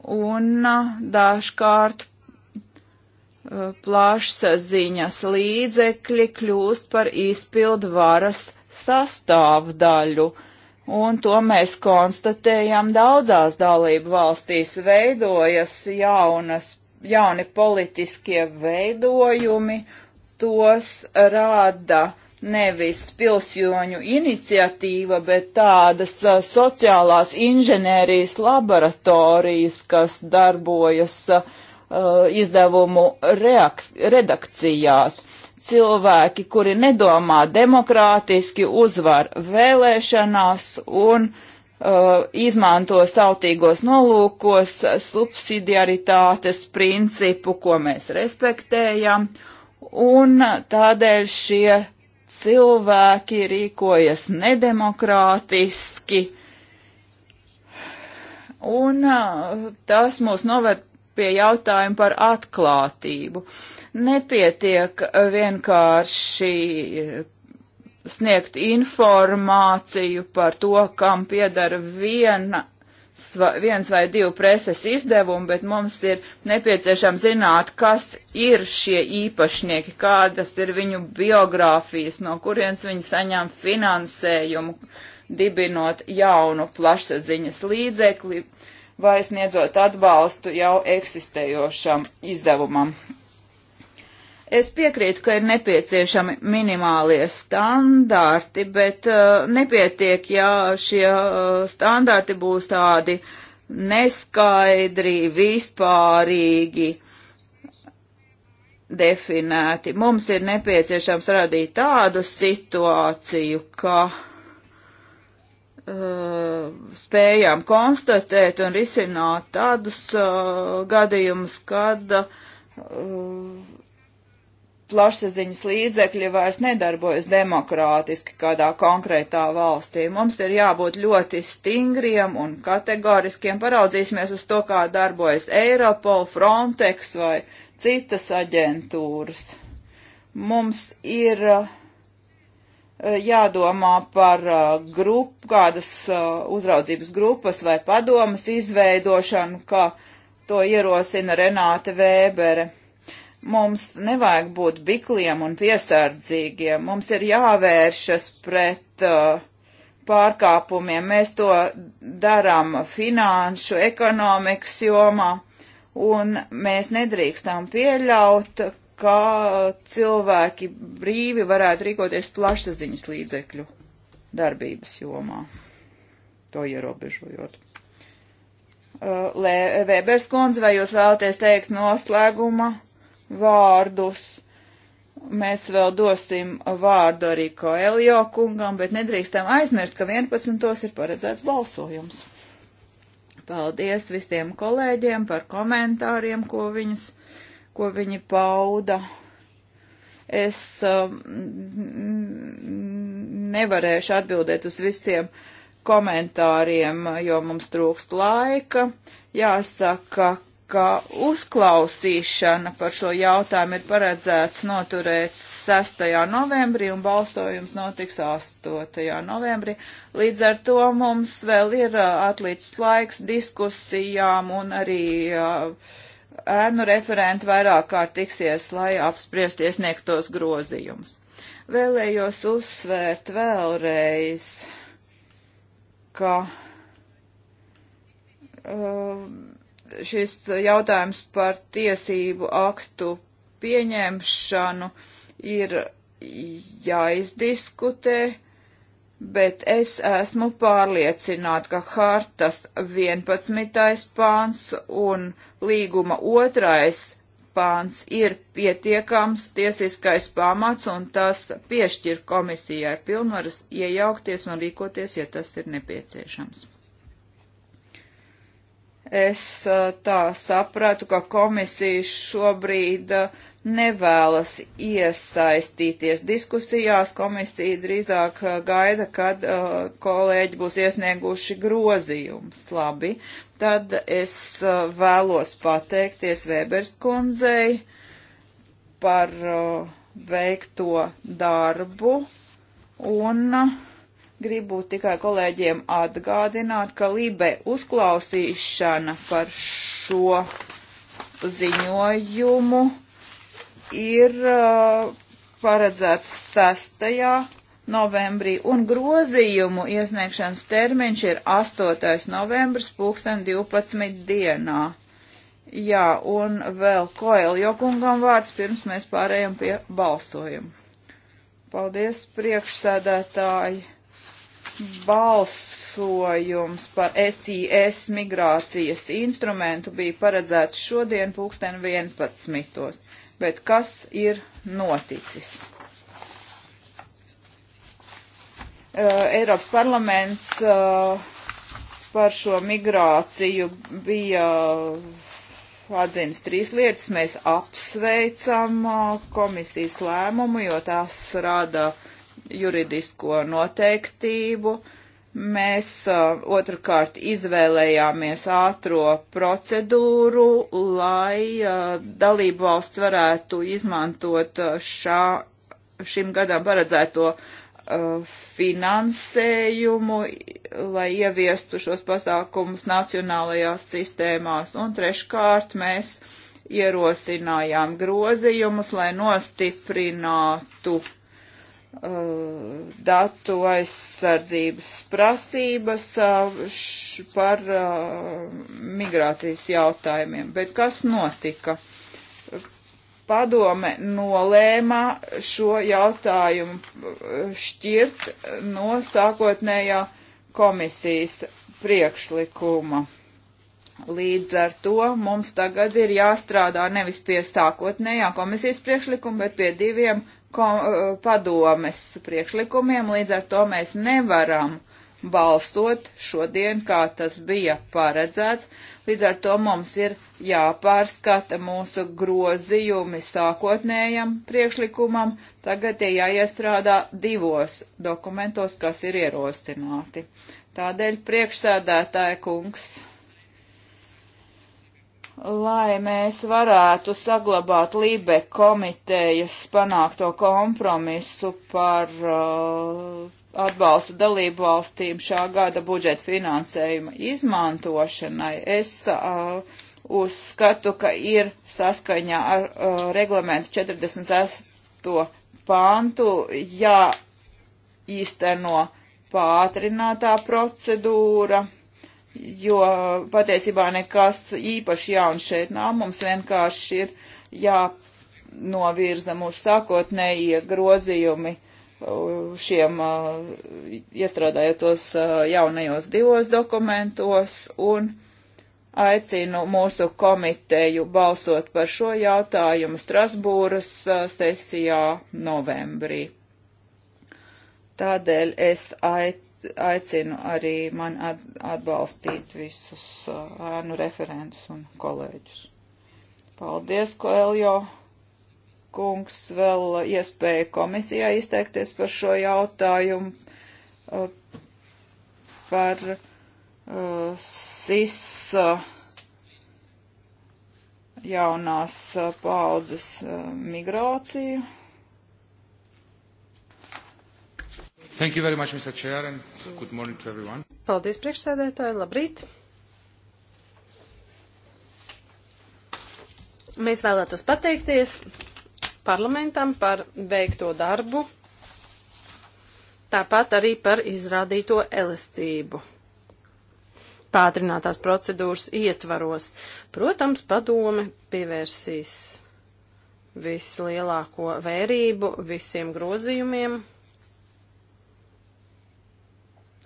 Speaker 3: Un dažkārt plašsaziņas līdzekļi kļūst par izpildu varas sastāvdaļu. Uh, Un to mēs konstatējam daudzās dalību valstīs. Veidojas jaunas, jauni politiskie veidojumi, tos rāda nevis pilsjoņu iniciatīva, bet tādas a, sociālās inženērijas laboratorijas, kas darbojas a, izdevumu reak, redakcijās cilvēki, kuri nedomā demokrātiski, uzvar vēlēšanās un uh, izmanto sautīgos nolūkos subsidiaritātes principu, ko mēs respektējam, un tādēļ šie cilvēki rīkojas nedemokrātiski, un uh, tas mūs noved pie jautājuma par atklātību. Nepietiek vienkārši sniegt informāciju par to, kam piedara viena, viens vai divi preses izdevumi, bet mums ir nepieciešams zināt, kas ir šie īpašnieki, kādas ir viņu biogrāfijas, no kurienes viņi saņem finansējumu, dibinot jaunu plašsaziņas līdzekli. Uh, vai sniedzot atbalstu jau eksistējošam izdevumam. Es piekrītu, ka ir nepieciešami minimālie standarti, bet uh, nepietiek, ja šie uh, standarti būs tādi neskaidri, vispārīgi definēti. Mums ir nepieciešams radīt tādu situāciju, ka uh, Uh, spējām konstatēt un risināt tādus uh, gadījumus, kad uh, plašsaziņas līdzekļi vairs nedarbojas demokrātiski kādā konkrētā valstī. Mums ir jābūt ļoti stingriem un kategoriskiem. Paraudzīsimies uz to, kā darbojas Eiropol, Frontex vai citas aģentūras. Mums ir uh, Eh, jādomā par eh, grup, kādas eh, uzraudzības grupas vai padomas izveidošanu, kā to ierosina Renāte Vēbere. Mums nevajag būt bikliem un piesardzīgiem, mums ir jāvēršas pret uh, pārkāpumiem. Mēs to darām finanšu, ekonomikas jomā, un mēs nedrīkstam pieļaut, kā cilvēki brīvi varētu rīkoties plašsaziņas līdzekļu darbības jomā, to ierobežojot. Uh, Lē, Vēbers kundze, vai jūs vēlaties teikt noslēguma vārdus? Mēs vēl dosim vārdu arī Koelio kungam, bet nedrīkstam aizmirst, ka 11. ir paredzēts balsojums. Paldies visiem kolēģiem par komentāriem, ko viņus ko viņi pauda. Es um, nevarēšu atbildēt uz visiem komentāriem, jo mums trūkst laika. Jāsaka, ka uzklausīšana par šo jautājumu ir paredzēts noturēt 6. novembrī un balsojums notiks 8. novembrī. Līdz ar to mums vēl ir uh, atlicis laiks diskusijām un arī uh, ēnu referenti vairāk kārt tiksies, lai apspriest iesniegtos grozījumus. Vēlējos uzsvērt vēlreiz, ka uh, šis jautājums par tiesību aktu pieņemšanu ir jāizdiskutē. Ja bet es esmu pārliecināta, ka hartas 11. pāns un līguma 2. pāns ir pietiekams tiesiskais pamats un tas piešķir komisijai pilnvaras iejaukties un rīkoties, ja tas ir nepieciešams. Es tā sapratu, ka komisija šobrīd uh, nevēlas iesaistīties diskusijās. Komisija drīzāk uh, gaida, kad uh, kolēģi būs iesnieguši grozījumus. Labi, tad es uh, vēlos pateikties Vēbers kundzei par uh, veikto darbu un uh, Gribu tikai kolēģiem atgādināt, ka Lībe uzklausīšana par šo ziņojumu ir uh, paredzēts 6. novembrī, un grozījumu iesniegšanas termiņš ir 8. novembris, pulksten 12. dienā. Jā, un vēl Koeljo kungam vārds, pirms mēs pārējām pie balsojuma. Paldies, priekšsēdētāji! Balsojums par SIS migrācijas instrumentu bija paredzēts šodien pulksten 11. Bet kas ir noticis? Eiropas parlaments par šo migrāciju bija atzīmes trīs lietas. Mēs apsveicam komisijas lēmumu, jo tās rada juridisko noteiktību. Uh, Mēs uh, otrkārt izvēlējāmies ātro procedūru, lai uh, dalību valsts varētu izmantot uh, šā, šim gadam paredzēto finansējumu, lai ieviestu šos pasākumus nacionālajās sistēmās. Un treškārt mēs ierosinājām grozījumus, lai nostiprinātu Uh, datu aizsardzības prasības uh, par uh, migrācijas jautājumiem. Bet kas notika? Padome nolēma šo jautājumu šķirt no sākotnējā komisijas priekšlikuma. Līdz ar to mums tagad ir jāstrādā nevis pie sākotnējā komisijas priekšlikuma, bet pie diviem kom, eh, padomes priekšlikumiem, līdz ar to mēs nevaram balstot šodien, kā tas bija paredzēts. Līdz ar to mums ir jāpārskata mūsu grozījumi sākotnējam priekšlikumam, tagad tie jāiestrādā divos dokumentos, kas ir ierosināti. Tādēļ priekšsēdētāja kungs lai mēs varētu saglabāt Lībe komitejas panākto kompromisu par uh, atbalstu dalību valstīm šā gada budžeta finansējuma izmantošanai. Es uh, uzskatu, ka ir saskaņā ar uh, reglamentu 48. pāntu jāīsteno pātrinātā procedūra jo patiesībā nekas īpaši jauns šeit nav. Mums vienkārši ir jānovirza mūsu sākotnējie grozījumi uh, šiem uh, iestrādājotos uh, jaunajos divos dokumentos un aicinu mūsu komiteju balsot par šo jautājumu Strasbūras sesijā novembrī. Tādēļ es aicinu aicinu arī man atbalstīt visus uh, ēnu referentus un kolēģus. Paldies, Koeljo kungs, vēl iespēja komisijā izteikties par šo jautājumu, uh, par uh, SIS jaunās paudzes migrāciju.
Speaker 2: Thank you very much, Mr. Chair, and good morning to everyone. Paldies, priekšsēdētāji, labrīt! Mēs vēlētos pateikties parlamentam par veikto darbu, tāpat arī par izrādīto elastību pātrinātās procedūras ietvaros. Protams, padome pievērsīs vislielāko vērību visiem grozījumiem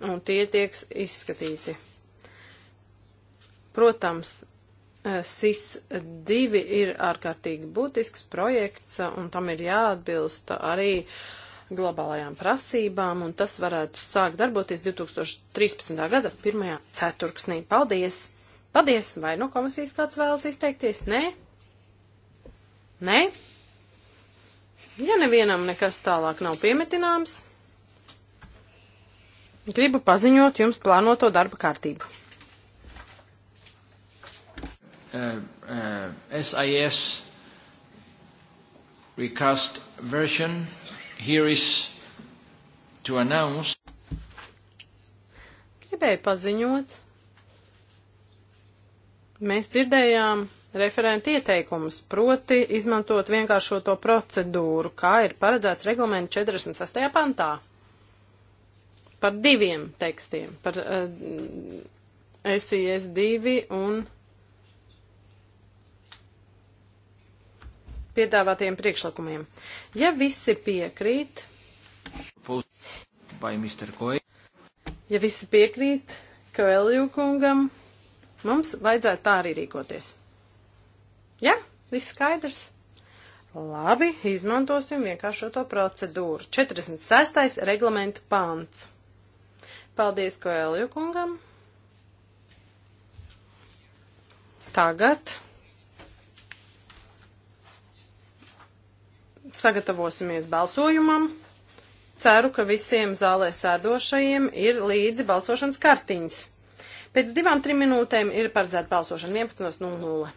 Speaker 2: un tie tiek izskatīti. Protams, eh, SIS-2 ir ārkārtīgi būtisks projekts, eh, un tam ir jāatbilst arī globālajām prasībām, un tas varētu sākt darboties 2013. gada 1. ceturksnī. Paldies! Paldies! Vai no nu komisijas kāds vēlas izteikties? Nē? Nē? Ja nevienam nekas tālāk nav piemetināms. Gribu paziņot jums plānoto darba kārtību. Uh, uh, SIS recast
Speaker 1: version here is to announce.
Speaker 2: Gribēju paziņot. Mēs dzirdējām referenta ieteikumus, proti izmantot vienkāršoto procedūru, kā ir paredzēts reglamenta 46. pantā par diviem tekstiem, par uh, eh, SIS 2 un piedāvātiem priekšlikumiem. Ja visi piekrīt, vai Mr. Koi? Ja visi piekrīt Koeliju kungam, mums vajadzētu tā arī rīkoties. Ja? Viss skaidrs? Labi, izmantosim vienkāršo to procedūru. 46. reglamenta pants. Paldies Koelju kungam. Tagad sagatavosimies balsojumam. Ceru, ka visiem zālē sēdošajiem ir līdzi balsošanas kartiņas. Pēc divām, trim minūtēm ir paredzēta balsošana 11.00.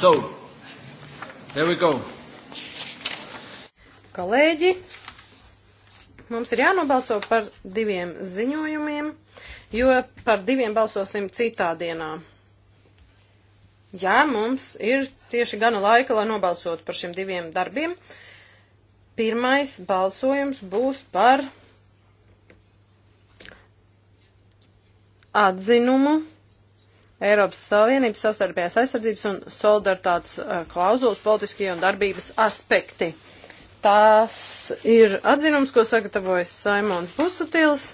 Speaker 1: So, there we go.
Speaker 2: Kolēģi, mums ir jānobalso par diviem ziņojumiem, jo par diviem balsosim citā dienā. Jā, mums ir tieši gana laika, lai nobalsotu par šiem diviem darbiem. Pirmais balsojums būs par atzinumu Eiropas Savienības savstarpējās aizsardzības un solidaritātes eh, klauzulas politiskie un darbības aspekti. Tas ir atzinums, ko sagatavojas Saimons Busutils.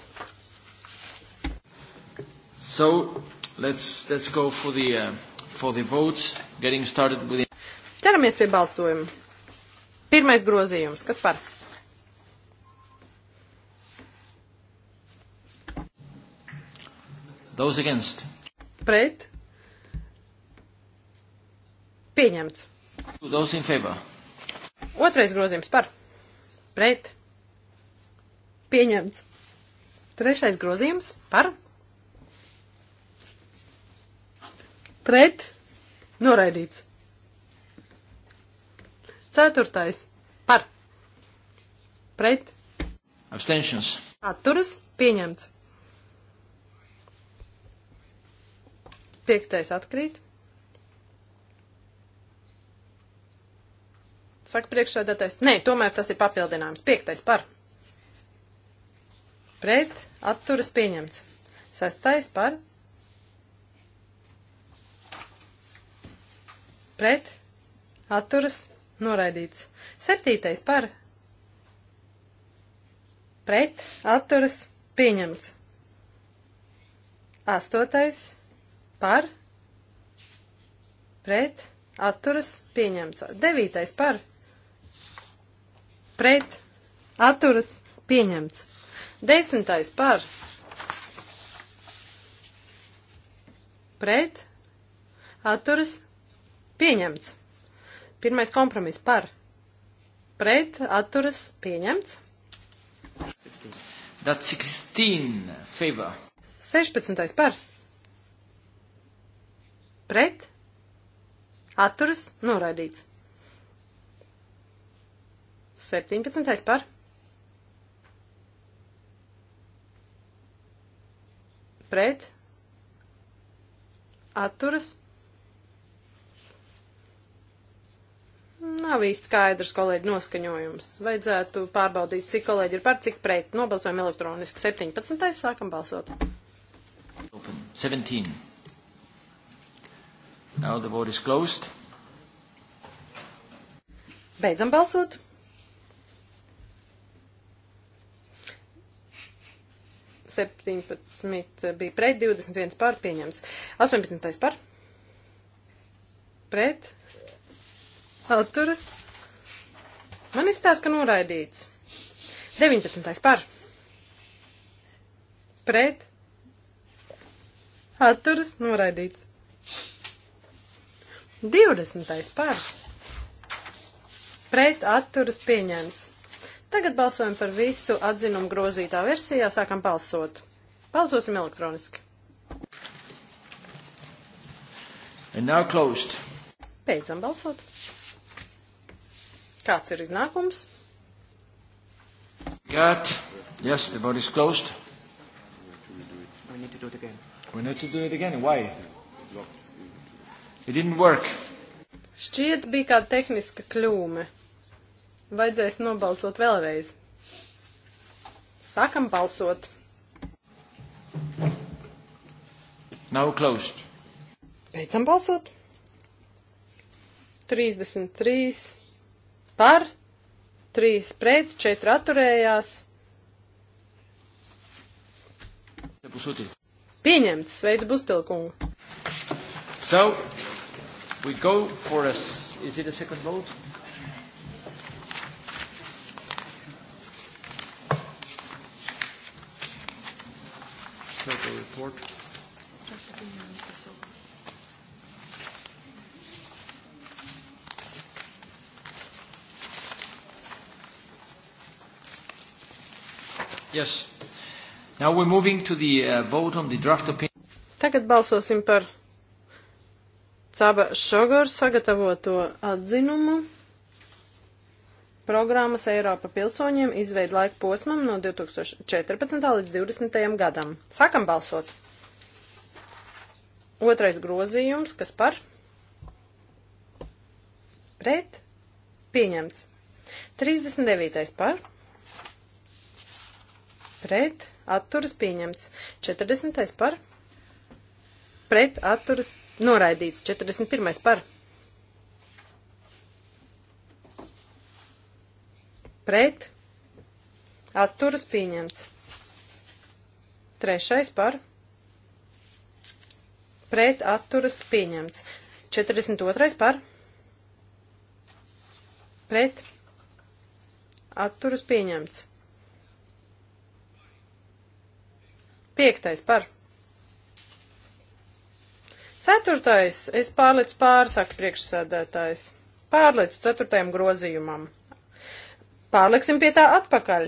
Speaker 1: So, let's, let's go for the, uh, for the votes, getting started with the...
Speaker 2: Ķeramies pie balsojuma. Pirmais grozījums, kas par?
Speaker 1: Those against
Speaker 2: pret pieņemts.
Speaker 1: Dosim febā.
Speaker 2: Otrais grozījums par pret pieņemts. Trešais grozījums par pret noraidīts. Ceturtais par pret. Abstentions. Atturas pieņemts. Piektais atkrīt. Saka priekšsēdētājs. Nē, tomēr tas ir papildinājums. Piektais par. Pret atturas pieņemts. Sestais par. Pret atturas noraidīts. Septītais par. Pret atturas pieņemts. Astotais par, pret, atturas, pieņemts. Devītais par, pret, atturas, pieņemts. Desmitais par, pret, atturas, pieņemts. Pirmais kompromiss par, pret, atturas, pieņemts.
Speaker 1: 16. That's 16 favor.
Speaker 2: 16. par pret, atturas, noraidīts. 17. par. Pret, atturas. Nav īsti skaidrs kolēģi noskaņojums. Vajadzētu pārbaudīt, cik kolēģi ir par, cik pret. Nobalsojam elektroniski. 17. sākam balsot.
Speaker 1: 17. Now the vote is closed.
Speaker 2: Beidzam balsot. Septiņpadsmit bija pret, divdesmit viens pār pieņems. Astoņpadsmitais par. Pret. Atturas. Man izstāsta, ka noraidīts. 19. par. Pret. Atturas noraidīts. 20. par. Pret atturas pieņemts. Tagad balsojam par visu atzinumu grozītā versijā. Sākam balsot. Balsosim elektroniski.
Speaker 1: And now closed.
Speaker 2: Beidzam balsot. Kāds ir iznākums?
Speaker 1: Got. Yes, the vote is closed.
Speaker 2: We need to do it again.
Speaker 1: We need to do it again. Why? Locked. It didn't work.
Speaker 2: Šķiet, bija kāda tehniska kļūme. Vajadzēs nobalsot vēlreiz. Sākam balsot.
Speaker 1: Now closed.
Speaker 2: Beidzam balsot. 33 par, 3 pret, 4 atturējās. Pieņemts, sveicu Bustilkungu.
Speaker 1: So, We go for a, is it a second vote?
Speaker 3: Circle report.
Speaker 1: Yes. Now we're moving to the uh, vote on the draft opinion.
Speaker 2: Tagad balsosim par Caba Šogor sagatavoto atzinumu programmas Eiropa pilsoņiem izveid laika posmam no 2014. līdz 2020. gadam. Sākam balsot. Otrais grozījums, kas par? Pret? Pieņemts. 39. par? Pret? Atturas pieņemts. 40. par? Pret? Atturas pieņemts Noraidīts 41. par. Pret. Atturas pieņemts. Trešais par. Pret atturas pieņemts. 42. par. Pret atturas pieņemts. Piektais par. Ceturtais, es pārliecu pārsakt priekšsēdētājs. Pārliecu ceturtajam grozījumam. Pārliksim pie tā atpakaļ.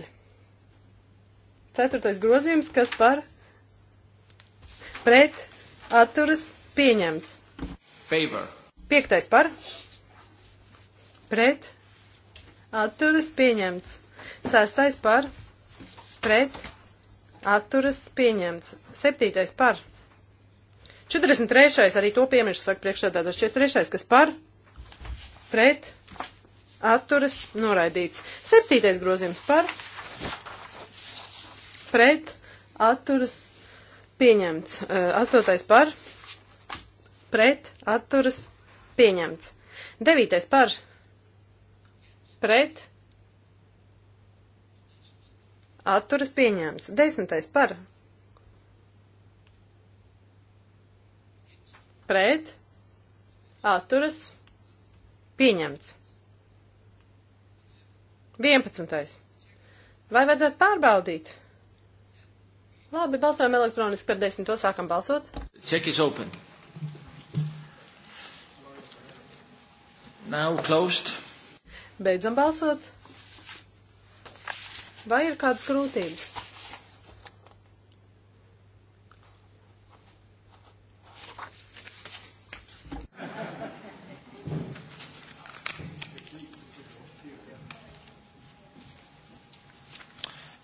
Speaker 2: Ceturtais grozījums, kas par pret atturas pieņemts. Favor. Piektais par pret atturas pieņemts. Sestais par pret atturas pieņemts. Septītais par 43. arī to piemirst, saka priekšsēdētājs. 43. kas par, pret, atturas, noraidīts. 7. grozījums par, pret, atturas, pieņemts. 8. Eh, par, pret, atturas, pieņemts. 9. par, pret, atturas, pieņemts. 10. par, pret, atturas, pieņemts. 11. Vai vajadzētu pārbaudīt? Labi, balsojam elektroniski par 10. sākam balsot.
Speaker 1: Check is open. Now closed.
Speaker 2: Beidzam balsot. Vai ir kādas grūtības?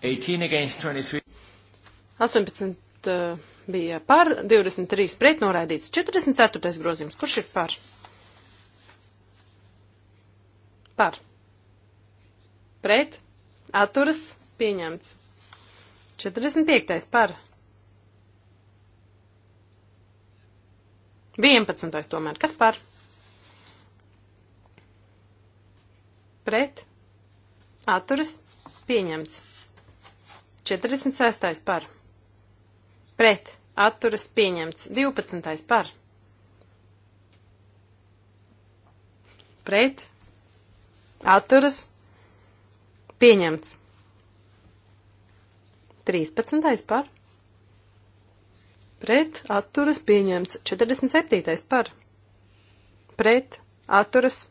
Speaker 1: 18
Speaker 2: uh, eh, bija par, 23 pret noraidīts, 44. grozījums. Kurš ir par? Par. Pret. Atturas. Pieņemts. 45. par. 11. tomēr. Kas par? Pret. Atturas. Pieņemts. 46. par. Pret. Atturas pieņemts. 12. par. Pret. Atturas pieņemts. 13. par. Pret. Atturas pieņemts. 47. par. Pret. Atturas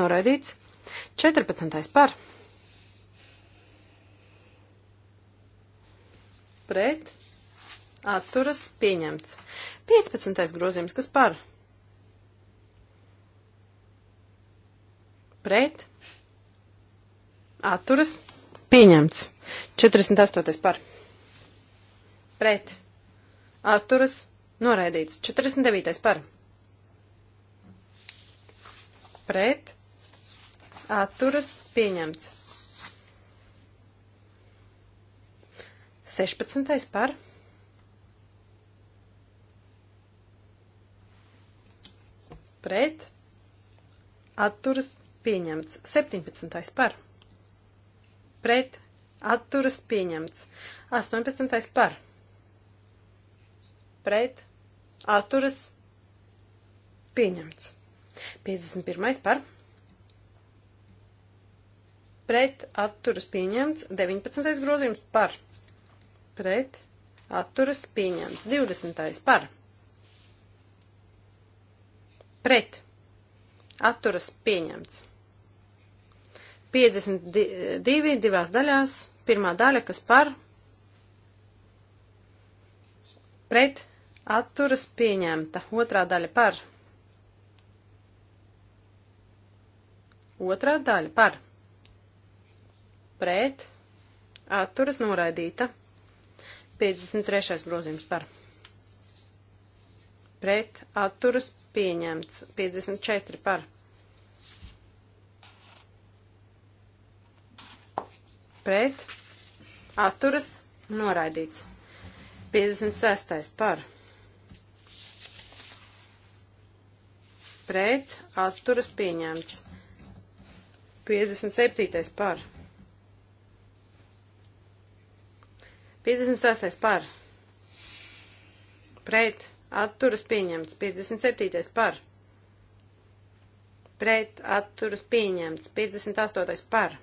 Speaker 2: noraidīts. 14. par pret, atturas, pieņemts. 15. grozījums, kas par? Pret, atturas, pieņemts. 48. par? Pret, atturas, noraidīts. 49. par? Pret, atturas, pieņemts. 16. par. Pret. Atturas pieņemts. 17. par. Pret. Atturas pieņemts. 18. par. Pret. Atturas pieņemts. 51. par pret atturas pieņemts 19. grozījums par pret atturas pieņemts. 20. par pret atturas pieņemts. 52 divās daļās, pirmā daļa, kas par pret atturas pieņemta, otrā daļa par otrā daļa par pret atturas noraidīta. 53. grozījums par pret atturas pieņemts. 54 par pret atturas noraidīts. 56. par pret atturas pieņemts. 57. par pret 56. par. Pret atturas pieņemts. 57. par. Pret atturas pieņemts. 58. par.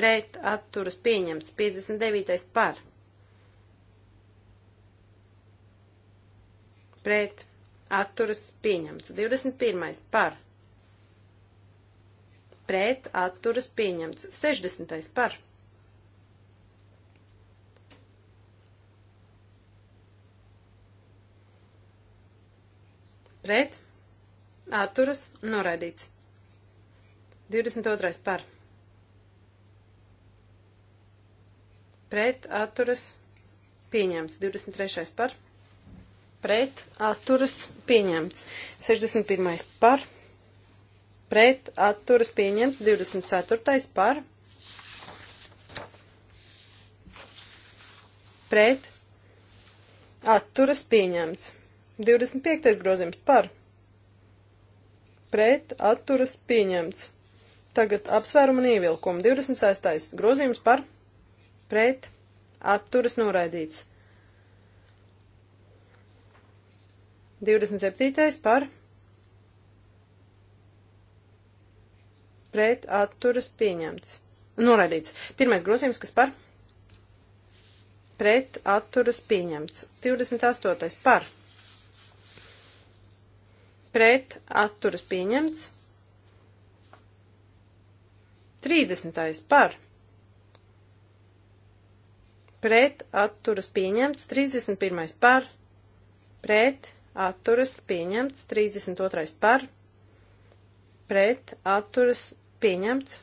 Speaker 2: Pret atturas pieņemts. 59. par. Pret atturas pieņemts. 21. par. Pret atturas pieņemts. 60. par pret, atturas, noraidīts. 22. par. Pret, atturas, pieņemts. 23. par. Pret, atturas, pieņemts. 61. par. Pret, atturas, pieņemts. 24. par. Pret, atturas, pieņemts. 25. grozījums par pret atturas pieņemts. Tagad apsvērumu un ievilkumu. 26. grozījums par pret atturas noraidīts. 27. par pret atturas pieņemts. Noraidīts. Pirmais grozījums, kas par pret atturas pieņemts. 28. par pret pret atturas pieņemts. 30. par pret atturas pieņemts. 31. par pret atturas pieņemts. 32. par pret atturas pieņemts.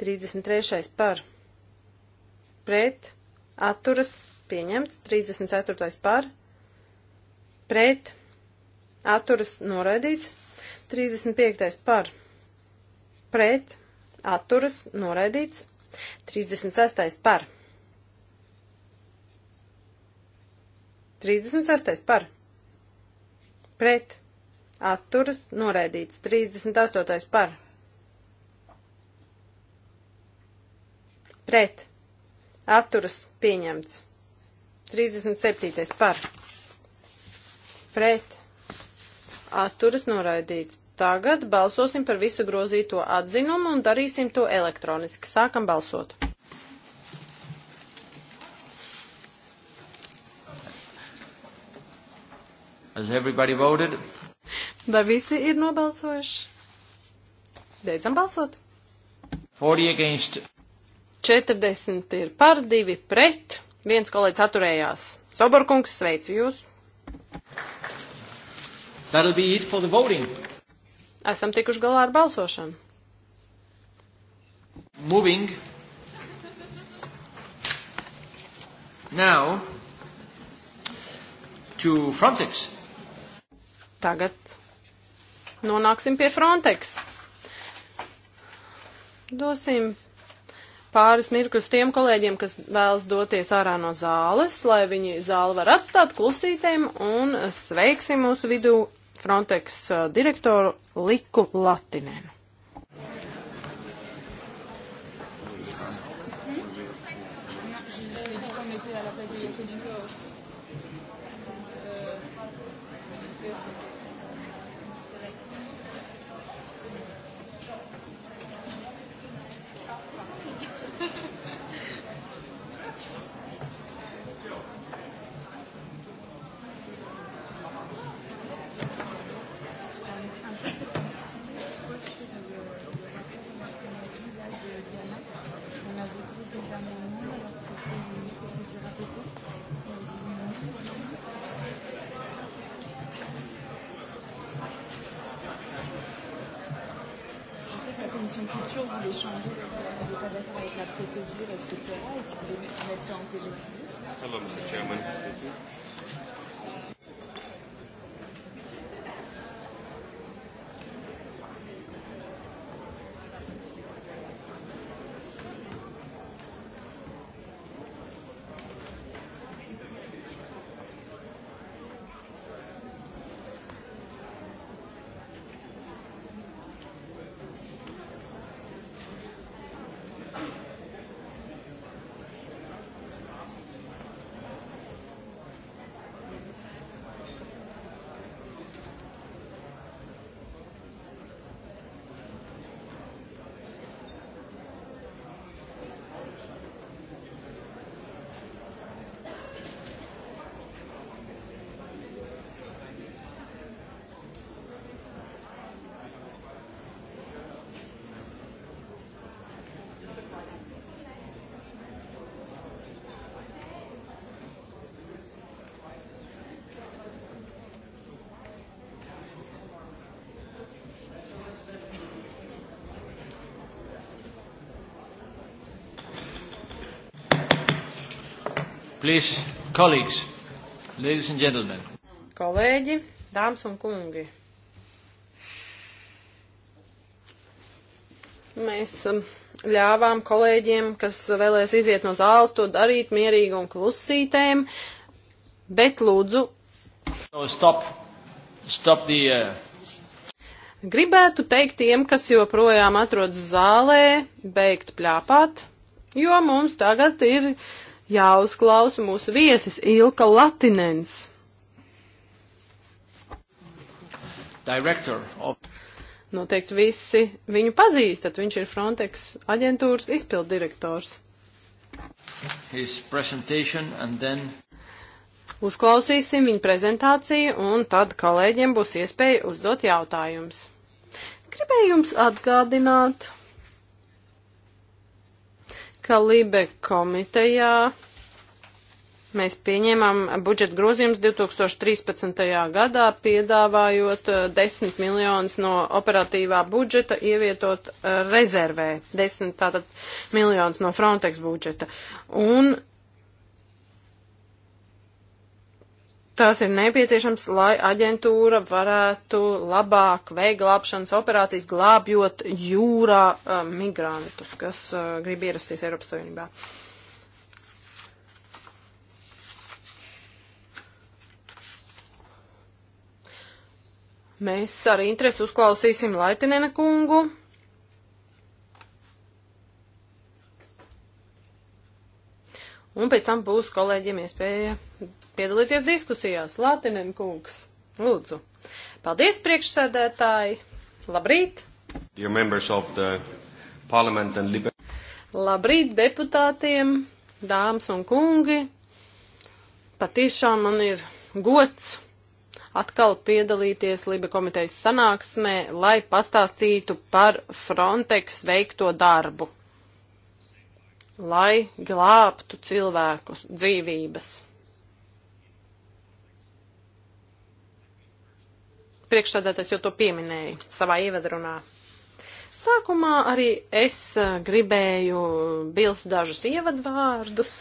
Speaker 2: 33. par pret atturas pieņemts. 34. par pret atturas noraidīts, 35. par pret atturas noraidīts, 36. par 36. par pret atturas noraidīts, 38. par pret atturas pieņemts, 37. par pret atturas noraidīts. Tagad balsosim par visu grozīto atzinumu un darīsim to elektroniski. Sākam balsot.
Speaker 1: Has everybody voted?
Speaker 2: Vai visi ir nobalsojuši? Beidzam balsot.
Speaker 1: 40 against.
Speaker 2: 40 ir par, 2 pret, viens kolēģis atturējās. Soborkungs, sveicu jūs!
Speaker 1: That'll be it for the voting.
Speaker 2: Esam tikuši galā ar balsošanu. Moving. Now to Frontex. Tagad nonāksim pie Frontex. Dosim pāris mirklus tiem kolēģiem, kas vēlas doties ārā no zāles, lai viņi zāli var atstāt klusītēm un sveiksim mūsu vidū Frontex eh, direktoru Liku Latinēnu.
Speaker 1: Please, colleagues, ladies and gentlemen.
Speaker 2: Kolēģi, dāmas un kungi. Mēs um, ļāvām kolēģiem, kas vēlēs iziet no zāles, to darīt mierīgi un klusītēm, bet lūdzu.
Speaker 1: No, stop. Stop the, uh...
Speaker 2: Gribētu teikt tiem, kas joprojām atrodas zālē, beigt pļāpāt, jo mums tagad ir jāuzklausa mūsu viesis Ilka Latinens.
Speaker 1: Of...
Speaker 2: Noteikti visi viņu pazīstat, viņš ir Frontex aģentūras izpildirektors.
Speaker 1: Then...
Speaker 2: Uzklausīsim viņa prezentāciju un tad kolēģiem būs iespēja uzdot jautājumus. Gribēju jums atgādināt ka Libe komitejā Mēs pieņēmām budžeta grozījums 2013. gadā, piedāvājot 10 eh, miljonus no operatīvā budžeta ievietot eh, rezervē, 10 tātad miljonus no Frontex budžeta. Un Tās ir nepieciešams, lai aģentūra varētu labāk veikt glābšanas operācijas, glābjot jūrā uh, migrantus, kas uh, grib ierasties Eiropas Savienībā. Mēs ar interesi uzklausīsim Laitinēna kungu. Un pēc tam būs kolēģiem iespēja piedalīties diskusijās. Latinen kungs, lūdzu. Paldies, priekšsēdētāji. Labrīt. Labrīt deputātiem, dāmas un kungi. Patīšām man ir gods atkal piedalīties Libe komitejas sanāksmē, lai pastāstītu par Frontex veikto darbu, lai glābtu cilvēku dzīvības. priekšstādātājs jau to pieminēja savā ievadrunā. Sākumā arī es eh, gribēju bilst dažus ievadvārdus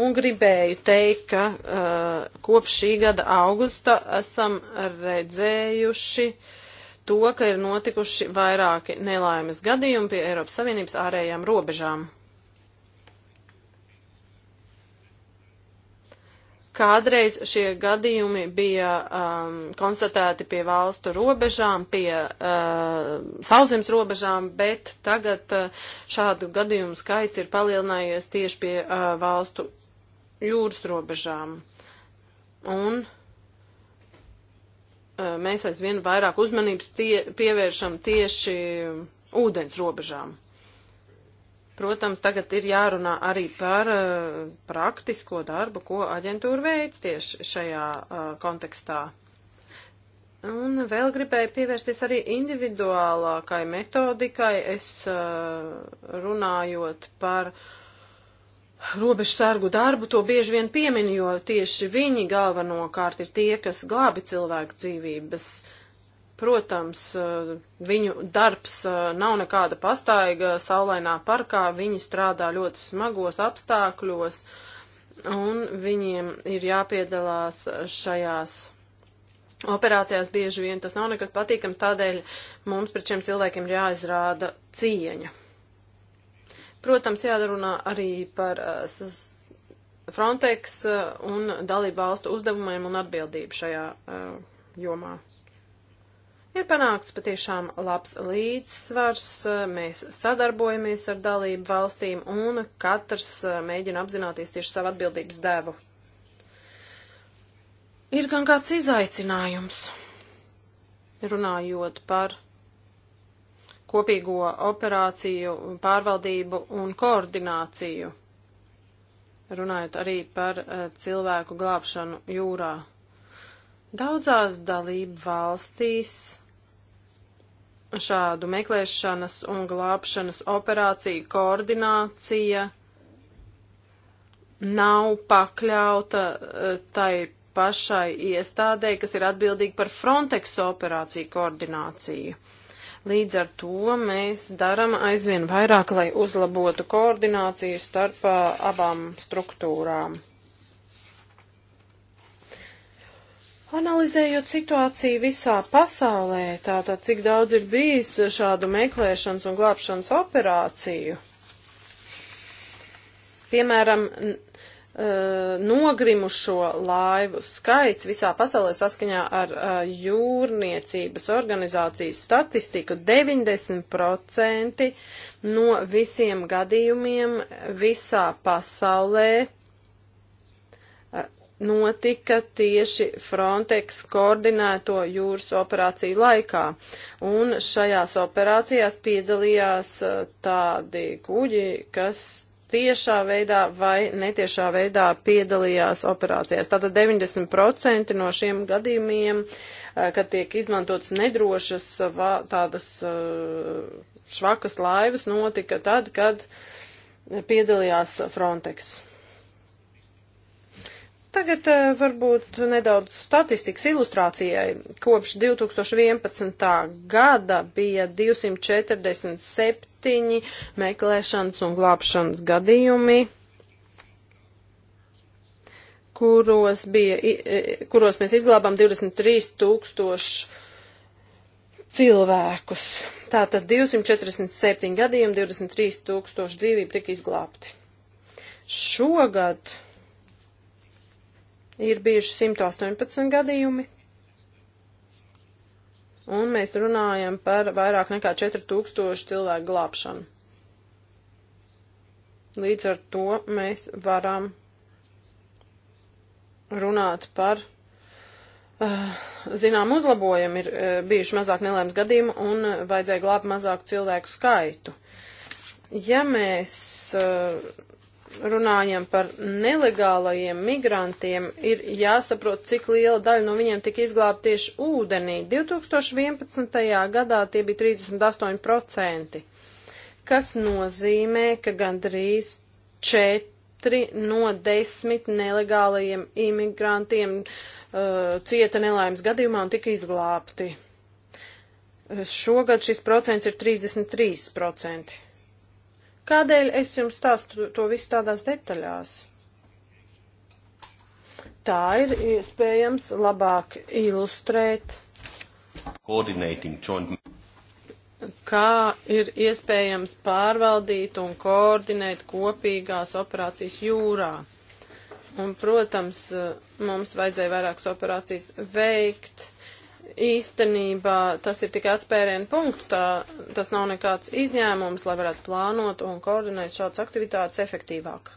Speaker 2: un gribēju teikt, ka uh, kopš šī gada augusta esam redzējuši to, ka ir notikuši vairāki nelaimes gadījumi pie Eiropas Savienības ārējām robežām. Kādreiz šie gadījumi bija um, konstatēti pie valstu robežām, pie uh, sauszemes robežām, bet tagad uh, šādu gadījumu skaits ir palielinājies tieši pie uh, valstu jūras robežām. Un uh, mēs aizvien vairāk uzmanības tie, pievēršam tieši ūdens robežām. Protams, tagad ir jārunā arī par uh, praktisko darbu, ko aģentūra veids tieši šajā uh, kontekstā. Un vēl gribēju pievērsties arī individuālākai metodikai, es uh, runājot par robežsargu darbu, to bieži vien pieminu, jo tieši viņi galvenokārt ir tie, kas glābi cilvēku dzīvības. Uh, Protams, viņu darbs nav nekāda pastaiga saulainā parkā, viņi strādā ļoti smagos apstākļos, un viņiem ir jāpiedalās šajās operācijās bieži vien. Tas nav nekas patīkams, tādēļ mums pret šiem cilvēkiem ir jāizrāda cieņa. Protams, jārunā arī par Frontex un dalību valstu uzdevumiem un atbildību šajā jomā. Ir panākts patiešām labs līdzsvars, mēs sadarbojamies ar dalību valstīm un katrs eh, mēģina apzināties tieši savu atbildības devu. Ir gan kāds izaicinājums, runājot par kopīgo operāciju, pārvaldību un koordināciju, runājot arī par eh, cilvēku glābšanu jūrā. Daudzās dalību valstīs šādu meklēšanas un glābšanas operāciju koordinācija nav pakļauta e, tai pašai iestādē, kas ir atbildīga par Frontex operāciju koordināciju. Līdz ar to mēs darām aizvien vairāk, lai uzlabotu koordināciju starp e, abām struktūrām. Analizējot situāciju visā pasaulē, tātad cik daudz ir bijis šādu meklēšanas un glābšanas operāciju, piemēram, e, nogrimušo laivu skaits visā pasaulē saskaņā ar e, jūrniecības organizācijas statistiku 90% no visiem gadījumiem visā pasaulē notika tieši Frontex koordinēto jūras operāciju laikā. Un šajās operācijās piedalījās uh, tādi kuģi, kas tiešā veidā vai netiešā veidā piedalījās operācijās. Tātad 90% no šiem gadījumiem, uh, kad tiek izmantotas nedrošas uh, tādas švakas laivas, notika tad, kad piedalījās Frontex. Tagad eh, varbūt nedaudz statistikas ilustrācijai. Kopš 2011. gada bija 247 meklēšanas un glābšanas gadījumi, kuros, bija, e, kuros mēs izglābām 23 tūkstoši cilvēkus. Tātad 247 gadījumi, 23 tūkstoši dzīvību tika izglābti. Šogad Ir bijuši 118 gadījumi, un mēs runājam par vairāk nekā 4000 cilvēku glābšanu. Līdz ar to mēs varam runāt par, eh, zinām, uzlabojumu ir eh, bijuši mazāk nelēmas gadījumu un vajadzēja glābt mazāku cilvēku skaitu. Ja mēs eh, runājam par nelegālajiem migrantiem, ir jāsaprot, cik liela daļa no viņiem tika izglābta tieši ūdenī. 2011. gadā tie bija 38%, kas nozīmē, ka gandrīz 4 no 10 nelegālajiem imigrantiem uh, cieta nelaimes gadījumā un tika izglābti. Šogad šis procents ir 33%. Kādēļ es jums stāstu to visu tādās detaļās? Tā ir iespējams labāk ilustrēt. Coordinating joint kā ir iespējams pārvaldīt un koordinēt kopīgās operācijas jūrā. Un, protams, mums vajadzēja vairākas operācijas veikt, īstenībā tas ir tikai atspērienu punkts, tā, tas nav nekāds izņēmums, lai varētu plānot un koordinēt šādas aktivitātes efektīvāk.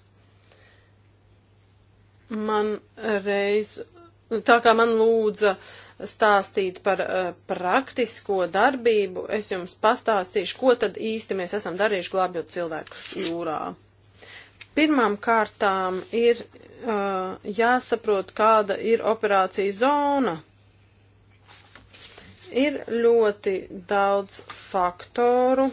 Speaker 2: Man reiz, tā kā man lūdza stāstīt par uh, praktisko darbību, es jums pastāstīšu, ko tad īsti mēs esam darījuši glābjot cilvēkus jūrā. Pirmām kārtām ir uh, jāsaprot, kāda ir operācija zona Ir ļoti daudz faktoru,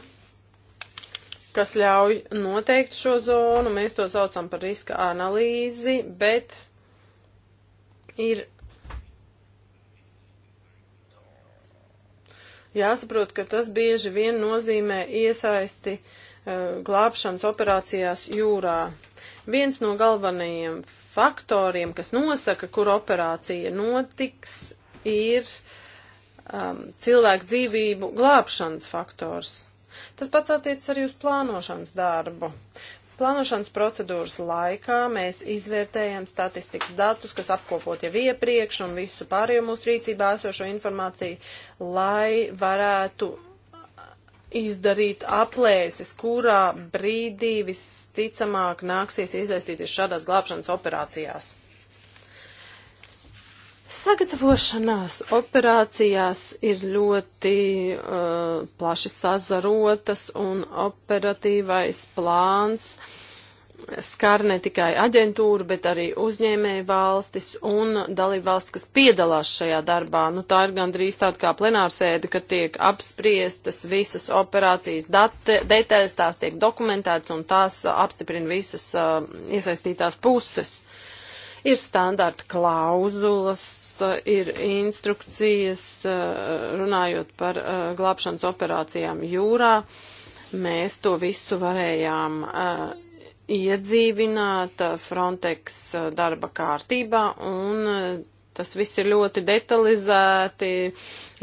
Speaker 2: kas ļauj noteikt šo zonu. Mēs to saucam par riska analīzi, bet ir jāsaprot, ka tas bieži vien nozīmē iesaisti uh, glābšanas operācijās jūrā. Viens no galvenajiem faktoriem, kas nosaka, kur operācija notiks, ir uh, um, cilvēku dzīvību glābšanas faktors. Tas pats attiecas arī uz plānošanas darbu. Plānošanas procedūras laikā mēs izvērtējam statistikas datus, kas apkopot jau iepriekš un visu pārējo mūsu rīcībā esošo informāciju, lai varētu izdarīt aplēses, kurā brīdī visticamāk nāksies iesaistīties šādās glābšanas operācijās. Sagatavošanās operācijās ir ļoti uh, plaši sazarotas un operatīvais plāns skar ne tikai aģentūru, bet arī uzņēmēju valstis un dalību valsts, kas piedalās šajā darbā. Nu, tā ir gandrīz tāda kā plenārsēde, kad tiek apspriestas visas operācijas date, detaļas, tās tiek dokumentētas un tās apstiprina visas uh, iesaistītās puses. Uh, ir standarta klauzulas, Eh, ir instrukcijas eh, runājot par eh, glābšanas operācijām jūrā. Mēs to visu varējām iedzīvināt Frontex darba kārtībā un tas viss ir ļoti detalizēti,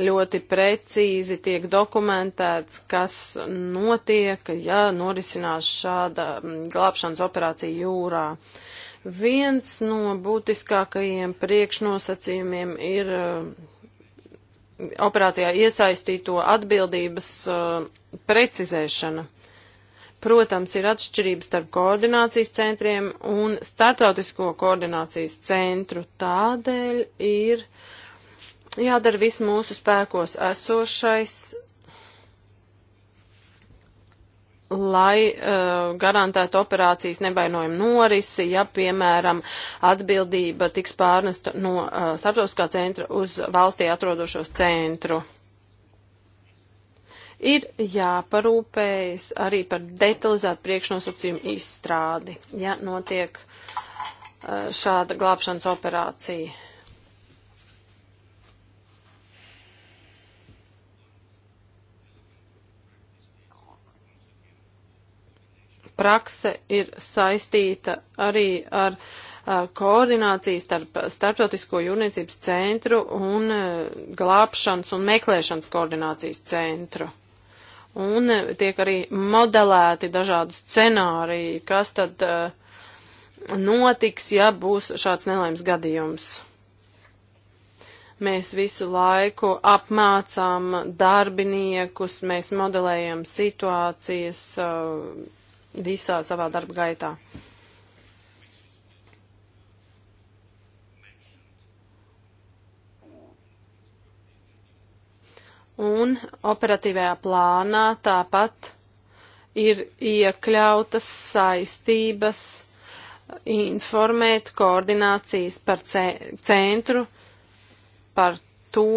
Speaker 2: ļoti precīzi tiek dokumentēts, kas notiek, ja norisinās šāda mm, glābšanas operācija jūrā. Uh, Viens no būtiskākajiem priekšnosacījumiem ir eh, operācijā iesaistīto atbildības eh, precizēšana. Protams, ir atšķirības starp koordinācijas centriem un startautisko koordinācijas centru. Tādēļ ir jādara viss mūsu spēkos esošais, lai uh, garantētu operācijas nevainojumu norisi, ja, piemēram, atbildība tiks pārnesta no uh, starptautiskā centra uz valstī atrodošos centru. Ir jāparūpējas arī par detalizētu priekšnosacījumu izstrādi, ja notiek uh, šāda glābšanas operācija. prakse ir saistīta arī ar uh, koordināciju starp starptautisko jūrniecības centru un uh, glābšanas un meklēšanas koordinācijas centru. Un uh, tiek arī modelēti dažādi scenāriji, kas tad notiks, ja būs šāds nelaimes gadījums mēs visu laiku apmācām darbiniekus, mēs modelējam situācijas, visā savā darba gaitā. Un operatīvajā plānā tāpat ir iekļautas saistības informēt koordinācijas par centru, par to,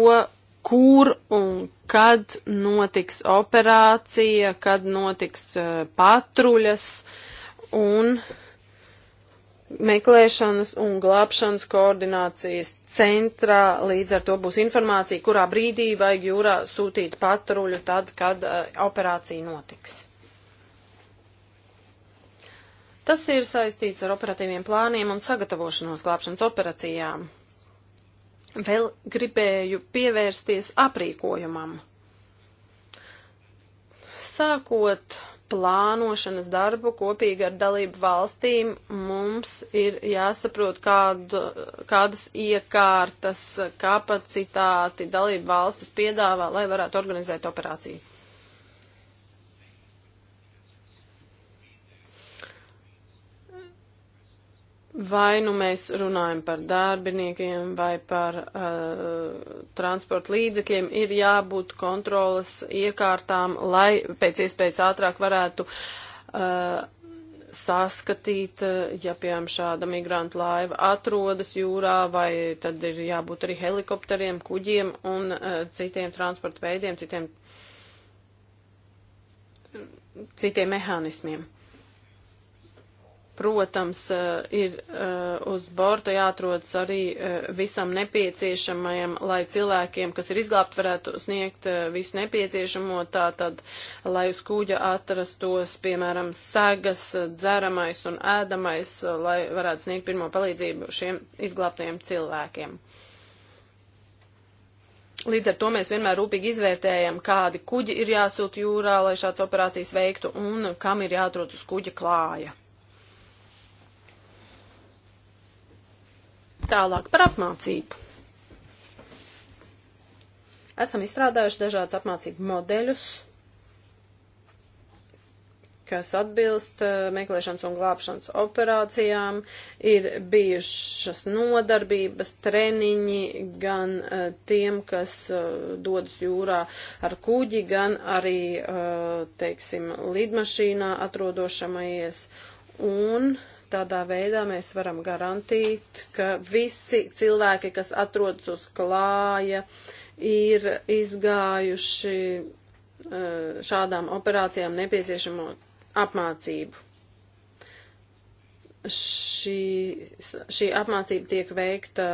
Speaker 2: kur un kad notiks operācija, kad notiks uh, patruļas un meklēšanas un glābšanas koordinācijas centrā. Līdz ar to būs informācija, kurā brīdī vajag jūrā sūtīt patruļu tad, kad uh, operācija notiks. Tas ir saistīts ar operatīviem plāniem un sagatavošanos glābšanas operācijām. Vēl gribēju pievērsties aprīkojumam. Sākot plānošanas darbu kopīgi ar dalību valstīm, mums ir jāsaprot, kādu, kādas iekārtas, kapacitāti dalību valstis piedāvā, lai varētu organizēt operāciju. Vai nu mēs runājam par darbiniekiem vai par uh, transporta līdzekļiem, ir jābūt kontrolas iekārtām, lai pēc iespējas ātrāk varētu uh, saskatīt, uh, ja piemēram šāda migranta laiva atrodas jūrā, vai tad ir jābūt arī helikopteriem, kuģiem un uh, citiem transporta veidiem, citiem, citiem mehānismiem. Protams, eh, ir eh, uz borta jāatrodas arī eh, visam nepieciešamajam, lai cilvēkiem, kas ir izglābti, varētu sniegt visu nepieciešamo, tātad, lai uz kuģa atrastos, piemēram, segas, dzeramais un ēdamais, lai varētu sniegt pirmo palīdzību šiem izglābtajiem cilvēkiem. Līdz ar to mēs vienmēr rūpīgi izvērtējam, kādi kuģi ir jāsūt jūrā, lai šāds operācijas veiktu un kam ir jāatrod uz kuģa klāja. Tālāk par apmācību. Esam izstrādājuši dažādus apmācību modeļus, kas atbilst eh, meklēšanas un glābšanas operācijām, ir bijušas nodarbības, treniņi gan eh, tiem, kas eh, dodas jūrā ar kuģi, gan arī, teiksim, lidmašīnā atrodošamajies. Un uh, Tādā veidā mēs varam garantīt, ka visi cilvēki, kas atrodas uz klāja, ir izgājuši eh, šādām operācijām nepieciešamo apmācību. Šī, šī apmācība tiek veikta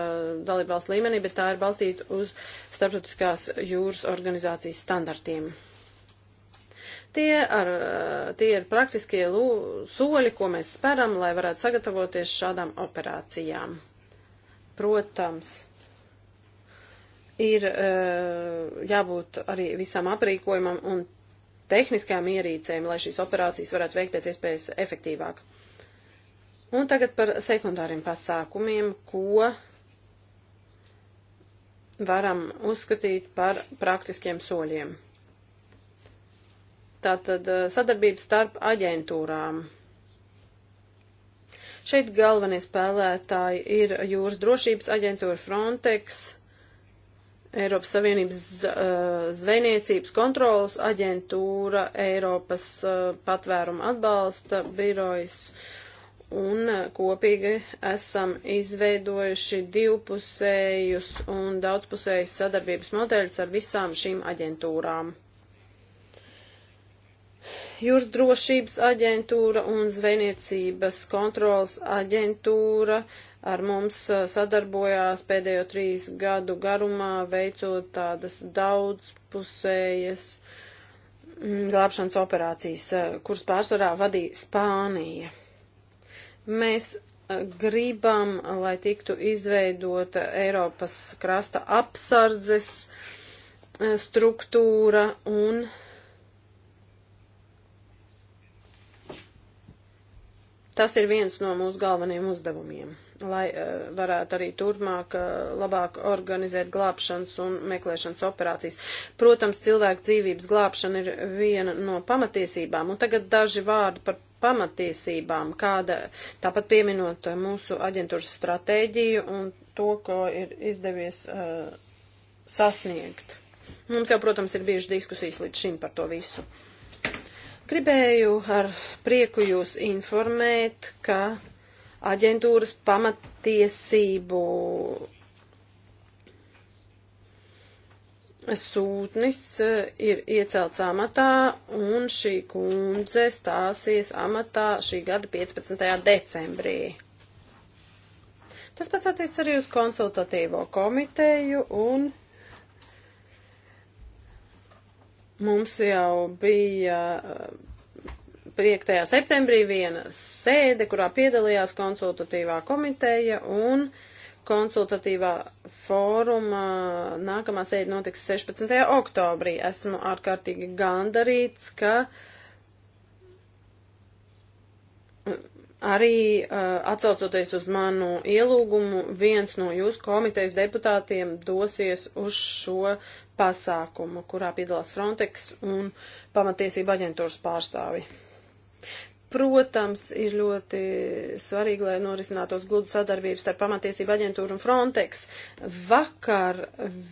Speaker 2: dalībvalsts līmenī, bet tā ir balstīta uz starptautiskās jūras organizācijas standartiem tie, ar, eh, tie ir praktiskie lū, soļi, ko mēs speram, lai varētu sagatavoties šādām operācijām. Protams, ir eh, jābūt arī visam aprīkojumam un tehniskajām ierīcēm, lai šīs operācijas varētu veikt pēc iespējas efektīvāk. Un tagad par sekundāriem pasākumiem, ko varam uzskatīt par praktiskiem soļiem. Tātad eh, sadarbības starp aģentūrām. Šeit galvenie spēlētāji ir jūras drošības aģentūra Frontex, Eiropas Savienības eh, zvejniecības kontrolas aģentūra, Eiropas eh, patvēruma atbalsta birojas un kopīgi esam izveidojuši divpusējus un daudzpusējus sadarbības modeļus ar visām šīm aģentūrām jūrsdrošības aģentūra un zvejniecības kontrolas aģentūra ar mums uh, sadarbojās pēdējo trīs gadu garumā, veicot tādas daudzpusējas mm, glābšanas operācijas, uh, kuras pārsvarā vadīja Spānija. Mēs uh, gribam, lai tiktu izveidota Eiropas krasta apsardzes struktūra un uh, Tas ir viens no mūsu galvenajiem uzdevumiem, lai uh, varētu arī turpmāk uh, labāk organizēt glābšanas un meklēšanas operācijas. Protams, cilvēku dzīvības glābšana ir viena no pamatiesībām, un tagad daži vārdi par pamatiesībām, kāda, tāpat pieminot mūsu aģentūras stratēģiju un to, ko ir izdevies uh, sasniegt. Mums jau, protams, ir bijušas diskusijas līdz šim par to visu. Uh, Gribēju ar prieku jūs informēt, ka aģentūras pamatiesību sūtnis eh, ir iecelts amatā un šī kundze stāsies amatā šī gada 15. decembrī. Tas pats attiec arī uz konsultatīvo komiteju un Mums jau bija 5. Eh, septembrī viena sēde, kurā piedalījās konsultatīvā komiteja un konsultatīvā fóruma nākamā sēde notiks 16. oktobrī. Esmu ārkārtīgi gandarīts, ka uh, Arī uh, atsaucoties uz manu ielūgumu, viens no jūsu komitejas deputātiem dosies uz šo pasākumu, kurā piedalās Frontex un pamatiesība aģentūras pārstāvi. Protams, ir ļoti svarīgi, lai norisinātos gludu sadarbības starp pamatiesību aģentūru un Frontex. Vakar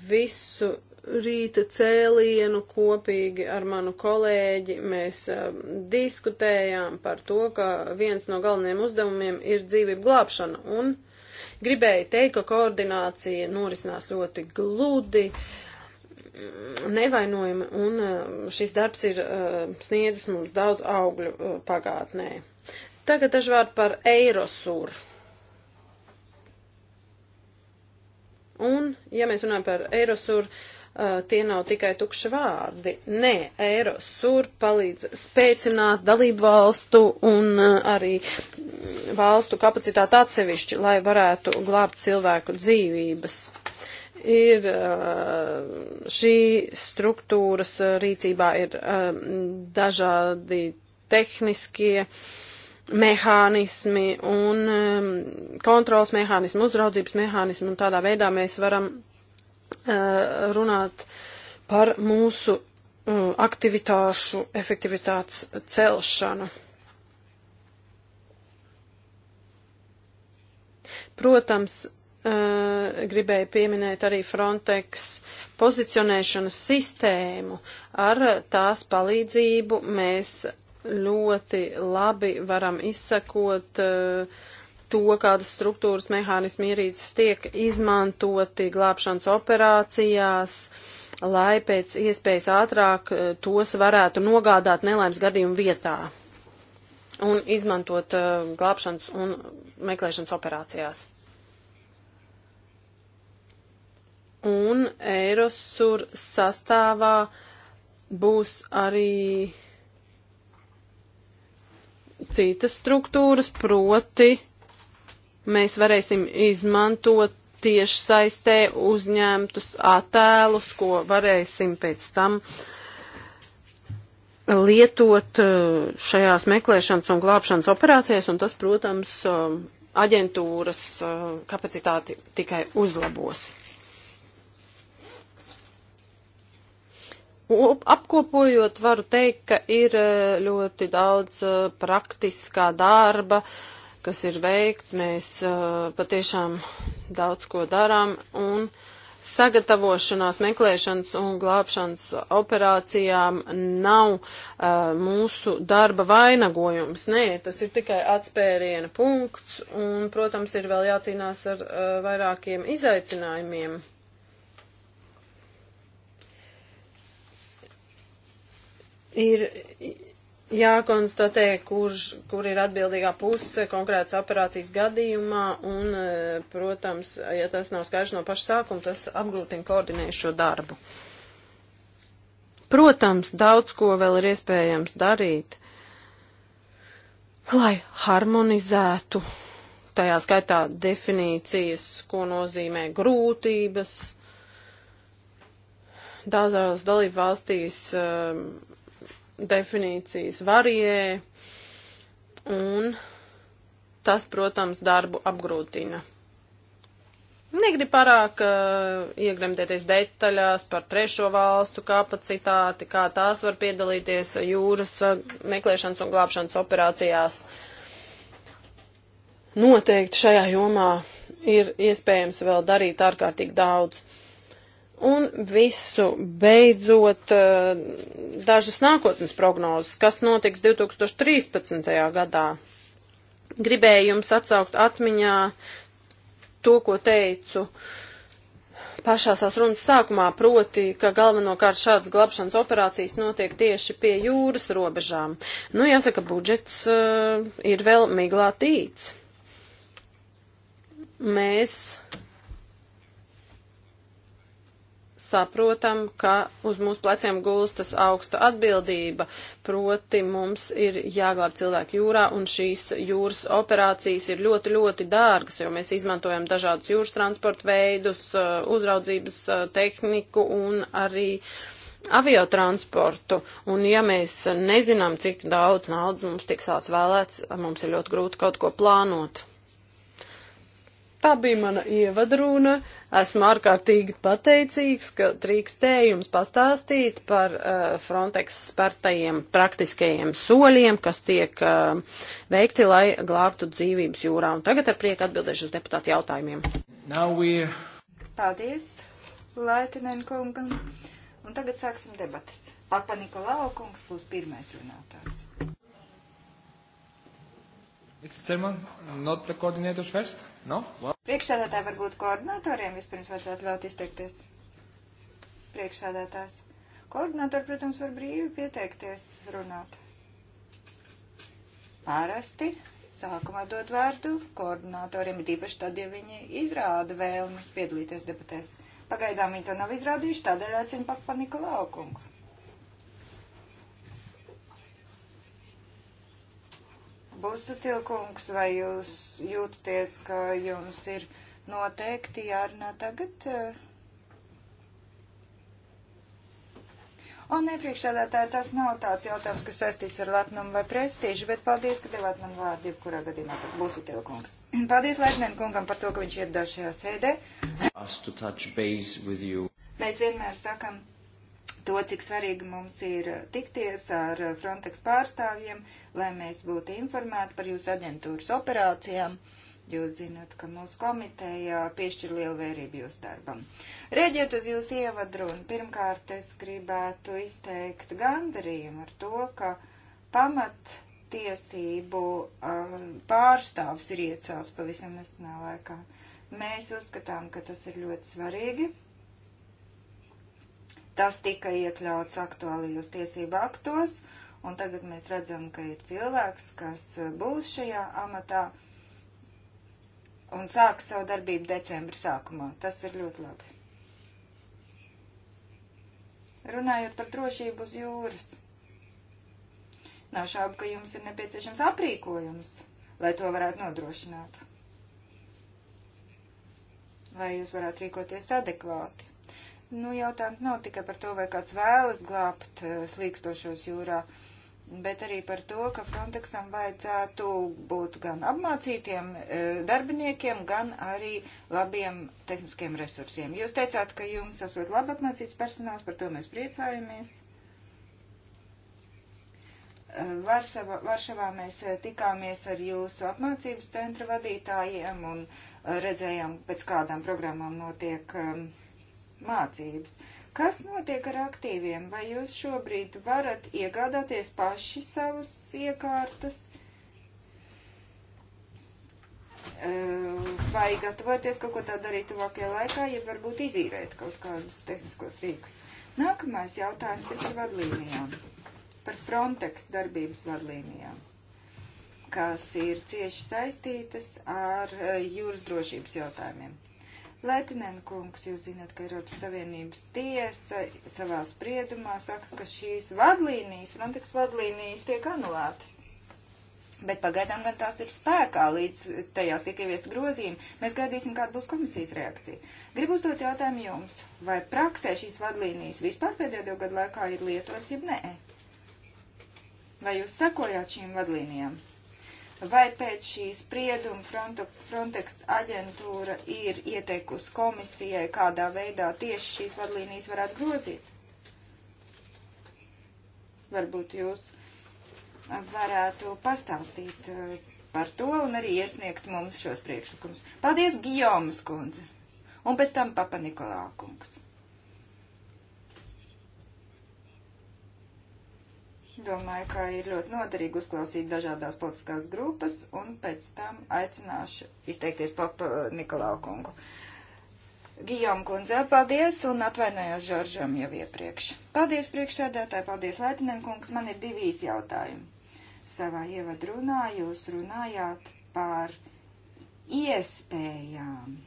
Speaker 2: visu rīta cēlienu kopīgi ar manu kolēģi. Mēs um, diskutējām par to, ka viens no galvenajiem uzdevumiem ir dzīvību glābšana. Un gribēju teikt, ka koordinācija norisinās ļoti gludi, nevainojami, un um, šis darbs ir um, sniedzis mums daudz augļu uh, pagātnē. Tagad daži vārdi par Eirosūru. Un, ja mēs runājam par Eirosur, Uh, tie nav tikai tukši vārdi. Nē, Eirosur palīdz spēcināt dalību valstu un uh, arī valstu kapacitāti atsevišķi, lai varētu glābt cilvēku dzīvības. Ir uh, šī struktūras rīcībā ir um, dažādi tehniskie mehānismi un um, kontrols mehānismi, uzraudzības mehānismi, un tādā veidā mēs varam Uh, runāt par mūsu uh, aktivitāšu efektivitātes celšanu. Protams, uh, gribēju pieminēt arī Frontex pozicionēšanas sistēmu. Ar tās palīdzību mēs ļoti labi varam izsakot uh, to, kādas struktūras mehānismi ierīces tiek izmantoti glābšanas operācijās, lai pēc iespējas ātrāk eh, tos varētu nogādāt nelaimes gadījumu vietā un izmantot uh, glābšanas un meklēšanas operācijās. Un Eirosur sastāvā būs arī citas struktūras, proti mēs varēsim izmantot tieši saistē uzņemtus attēlus, ko varēsim pēc tam lietot eh, šajās meklēšanas un glābšanas operācijās, un tas, protams, eh, aģentūras eh, kapacitāti tikai uzlabos. Apkopojot, varu teikt, ka ir ļoti daudz praktiskā darba, uh, kas ir veikts, mēs uh, patiešām daudz ko darām un sagatavošanās, meklēšanas un glābšanas operācijām nav uh, mūsu darba vainagojums. Nē, tas ir tikai atspēriena punkts un, protams, ir vēl jācīnās ar uh, vairākiem izaicinājumiem. Ir jākonstatē, kurš, kur ir atbildīgā puse konkrētas operācijas gadījumā, un, e, protams, ja tas nav skaidrs no paša sākuma, tas apgrūtina koordinēt šo darbu. Protams, daudz ko vēl ir iespējams darīt, lai harmonizētu tajā skaitā definīcijas, ko nozīmē grūtības. Daudzās dalību valstīs um, definīcijas varijē, un tas, protams, darbu apgrūtina. Negribu pārāk uh, iegremdēties detaļās par trešo valstu kapacitāti, kā tās var piedalīties jūras uh, meklēšanas un glābšanas operācijās. Noteikti šajā jomā ir iespējams vēl darīt ārkārtīgi daudz. Uh, Un visu beidzot eh, dažas nākotnes prognozes, kas notiks 2013. gadā. Gribēju jums atsaukt atmiņā to, ko teicu pašā savas runas sākumā, proti, ka galvenokārt šādas glābšanas operācijas notiek tieši pie jūras robežām. Nu, jāsaka, budžets uh, ir vēl miglā tīts. Mēs saprotam, ka uz mūsu pleciem gulstas augsta atbildība, proti mums ir jāglāb cilvēki jūrā, un šīs jūras operācijas ir ļoti, ļoti dārgas, jo mēs izmantojam dažādus jūras transporta veidus, uh, uzraudzības uh, tehniku un arī aviotransportu, un ja mēs nezinām, cik daudz naudas mums tiks atvēlēts, mums ir ļoti grūti kaut ko plānot. Tā bija mana ievadruna. Esmu ārkārtīgi pateicīgs, ka drīkstēju jums pastāstīt par uh, Frontex spartajiem praktiskajiem soļiem, kas tiek uh, veikti, lai glābtu dzīvības jūrā. Un tagad ar prieku atbildēšu uz deputātu jautājumiem.
Speaker 1: Paldies, Laitinen kungam. Un tagad sāksim debatas. Papa Nikolau kungs būs pirmais runātājs.
Speaker 3: Mr. Chairman, not the coordinators first? No? Well.
Speaker 1: Priekšsēdētāji varbūt koordinatoriem vispirms vajadzētu ļaut izteikties. Priekšsēdētājs. Koordinatori, protams, var brīvi pieteikties runāt. Parasti sākumā dod vārdu koordinatoriem, it īpaši tad, ja viņi izrāda vēlmi piedalīties debatēs. Pagaidām viņi to nav izrādījuši, tādēļ aicinu pakpa Nikolaukungu. Busutilkungs, vai jūs jūtaties, ka jums ir noteikti jārunā tagad? Un nepriekšādātāji, tas nav tāds jautājums, kas saistīts ar lepnumu vai prestīžu, bet paldies, ka devāt man vārdu, jebkurā gadījumā būs tev kungs. Paldies Leitnēm kungam par to, ka viņš ieradās šajā sēdē. Mēs vienmēr sakam, to, cik svarīgi mums ir tikties ar Frontex pārstāvjiem, lai mēs būtu informēti par jūsu aģentūras operācijām. Jūs zināt, ka mūsu komiteja piešķir lielu vērību jūsu darbam. Rēģiet uz jūsu ievadrunu, pirmkārt es gribētu izteikt gandarījumu ar to, ka pamat tiesību uh, um, pārstāvs ir iecēls pavisam nesenā laikā. Mēs uzskatām, ka tas ir ļoti svarīgi Tas tika iekļauts aktuālajos tiesību aktos, un tagad mēs redzam, ka ir cilvēks, kas eh, būs šajā amatā un sāks savu darbību decembra sākumā. Tas ir ļoti labi. Runājot par drošību uz jūras. Nav šaubu, ka jums ir nepieciešams aprīkojums, lai to varētu nodrošināt. Lai jūs varētu rīkoties adekvāti. Nu, jautājums nav tikai par to, vai kāds vēlas glābt eh, slīkstošos jūrā, bet arī par to, ka Frontexam vajadzētu būt gan apmācītiem eh, darbiniekiem, gan arī labiem tehniskiem resursiem. Jūs teicāt, ka jums esot labi apmācīts personāls, par to mēs priecājamies. Eh, Varšavā, Varšavā mēs tikāmies ar jūsu apmācības centra vadītājiem un redzējām, pēc kādām programmām notiek um, mācības. Kas notiek ar aktīviem? Vai jūs šobrīd varat iegādāties paši savas iekārtas? Vai gatavoties kaut ko tādu darīt tuvākajā laikā, ja varbūt izīrēt kaut kādus tehniskos rīkus? Nākamais jautājums ir par vadlīnijām, par Frontex darbības vadlīnijām kas ir cieši saistītas ar jūras drošības jautājumiem. Leitinen kungs, jūs zināt, ka Eiropas Savienības tiesa savā spriedumā saka, ka šīs vadlīnijas, Frontex vadlīnijas tiek anulētas. Bet pagaidām gan tās ir spēkā, līdz tajās tiek ieviest grozījumi. Mēs gaidīsim, kāda būs komisijas reakcija. Gribu uzdot jautājumu jums, vai praksē šīs vadlīnijas vispār pēdējo divu gadu laikā ir lietotas, ja nē? Vai jūs sekojāt šīm vadlīnijām? Vai pēc šīs sprieduma Frontex aģentūra ir ieteikusi komisijai, kādā veidā tieši šīs vadlīnijas varētu grozīt? Varbūt jūs varētu pastāstīt eh, par to un arī iesniegt mums šos priekšlikumus. Paldies, Gijomas kundze! Un pēc tam Papa Nikolā kungs. Domāju, ka ir ļoti noderīgi uzklausīt dažādās politiskās grupas un pēc tam aicināšu izteikties papa Nikolau kungu. Gijom kundze, paldies un atvainojos Žoržam jau iepriekš. Paldies priekšsēdētāji, paldies Laitinen kungs, man ir divīs jautājumi. Savā ievadrunā jūs runājāt par iespējām.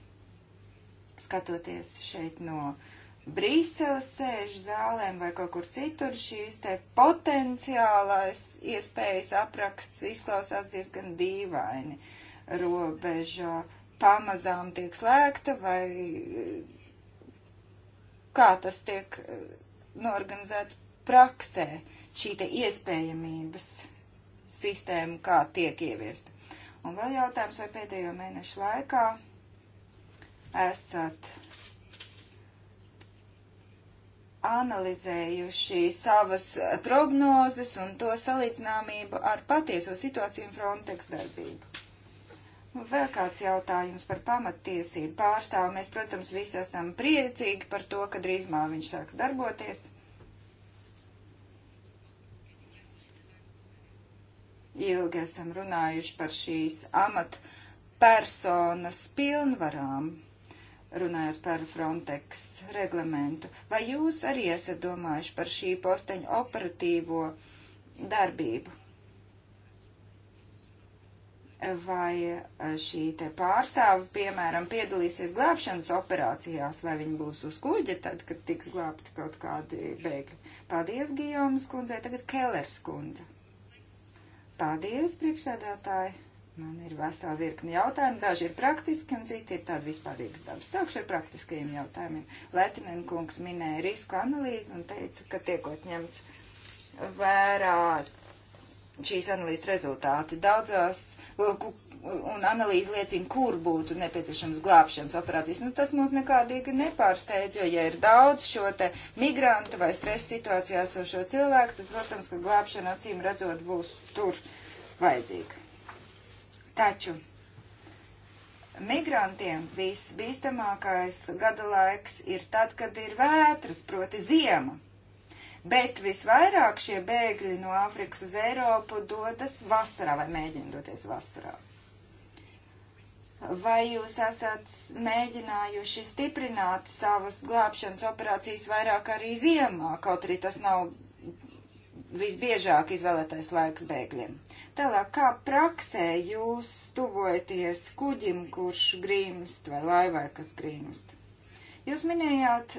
Speaker 1: Skatoties šeit no uh, Brīseles sēž zālēm vai kaut kur citur, šīs te potenciālās iespējas apraksts izklausās diezgan dīvaini. Robeža pamazām tiek slēgta vai kā tas tiek eh, norganizēts praksē, šī te iespējamības sistēma, kā tiek ieviesta. Un vēl jautājums, vai pēdējo mēnešu laikā esat analizējuši savas prognozes un to salīdzināmību ar patieso situāciju un Frontex darbību. Nu, vēl kāds jautājums par pamattiesību pārstāvu. Mēs, protams, visi esam priecīgi par to, ka drīzumā viņš sāks darboties. Ilgi esam runājuši par šīs amatpersonas pilnvarām runājot par Frontex reglamentu. Vai jūs arī esat domājuši par šī posteņa operatīvo darbību? Vai eh, šī te pārstāve, piemēram, piedalīsies glābšanas operācijās, vai viņi būs uz kuģa tad, kad tiks glābti kaut kādi bēgļi? Paldies, Gijomas kundze, tagad Kellers kundze. Paldies, priekšsēdētāji! Man ir vesela virkni jautājumu, daži ir praktiski un citi ir tādi vispārīgas dabas. Sākšu ar praktiskajiem jautājumiem. Lētinen kungs minēja risku analīzi un teica, ka tiekot ņemts vērā šīs analīzes rezultāti. Daudzās un analīze liecina, kur būtu nepieciešams glābšanas operācijas. Nu, tas mums nekādīgi nepārsteidz, jo, ja ir daudz šo te migrantu vai stresa situācijā sošo cilvēku, tad, protams, ka glābšana acīm redzot būs tur vajadzīga. Taču migrantiem visbīstamākais gada laiks ir tad, kad ir vētras, proti ziema. Bet visvairāk šie bēgļi no Āfrikas uz Eiropu dodas vasarā vai mēģina doties vasarā. Vai jūs esat mēģinājuši stiprināt savas glābšanas operācijas vairāk arī ziemā, kaut arī tas nav visbiežāk izvēlētais laiks bēgļiem. Tālāk, kā praksē jūs tuvojaties kuģim, kurš grīmst vai laivai, kas grīmst? Jūs minējāt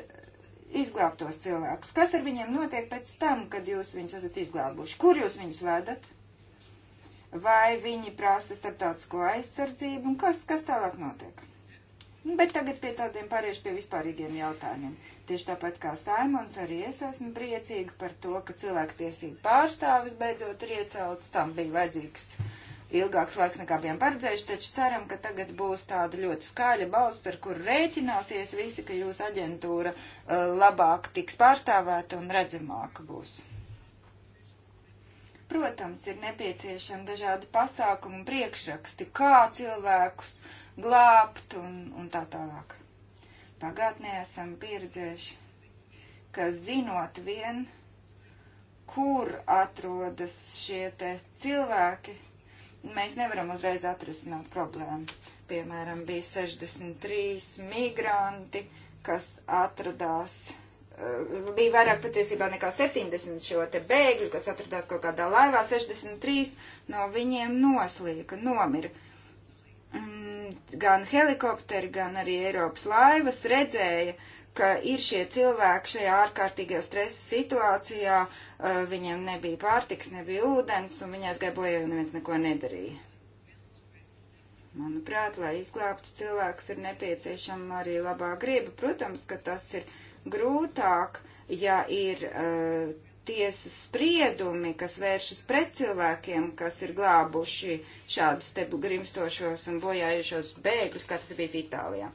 Speaker 1: izglābtos cilvēkus. Kas ar viņiem notiek pēc tam, kad jūs viņus esat izglābuši? Kur jūs viņus vedat? Vai viņi prasa starptautisko aizsardzību? Un kas, kas tālāk notiek? Nu, bet tagad pie tādiem pāriešu pie vispārīgiem jautājumiem. Tieši tāpat kā Saimons, arī es esmu priecīga par to, ka cilvēktiesība pārstāvis beidzot ir iecelts. Tam bija vajadzīgs ilgāks laiks nekā bijām paredzējuši, taču ceram, ka tagad būs tāda ļoti skaļa balsts, ar kur rēķināsies visi, ka jūsu aģentūra uh, labāk tiks pārstāvēta un redzamāka būs. Protams, ir nepieciešami dažādi pasākumi un priekšraksti, kā cilvēkus uh, glābt un, un tā tālāk. Pagātnē esam pieredzējuši, ka zinot vien, kur atrodas šie te cilvēki, mēs nevaram uzreiz atrisināt problēmu. Piemēram, bija 63 migranti, kas atradās, eh, bija vairāk patiesībā nekā 70 šo te bēgļu, kas atradās kaut kādā laivā, 63 no viņiem noslīka, nomira. Mm, gan helikopteri, gan arī Eiropas laivas redzēja, ka ir šie cilvēki šajā ārkārtīgajā stresa situācijā, uh, viņiem nebija pārtiks, nebija ūdens, un viņi aizgāja bojā, jo neviens neko nedarīja. Manuprāt, lai izglābtu cilvēkus, ir nepieciešama arī labā griba. Protams, ka tas ir grūtāk, ja ir uh, tiesas spriedumi, kas vēršas pret cilvēkiem, kas ir glābuši šādus te grimstošos un bojājušos bēgļus, kā tas bija Itālijā.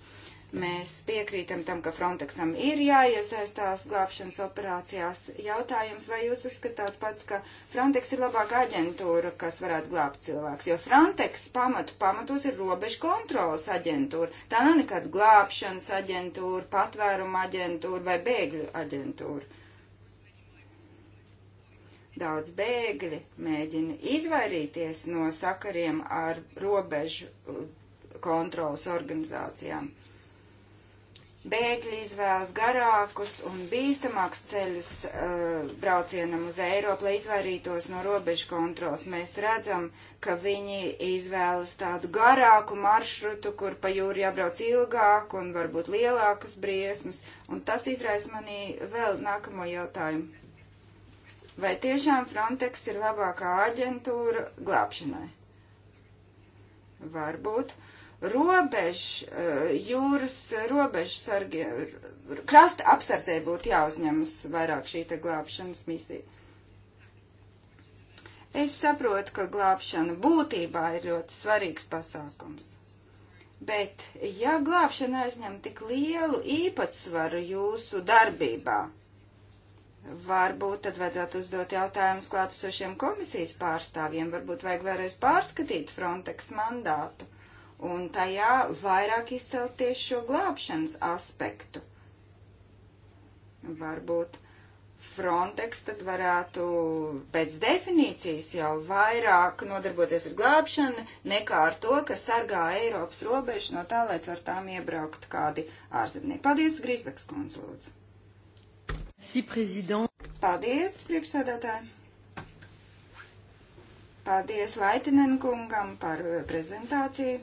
Speaker 1: Mēs piekrītam tam, ka Frontexam ir jāiesaistās glābšanas operācijās. Jautājums, vai jūs uzskatāt pats, ka Frontex ir labāka aģentūra, kas varētu glābt cilvēks? Jo Frontex pamatu pamatos ir robežu kontrolas aģentūra. Tā nav nekāda glābšanas aģentūra, patvēruma aģentūra vai bēgļu aģentūra. Daudz bēgļi mēģina izvairīties no sakariem ar robežu uh, kontrolas organizācijām. Bēgļi izvēlas garākus un bīstamākus ceļus uh, braucienam uz Eiropu, lai izvairītos no robežu kontrols. Mēs redzam, ka viņi izvēlas tādu garāku maršrutu, kur pa jūru jābrauc ilgāk un varbūt lielākas briesmas. Un tas izraisa manī vēl nākamo jautājumu Vai tiešām Frontex ir labākā aģentūra glābšanai? Varbūt robežu, eh, jūras robežu sargi, krasta apsardzē būtu jāuzņemas vairāk šī te glābšanas misija. Es saprotu, ka glābšana būtībā ir ļoti svarīgs pasākums. Bet, ja glābšana aizņem tik lielu īpatsvaru jūsu darbībā, Varbūt tad vajadzētu uzdot jautājumus klātesošiem komisijas pārstāvjiem, varbūt vajag vēlreiz pārskatīt Frontex mandātu un tajā vairāk izcelt tieši šo glābšanas aspektu. Varbūt Frontex tad varētu pēc definīcijas jau vairāk nodarboties ar glābšanu nekā ar to, ka sargā Eiropas robežu no tā, lai caur tām iebraukt kādi ārzemnieki. Paldies, Grīsbeks konsultants! Si prezident. Paldies, priekšsēdētāji. Paldies Laitinen kungam par eh, prezentāciju.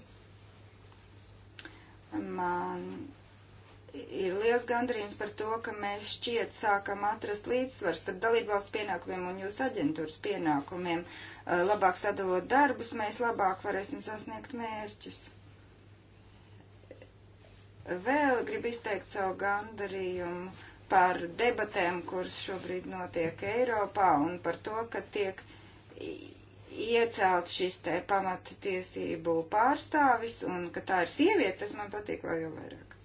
Speaker 1: Man ir liels gandarījums par to, ka mēs šķiet sākam atrast līdzsvaru starp dalībvalstu pienākumiem un jūsu aģentūras pienākumiem. Eh, labāk sadalot darbus, mēs labāk varēsim sasniegt mērķus. Vēl gribu izteikt savu gandarījumu par debatēm, kuras šobrīd notiek Eiropā un par to, ka tiek iecelt šis te pamata tiesību pārstāvis un ka tā ir sieviete, tas man patīk vēl jau vairāk.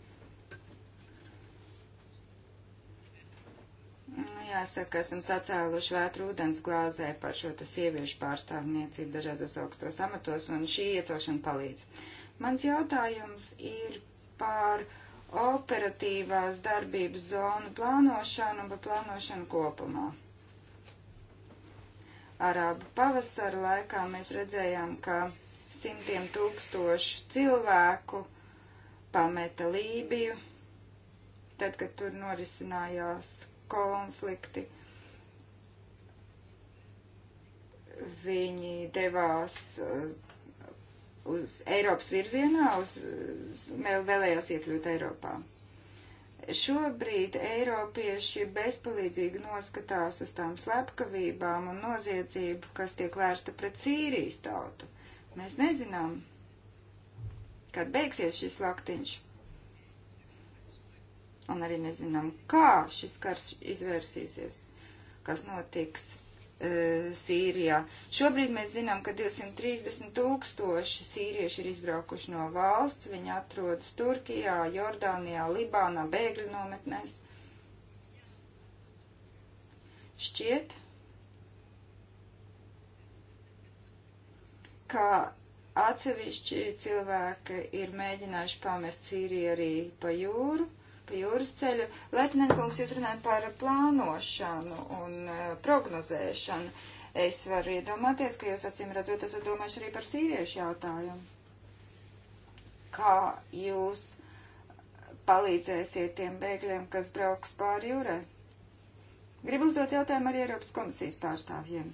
Speaker 1: Nu, jāsaka, esam sacēluši vētru ūdens glāzē par šo te sieviešu pārstāvniecību dažādos augstos amatos un šī iecelšana palīdz. Mans jautājums ir par operatīvās darbības zonu plānošanu un pa plānošanu kopumā. Arābu pavasara laikā mēs redzējām, ka simtiem tūkstošu cilvēku pameta Lībiju, tad, kad tur norisinājās konflikti. Viņi devās uh, uz Eiropas virzienā, uz, vēlējās iekļūt Eiropā. Šobrīd Eiropieši bezpalīdzīgi noskatās uz tām slepkavībām un noziedzību, kas tiek vērsta pret Sīrijas tautu. Mēs nezinām, kad beigsies šis laktiņš. Un arī nezinām, kā šis karš izvērsīsies, kas notiks E, Sīrijā. Šobrīd mēs zinām, ka 230 tūkstoši sīrieši ir izbraukuši no valsts. Viņi atrodas Turkijā, Jordānijā, Libānā, bēgļu nometnēs. Šķiet, ka atsevišķi cilvēki ir mēģinājuši pamest Sīriju arī pa jūru. Uh, pa jūras ceļu. Leitnenkungs, jūs runājat par plānošanu un e, prognozēšanu. Es varu iedomāties, ka jūs acīm redzot esat domājuši arī par sīriešu jautājumu. Kā jūs palīdzēsiet tiem bēgļiem, kas brauks pāri jūrai? Gribu uzdot jautājumu arī Eiropas komisijas pārstāvjiem.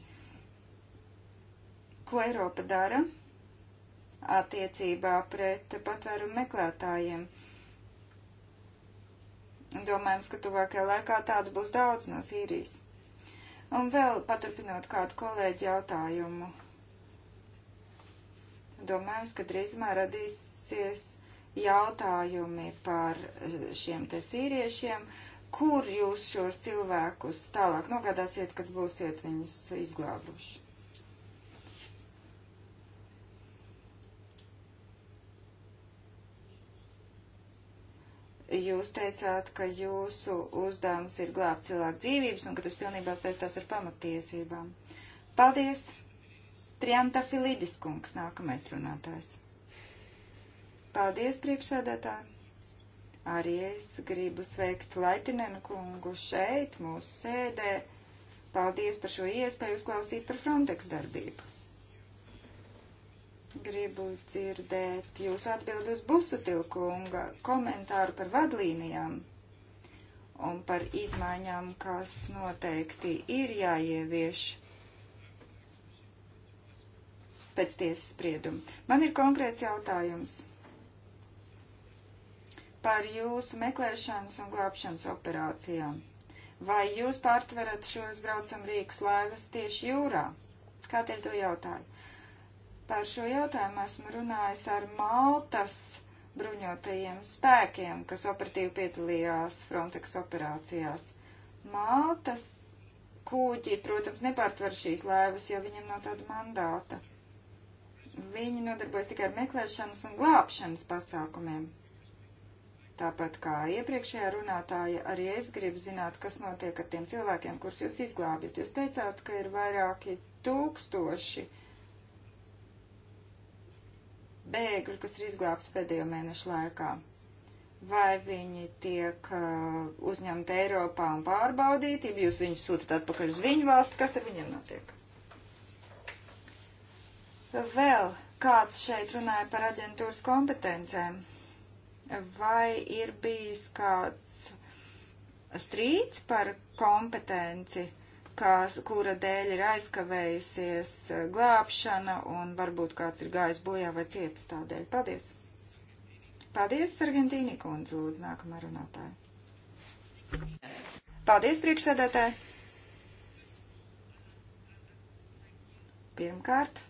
Speaker 1: Ko Eiropa dara attiecībā pret patvērumu meklētājiem? Uh, Domājams, ka tuvākajā laikā tāda būs daudz no Sīrijas. Un vēl paturpinot kādu kolēģi jautājumu. Domājams, ka drīzumā radīsies jautājumi par eh, šiem te sīriešiem, kur jūs šos cilvēkus tālāk nogādāsiet, kad būsiet viņus izglābuši. Jūs teicāt, ka jūsu uzdevums ir glābt cilvēku dzīvības un ka tas pilnībā saistās ar pamatiesībām. Paldies! Trianta Filidis kungs, nākamais runātājs. Paldies, priekšsēdētāji! Arī es gribu sveikt Laitinenu kungu šeit, mūsu sēdē. Paldies par šo iespēju uzklausīt par Frontex darbību. Gribu dzirdēt jūsu atbildi uz Busutilkunga komentāru par vadlīnijām un par izmaiņām, kas noteikti ir jāievieš pēc tiesas sprieduma. Man ir konkrēts jautājums par jūsu meklēšanas un glābšanas operācijām. Vai jūs pārtverat šos braucam rīkus laivas tieši jūrā? Kā tev to jautāju? Par šo jautājumu esmu runājis ar Maltas bruņotajiem spēkiem, kas operatīvi piedalījās Frontex operācijās. Maltas kūģi, protams, nepārtver šīs laivas, jo viņam nav tāda mandāta. Viņi nodarbojas tikai ar meklēšanas un glābšanas pasākumiem. Tāpat kā iepriekšējā runātāja, arī es gribu zināt, kas notiek ar tiem cilvēkiem, kurus jūs izglābjat. Jūs teicāt, ka ir vairāki tūkstoši uh, bēgļu, kas ir izglābti pēdējo mēnešu laikā. Vai viņi tiek uh, uzņemti Eiropā un pārbaudīti, ja jūs viņus sūtat atpakaļ uz viņu valsti, kas ar viņiem notiek? Vēl kāds šeit runāja par aģentūras kompetencēm. Vai ir bijis kāds strīds par kompetenci kās, kura dēļ ir aizkavējusies eh, glābšana un varbūt kāds ir gājis bojā vai cietis tādēļ. Paldies! Paldies, Argentīni kundze, lūdzu, nākamā runātāja. Paldies, priekšsēdētāji! Pirmkārt,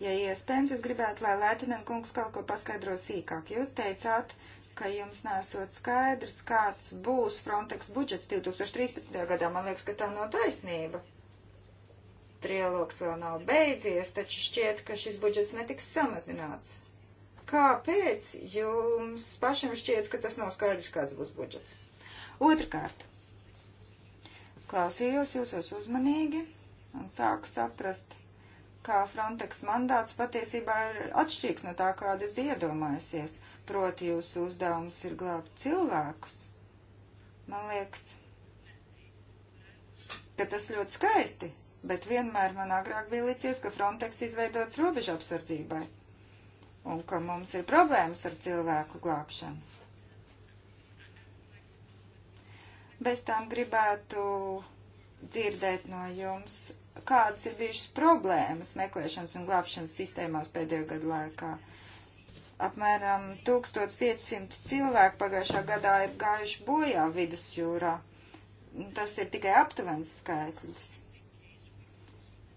Speaker 1: ja iespējams, es gribētu, lai Lētinen kungs kaut ko paskaidro sīkāk. Jūs teicāt, uh, ka jums nesot skaidrs, kāds būs Frontex budžets 2013. gadā. Man liekas, ka tā nav taisnība. Trialogs vēl nav beidzies, taču šķiet, ka šis budžets netiks samazināts. Kāpēc jums pašam šķiet, ka tas nav skaidrs, kāds būs budžets? Otrakārt, klausījos jūsos uzmanīgi un sāku saprast, kā Frontex mandāts patiesībā ir atšķirīgs no tā, kādu es biju iedomājusies. Uh, proti jūsu uzdevums ir glābt cilvēkus, man liekas, ka tas ļoti skaisti, bet vienmēr man agrāk bija licies, ka Frontex izveidots robežu apsardzībai un ka mums ir problēmas ar cilvēku glābšanu. Bez tām gribētu dzirdēt no jums, kādas ir bijušas problēmas meklēšanas un glābšanas sistēmās pēdējo gadu laikā. Uh, Apmēram 1500 cilvēku pagājušā gadā ir gājuši bojā vidusjūrā. Tas ir tikai aptuvens skaitlis.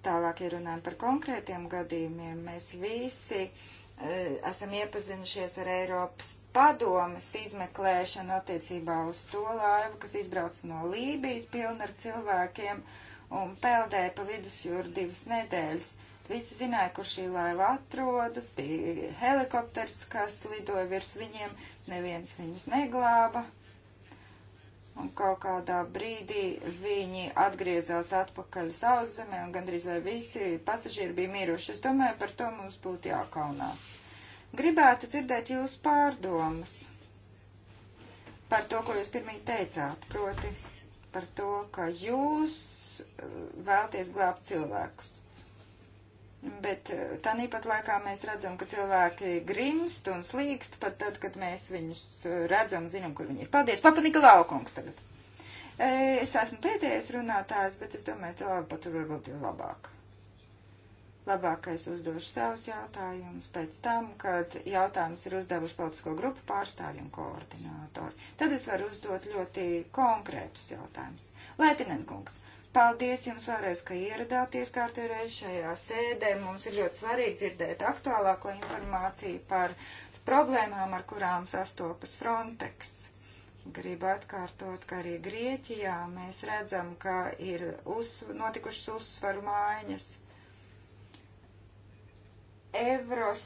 Speaker 1: Tālāk, ja runājam par konkrētiem gadījumiem, mēs visi e, esam iepazinušies ar Eiropas padomas izmeklēšanu attiecībā uz to laivu, kas izbrauc no Lībijas pilna ar cilvēkiem un peldēja pa vidusjūru divas nedēļas. Visi zināja, kur šī laiva atrodas, bija helikopters, kas lidoja virs viņiem, neviens viņus neglāba. Un kaut kādā brīdī viņi atgriezās atpakaļ sauszemē, un gandrīz vai visi pasažieri bija miruši. Es domāju, par to mums būtu jākaunās. Gribētu dzirdēt jūsu pārdomas par to, ko jūs pirmī teicāt, proti par to, ka jūs eh, vēlties glābt cilvēkus. Bet e, tāpat laikā mēs redzam, ka cilvēki grimst un slīkst pat tad, kad mēs viņus e, redzam, zinām, kur viņi ir. Paldies, papanika laukungs tagad. E, es esmu pēdējais runātājs, bet es domāju, ka labi, pat tur varbūt ir labāk. Labākais uzdošu savus jautājumus pēc tam, kad jautājums ir uzdevuši politisko grupu pārstāvju un koordinātori. Tad es varu uzdot ļoti konkrētus jautājumus. Lētinen kungs, Paldies jums vēlreiz, ka ieradāties kārtēreiz šajā sēdē. Mums ir ļoti svarīgi dzirdēt aktuālāko informāciju par problēmām, ar kurām sastopas Frontex. Gribu atkārtot, ka arī Grieķijā mēs redzam, ka ir uz, notikušas uzsvaru mājiņas. Evros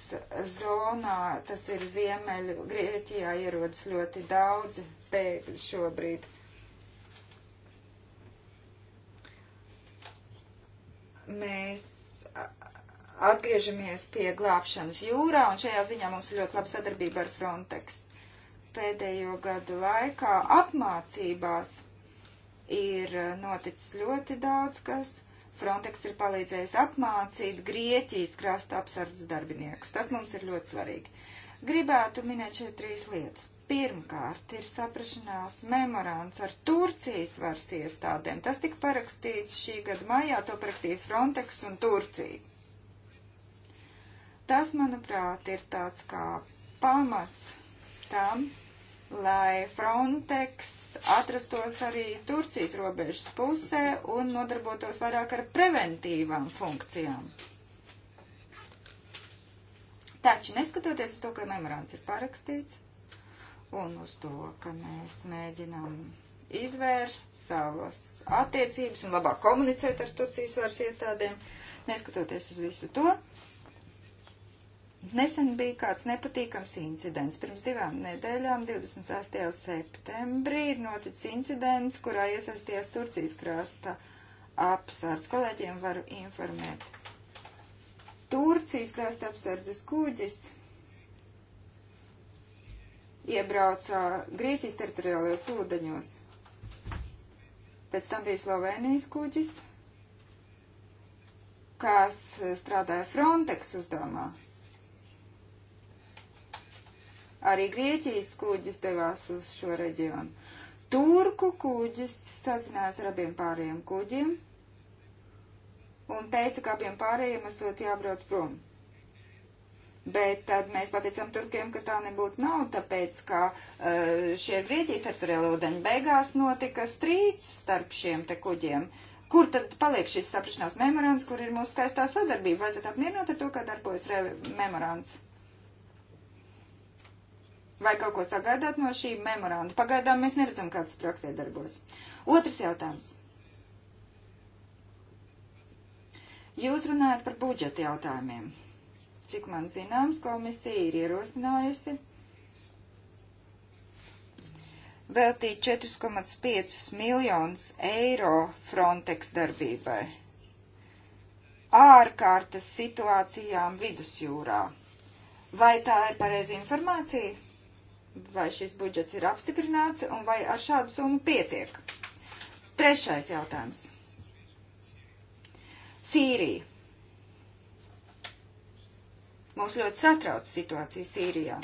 Speaker 1: zonā, tas ir ziemeļu Grieķijā, ierodas ļoti daudz bēgļu šobrīd. mēs atgriežamies pie glābšanas jūrā, un šajā ziņā mums ir ļoti laba sadarbība ar Frontex. Pēdējo gadu laikā apmācībās ir noticis ļoti daudz kas. Frontex ir palīdzējis apmācīt Grieķijas krasta apsardzes darbiniekus. Tas mums ir ļoti svarīgi. Gribētu minēt šeit trīs lietas. Pirmkārt, ir saprašanās memorands ar Turcijas varas iestādēm. Tas tika parakstīts šī gada maijā, to parakstīja Frontex un Turcija. Tas, manuprāt, ir tāds kā pamats tam, lai Frontex atrastos arī Turcijas robežas pusē un nodarbotos vairāk ar preventīvām funkcijām. Taču neskatoties uz to, ka memorands ir parakstīts un uz to, ka mēs mēģinām izvērst savas attiecības un labāk komunicēt ar Turcijas varas iestādēm, neskatoties uz visu to, Nesen bija kāds nepatīkams incidents. Pirms divām nedēļām, 26. septembrī, ir noticis incidents, kurā iesaistījās Turcijas krasta apsards. Kolēģiem varu informēt, Turcijas krasta apsardzes kuģis iebrauca Grieķijas teritoriālajos ūdeņos. Pēc tam bija Slovenijas kuģis, kas eh, strādāja Frontex uzdevumā. Arī Grieķijas kuģis devās uz šo reģionu. Turku kuģis sazinājās ar abiem pārējiem kuģiem un teica, ka abiem pārējiem esot jābrauc prom. Bet tad mēs pateicām turkiem, ka tā nebūtu nav, tāpēc, ka uh, šie Grieķijas teritoriāla ūdeņa beigās notika strīds starp šiem te kuģiem. Kur tad paliek šis saprašanās memorands, kur ir mūsu skaistā sadarbība? Vai esat apmierināti ar to, kā darbojas memorands? Vai kaut ko sagaidāt no šī memoranda? Pagaidām mēs neredzam, kāds praksē darbos. Otrs jautājums. Jūs runājat par budžeta jautājumiem. Cik man zināms, komisija ir ierosinājusi veltīt 4,5 miljonus eiro Frontex darbībai ārkārtas situācijām vidusjūrā. Vai tā ir pareiza informācija? Vai šis budžets ir apstiprināts un vai ar šādu summu pietiek? Trešais jautājums. Sīrija. Mūs ļoti satrauc situācija Sīrijā.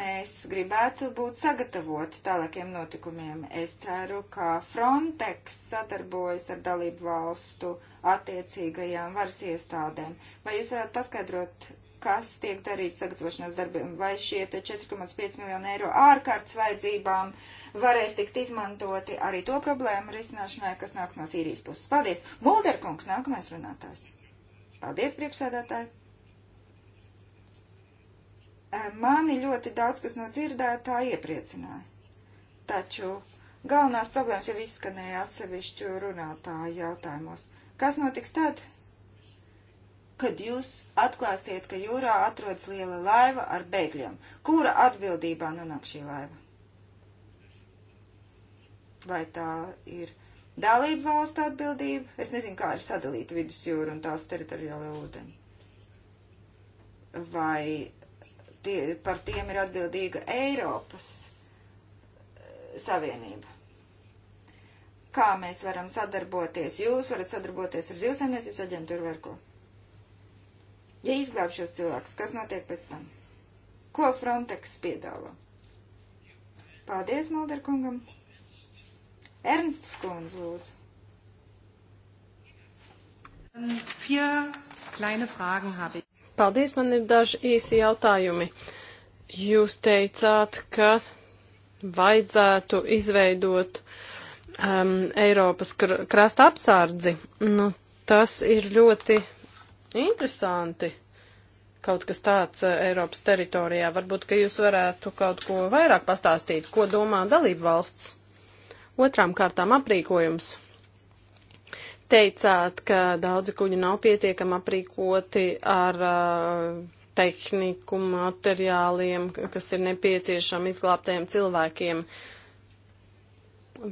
Speaker 1: Mēs gribētu būt sagatavoti tālākiem notikumiem. Es ceru, ka Frontex sadarbojas ar dalību valstu attiecīgajām varas iestādēm. Vai jūs varētu paskaidrot kas tiek darīts sagatavošanās darbiem, vai šie 4,5 miljoni eiro ārkārtas vajadzībām varēs tikt izmantoti arī to problēmu risināšanai, kas nāks no Sīrijas puses. Paldies! Mulderkungs, nākamais runātājs. Paldies, priekšsēdētāji! Eh, mani ļoti daudz, kas no dzirdētā iepriecināja. Taču galvenās problēmas jau izskanēja atsevišķu runātāju jautājumos. Kas notiks tad, kad jūs atklāsiet, ka jūrā atrodas liela laiva ar bēgļiem? Kura atbildībā nonāk šī laiva? Vai tā ir dalību valstu atbildība? Es nezinu, kā ir sadalīta vidusjūra un tās teritoriāla ūdeni. Vai tie, par tiem ir atbildīga Eiropas eh, Savienība? Kā mēs varam sadarboties? Jūs varat sadarboties ar Zivsaimniecības aģentūru vai ko? Ja izglāb šos cilvēkus, kas notiek pēc tam? Ko Frontex piedāvā? Paldies, Malderkungam. Ernsts Kunz, lūdzu.
Speaker 2: Ähm, vier kleine Fragen habe ich. Paldies, man ir daži īsi jautājumi. Jūs teicāt, ka vajadzētu izveidot um, Eiropas kr krasta apsārdzi. Nu, tas ir ļoti Interesanti kaut kas tāds eh, Eiropas teritorijā. Varbūt, ka jūs varētu kaut ko vairāk pastāstīt, ko domā dalību valsts. Otrām kārtām aprīkojums. Teicāt, ka daudzi kuģi nav pietiekami aprīkoti ar uh, tehniku, materiāliem, kas ir nepieciešami izglābtajiem cilvēkiem.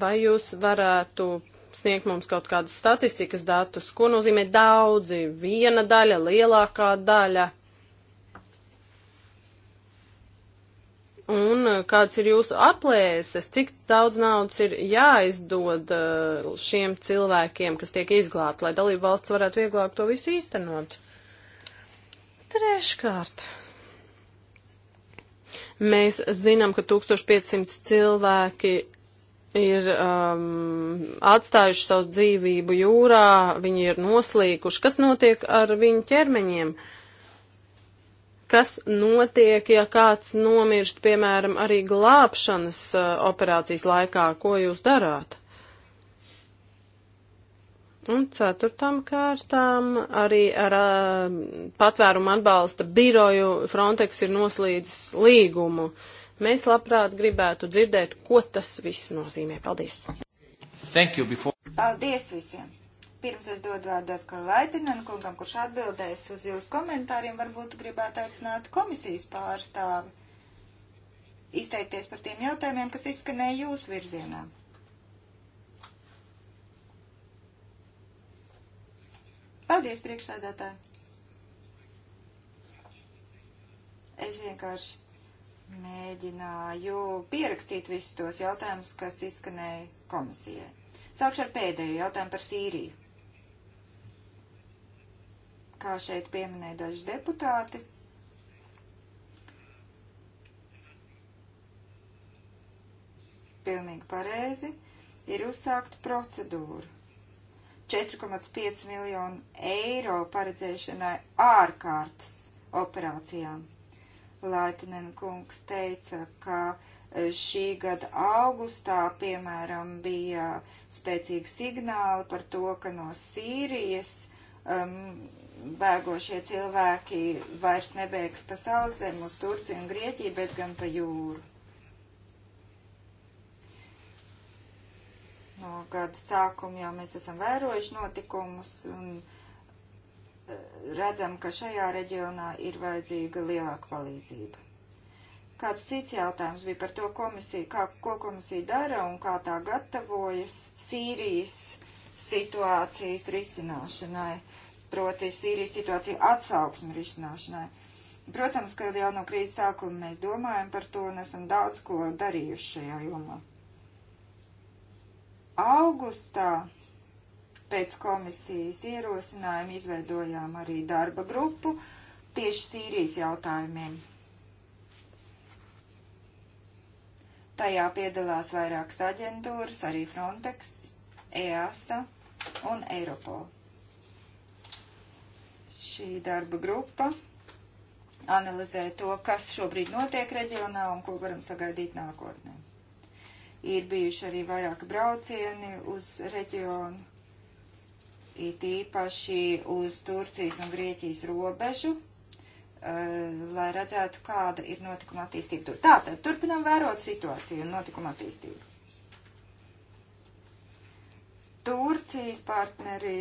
Speaker 2: Vai jūs varētu sniegt mums kaut kādas statistikas datus, ko nozīmē daudzi, viena daļa, lielākā daļa. Un eh, kāds ir jūsu aplēses, cik daudz naudas ir jāizdod eh, šiem cilvēkiem, kas tiek izglābti, lai dalību valsts varētu vieglāk to visu īstenot? Treškārt. Mēs zinām, ka 1500 cilvēki ir um, atstājuši savu dzīvību jūrā, viņi ir noslīkuši. Kas notiek ar viņu ķermeņiem? Kas notiek, ja kāds nomirst, piemēram, arī glābšanas uh, operācijas laikā? Ko jūs darāt? Un ceturtām kārtām arī ar uh, patvērumu atbalsta biroju Frontex ir noslīdis līgumu. Uh, Mēs labprāt gribētu dzirdēt, ko tas viss nozīmē. Paldies!
Speaker 1: Thank you before. Paldies visiem! Pirms es dodu vārdu atkal Laitinam kungam, kurš atbildēs uz jūsu komentāriem, varbūt gribētu aicināt komisijas pārstāvi izteikties par tiem jautājumiem, kas izskanēja jūsu virzienā. Paldies, priekšsēdētāji! Es vienkārši mēģināju pierakstīt visus tos jautājumus, kas izskanēja komisijai. Sākšu ar pēdējo jautājumu par Sīriju. Kā šeit pieminēja daži deputāti, pilnīgi pareizi, ir uzsākt procedūru. 4,5 miljonu eiro paredzēšanai ārkārtas operācijām. Laitinen kungs teica, ka e, šī gada augustā, piemēram, bija spēcīgi signāli par to, ka no Sīrijas um, bēgošie cilvēki vairs nebēgs pa sauszem uz Turciju un Grieķiju, bet gan pa jūru. No gada sākuma jau mēs esam vērojuši notikumus un uh, redzam, ka šajā reģionā ir vajadzīga lielāka palīdzība. Kāds cits jautājums bija par to komisiju, kā, ko komisija dara un kā tā gatavojas Sīrijas situācijas risināšanai, proti Sīrijas situāciju atsauksmi risināšanai. Protams, ka jau no krīzes sākuma mēs domājam par to un esam daudz ko darījuši šajā jomā. Augustā Pēc komisijas ierosinājuma izveidojām arī darba grupu tieši Sīrijas jautājumiem. Tajā piedalās vairākas aģentūras, arī Frontex, EASA un Eiropol. Šī darba grupa analizē to, kas šobrīd notiek reģionā un ko varam sagaidīt nākotnē. Ir bijuši arī vairāki braucieni uz reģionu, it īpaši uz Turcijas un Grieķijas robežu, eh, lai redzētu, kāda ir notikuma attīstība tur. Tātad turpinam vērot situāciju un notikuma attīstību. Turcijas partneri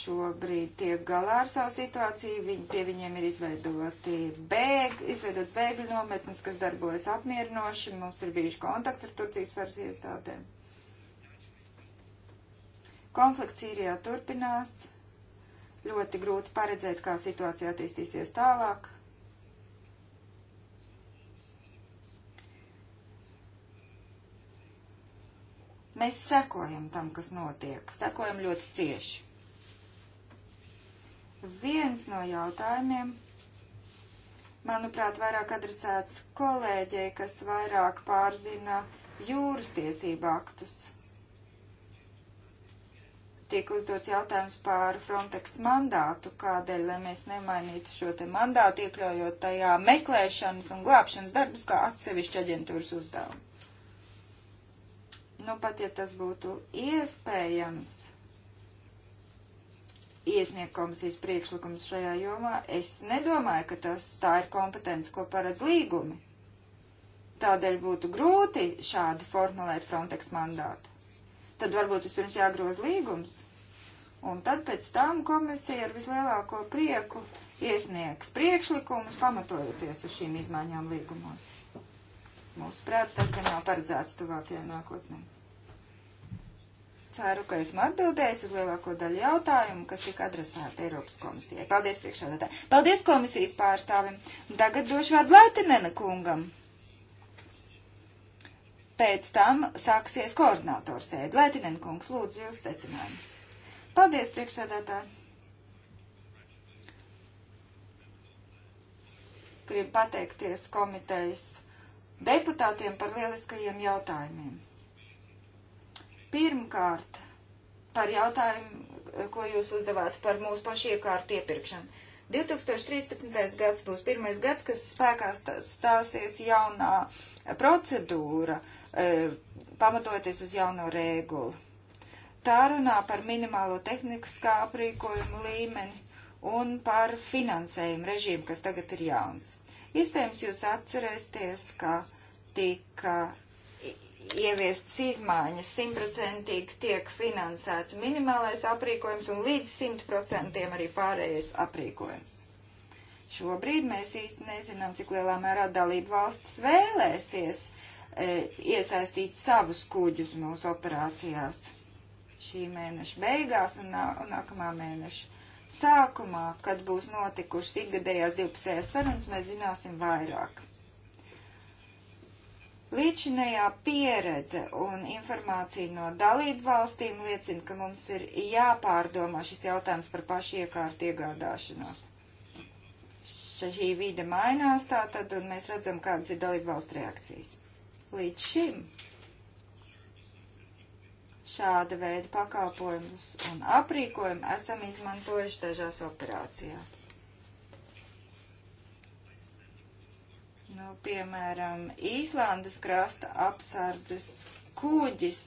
Speaker 1: šobrīd tiek galā ar savu situāciju. Viņ, pie viņiem ir izveidoti bēg, izveidots bēgļu nometnes, kas darbojas apmierinoši. Mums ir bijuši kontakti ar Turcijas varas iestādēm. Konflikts Sīrijā turpinās. Ļoti grūti paredzēt, kā situācija attīstīsies tālāk. Mēs sekojam tam, kas notiek. Sekojam ļoti cieši. Viens no jautājumiem, manuprāt, vairāk adresēts kolēģei, kas vairāk pārzina jūras tiesību aktus tiek uzdots jautājums par Frontex mandātu, kādēļ, lai mēs nemainītu šo te mandātu, iekļaujot tajā meklēšanas un glābšanas darbus kā atsevišķu aģentūras uzdevumu. Nu, pat ja tas būtu iespējams, iesniegt komisijas priekšlikums šajā jomā, es nedomāju, ka tas tā ir kompetence, ko paredz līgumi. Tādēļ būtu grūti šādi formulēt Frontex mandātu tad varbūt vispirms jāgroz līgums. Un tad pēc tam komisija ar vislielāko prieku iesniegs priekšlikumus, pamatojoties uz šīm izmaiņām līgumos. Mūsuprāt, tas gan nav paredzēts tuvākajā nākotnē. Ceru, ka esmu atbildējis uz lielāko daļu jautājumu, kas tika adresēta Eiropas komisijai. Paldies priekšādātāji. Paldies komisijas pārstāvim. Tagad došu vārdu Laitinena kungam. Pēc tam sāksies koordinātoru sēde. Lētinen kungs, lūdzu jūs secinājumu. Paldies, priekšsēdētāji! Gribu pateikties komitejas deputātiem par lieliskajiem jautājumiem. Pirmkārt, par jautājumu, ko jūs uzdevāt par mūsu pašu iekārtu iepirkšanu. 2013. gads būs pirmais gads, kas spēkā stāsies jaunā procedūra, e, pamatoties uz jauno regulu. Tā runā par minimālo tehniskā aprīkojumu līmeni un par finansējumu režīmu, kas tagad ir jauns. Iespējams, jūs atcerēsieties, ka tika ieviestas izmaiņas, simtprocentīgi tiek finansēts minimālais aprīkojums un līdz simtprocentiem arī pārējais aprīkojums. Šobrīd mēs īsti nezinām, cik lielā mērā dalību valstis vēlēsies e, iesaistīt savus kuģus mūsu operācijās. Šī mēneša beigās un, nā, un nākamā mēneša sākumā, kad būs notikušas ikgadējās divpusējās sarunas, mēs zināsim vairāk. Līdzinējā pieredze un informācija no dalību valstīm liecina, ka mums ir jāpārdomā šis jautājums par pašiekārtu iegādāšanos. Šī vide mainās tātad, un mēs redzam, kādas ir dalību valstu reakcijas. Līdz šim šāda veida pakalpojumus un aprīkojumu esam izmantojuši dažās operācijās. Nu, piemēram, Īslandes krasta apsardzes kuģis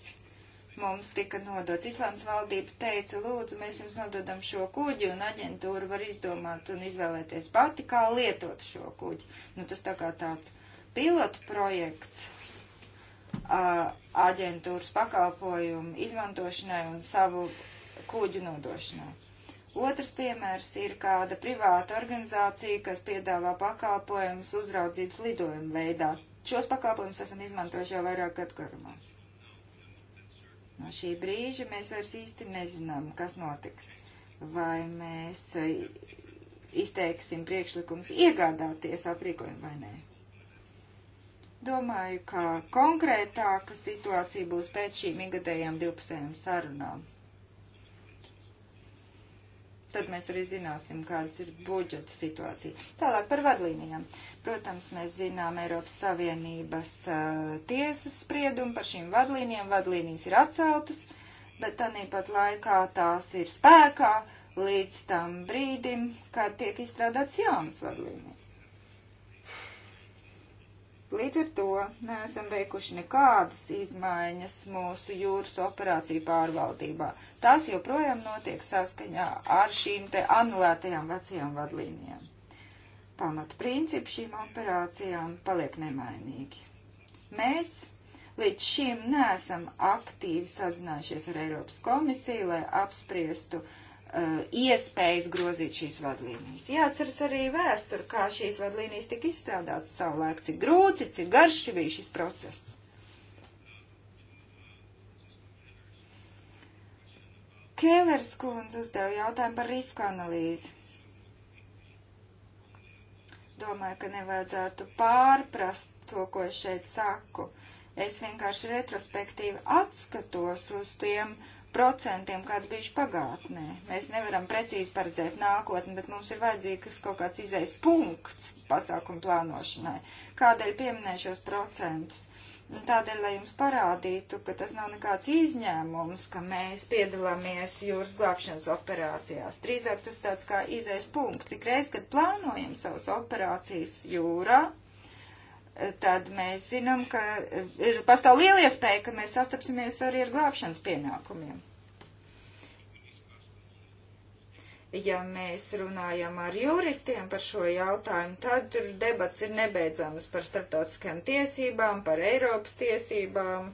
Speaker 1: mums tika nodots. Islandes valdība teica, lūdzu, mēs jums nododam šo kuģi, un aģentūra var izdomāt un izvēlēties pati, kā lietot šo kuģi. Nu, tas tā kā tāds pilotu projekts a, aģentūras pakalpojumu izmantošanai un savu kuģu nodošanai. Otrs piemērs ir kāda privāta organizācija, kas piedāvā pakalpojumus uzraudzības lidojuma veidā. Šos pakalpojumus esam izmantojuši jau vairāk gadu garumā. No šī brīža mēs vairs īsti nezinām, kas notiks. Vai mēs eh, izteiksim priekšlikums iegādāties aprīkojumu vai nē. Domāju, ka konkrētāka situācija būs pēc šīm igadējām divpusējām sarunām. Tad mēs arī zināsim, kādas ir budžeta situācija. Tālāk par vadlīnijām. Protams, mēs zinām Eiropas Savienības uh, tiesas spriedumu par šīm vadlīnijām. Vadlīnijas ir atceltas, bet tāpat laikā tās ir spēkā līdz tam brīdim, kad tiek izstrādāts jaunas vadlīnijas. Līdz ar to neesam veikuši nekādas izmaiņas mūsu jūras operāciju pārvaldībā. Tās joprojām notiek saskaņā ar šīm te anulētajām vecajām vadlīnijām. Pamatprincipi šīm operācijām paliek nemainīgi. Mēs līdz šim neesam aktīvi sazinājušies ar Eiropas komisiju, lai apspriestu uh, Eh, iespējas grozīt šīs vadlīnijas. Jāatceras arī vēsturi, kā šīs vadlīnijas tika izstrādātas savulaik, cik grūti, cik garš bija šis process. Kēlers kundze uzdeva jautājumu par risku analīzi. Domāju, ka nevajadzētu pārprast to, ko es šeit saku. Es vienkārši retrospektīvi atskatos uz tiem uh, procentiem, kāda bijuši pagātnē. Mēs nevaram precīzi paredzēt nākotni, bet mums ir vajadzīgs kaut kāds izējas punkts pasākumu plānošanai. Kādēļ pieminēju šos procentus? Nu, tādēļ, lai jums parādītu, ka tas nav nekāds izņēmums, ka mēs piedalāmies jūras glābšanas operācijās. Drīzāk tas tāds kā izējas punkts. Cik reiz, kad plānojam savas operācijas jūrā, tad mēs zinām, ka ir pastāv liela iespēja, ka mēs sastapsimies arī ar glābšanas pienākumiem. Ja mēs runājam ar juristiem par šo jautājumu, tad tur debats ir nebeidzamas par starptautiskām tiesībām, par Eiropas tiesībām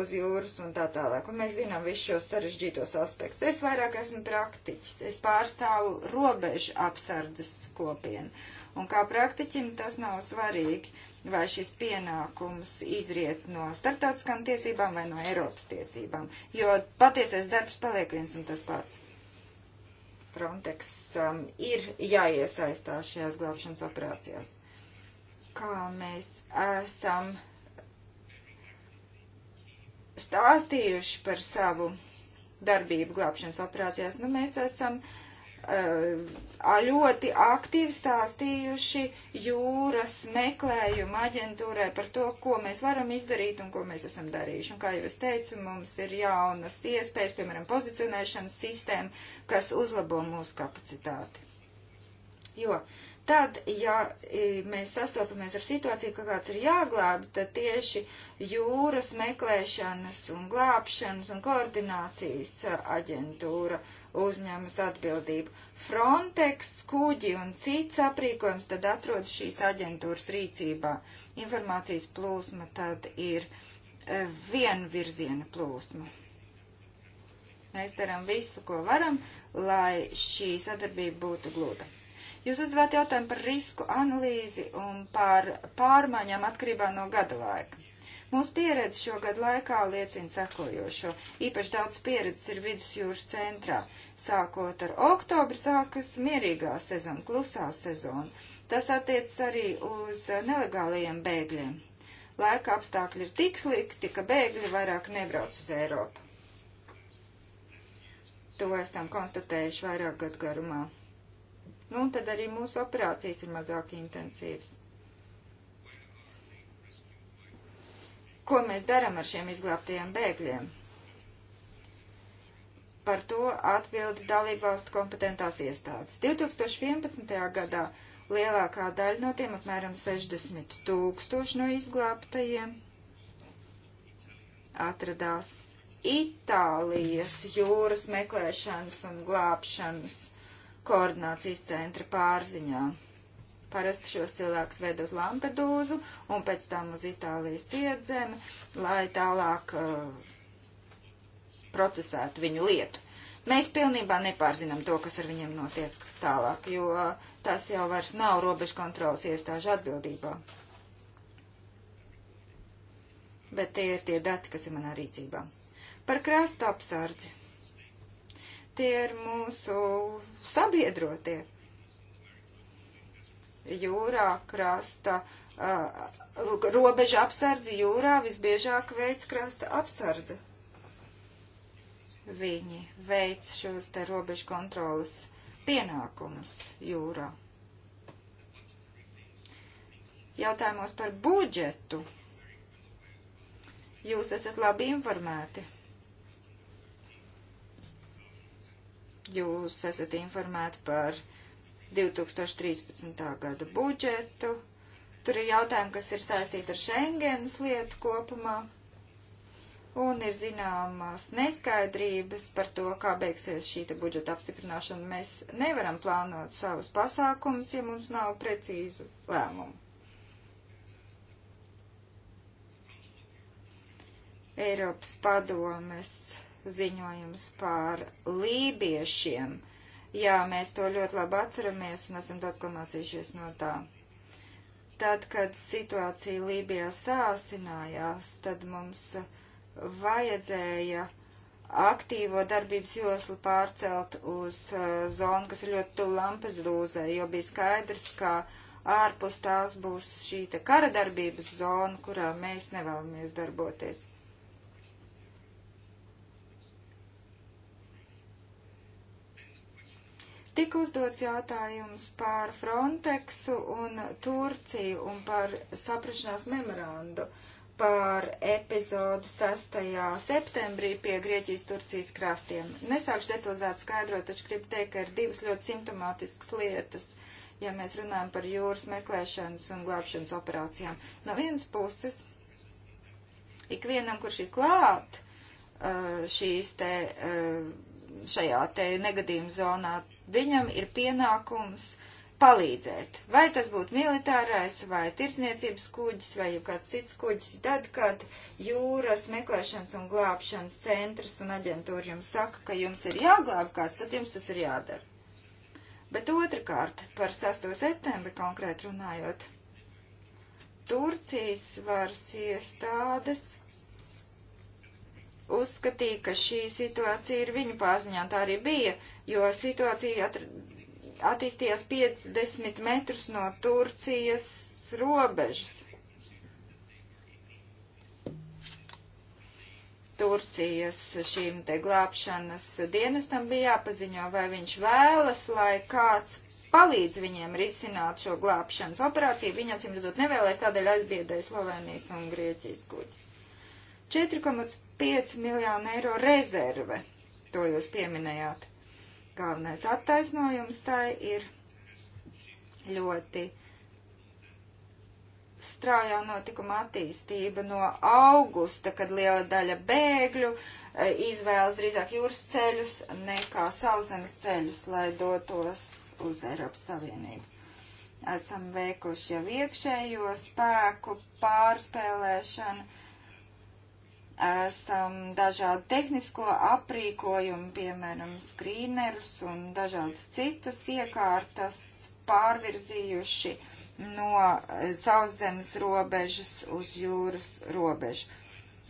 Speaker 1: uz jūras un tā tālāk. Un mēs zinām visus šos sarežģītos aspektus. Es vairāk esmu praktiķis, es pārstāvu robežu apsardzes kopienu. Un kā praktiķim tas nav svarīgi vai šis pienākums izriet no starptautiskām tiesībām vai no Eiropas tiesībām, jo patiesais darbs paliek viens un tas pats. Frontex um, ir jāiesaistās šajās glābšanas operācijās. Kā mēs esam stāstījuši par savu darbību glābšanas operācijās, nu mēs esam uh, Eh, ļoti aktīvi stāstījuši jūras meklējuma aģentūrai par to, ko mēs varam izdarīt un ko mēs esam darījuši. Un, kā jau es teicu, mums ir jaunas iespējas, piemēram, pozicionēšanas sistēma, kas uzlabo mūsu kapacitāti. Jo tad, ja mēs sastopamies ar situāciju, ka kāds ir jāglāb, tad tieši jūras meklēšanas un glābšanas un koordinācijas aģentūra uh, uzņēmus atbildību. Frontex, kuģi un cits aprīkojums tad atrodas šīs aģentūras rīcībā. Informācijas plūsma tad ir e, vienvirziena plūsma. Mēs darām visu, ko varam, lai šī sadarbība būtu glūda. Jūs uzdevāt jautājumu par risku analīzi un par pārmaiņām atkarībā no gada laika. Mūsu pieredze šo gadu laikā liecina sekojošo. Īpaši daudz pieredzes ir vidusjūras centrā. Sākot ar oktobru sākas mierīgā sezona, klusā sezona. Tas attiecas arī uz nelegālajiem bēgļiem. Laika apstākļi ir tik slikti, ka bēgļi vairāk nebrauc uz Eiropu. To esam konstatējuši vairāk gadu garumā. Nu, un tad arī mūsu operācijas ir mazāk intensīvas. Ko mēs darām ar šiem izglābtajiem bēgļiem? Par to atbildi dalībvalstu kompetentās iestādes. 2011. gadā lielākā daļa no tiem, apmēram 60 tūkstoši no izglābtajiem, atradās Itālijas jūras meklēšanas un glābšanas koordinācijas centra pārziņā. Parasti šos cilvēkus ved uz Lampedūzu un pēc tam uz Itālijas cietzemi, lai tālāk uh, procesētu viņu lietu. Mēs pilnībā nepārzinām to, kas ar viņiem notiek tālāk, jo uh, tas jau vairs nav robežu kontrolas iestāžu atbildībā. Bet tie ir tie dati, kas ir manā rīcībā. Par krasta apsardzi. Tie ir mūsu sabiedrotie jūrā krasta uh, robeža apsardzi jūrā visbiežāk veids krasta apsardze. Viņi veic šos te robežu kontrolas pienākumus jūrā. Jautājumos par budžetu. Jūs esat labi informēti. Jūs esat informēti par uh, 2013. gada budžetu. Tur ir jautājumi, kas ir saistīti ar Schengenas lietu kopumā. Un ir zināmas neskaidrības par to, kā beigsies šī budžeta apstiprināšana. Mēs nevaram plānot savus pasākumus, ja mums nav precīzu lēmumu. Eiropas padomes ziņojums par lībiešiem Jā, mēs to ļoti labi atceramies un esam daudz ko mācījušies no tā. Tad, kad situācija Lībijā sāsinājās, tad mums vajadzēja aktīvo darbības joslu pārcelt uz uh, zonu, kas ir ļoti tuvu Lampedūzai, jo bija skaidrs, ka ārpus tās būs šī te kara darbības zona, kurā mēs nevēlamies darboties. Tik uzdots jautājums par Frontexu un Turciju un par saprašanās memorandu par epizodu 6. septembrī pie Grieķijas-Turcijas krastiem. Nesākšu detalizēt skaidrot, taču gribu teikt, ka ir divas ļoti simptomātiskas lietas, ja mēs runājam par jūras meklēšanas un glābšanas operācijām. No vienas puses, ikvienam, kurš ir klāt uh, šīs te, uh, šajā te negadījuma zonā, Viņam ir pienākums palīdzēt. Vai tas būtu militārais vai tirdzniecības kuģis vai kāds cits kuģis, tad, kad jūras meklēšanas un glābšanas centrs un aģentūra jums saka, ka jums ir jāglāb kāds, tad jums tas ir jādara. Bet otrkārt, par 6. septembri konkrēt runājot, Turcijas varas iestādes uzskatīja, ka šī situācija ir viņu pārziņā. Tā arī bija, jo situācija at, attīstījās 50 metrus no Turcijas robežas. Turcijas šīm te glābšanas dienestam bija jāpaziņo, vai viņš vēlas, lai kāds palīdz viņiem risināt šo glābšanas operāciju. Viņa acīm redzot nevēlēs, tādēļ aizbiedēja Slovenijas un Grieķijas kuģi. 4,5 miljonu eiro rezerve, to jūs pieminējāt. Galvenais attaisnojums tā ir ļoti strauja notikuma attīstība no augusta, kad liela daļa bēgļu e, izvēlas drīzāk jūras ceļus nekā sauszemes ceļus, lai dotos uz Eiropas Savienību. Esam veikuši jau iekšējo spēku pārspēlēšanu esam dažādu tehnisko aprīkojumu, piemēram, skrīnerus un dažādas citas iekārtas pārvirzījuši no eh, sauszemes robežas uz jūras robežu.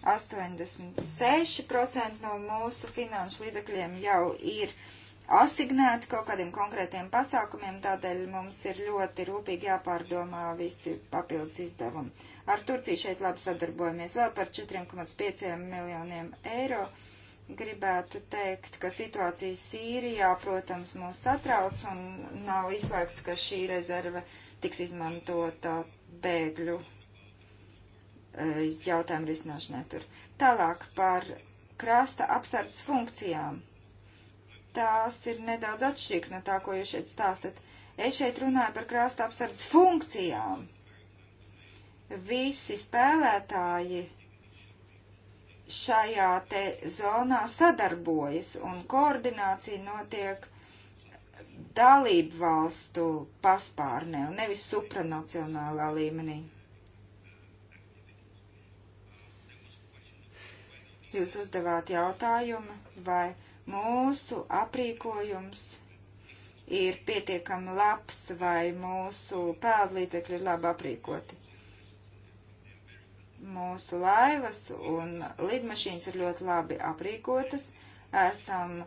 Speaker 1: 86% no mūsu finanšu līdzekļiem jau ir uh, asignēti kaut kādiem konkrētiem pasākumiem, tādēļ mums ir ļoti rūpīgi jāpārdomā visi papildus izdevumi. Ar Turciju šeit labi sadarbojamies vēl par 4,5 miljoniem eiro. Gribētu teikt, ka situācija Sīrijā, protams, mūs satrauc un nav izslēgts, ka šī rezerve tiks izmantota bēgļu eh, jautājumu risināšanai tur. Tālāk par krasta apsardzes funkcijām tās ir nedaudz atšķirīgas no tā, ko jūs šeit stāstat. Es šeit runāju par krāsta apsardzes funkcijām. Visi spēlētāji šajā te zonā sadarbojas un koordinācija notiek dalību valstu paspārnē un nevis supranacionālā līmenī. Jūs uzdevāt jautājumu, vai mūsu aprīkojums ir pietiekami labs vai mūsu pēdlīdzekļi ir labi aprīkoti. Mūsu laivas un lidmašīnas ir ļoti labi aprīkotas. Esam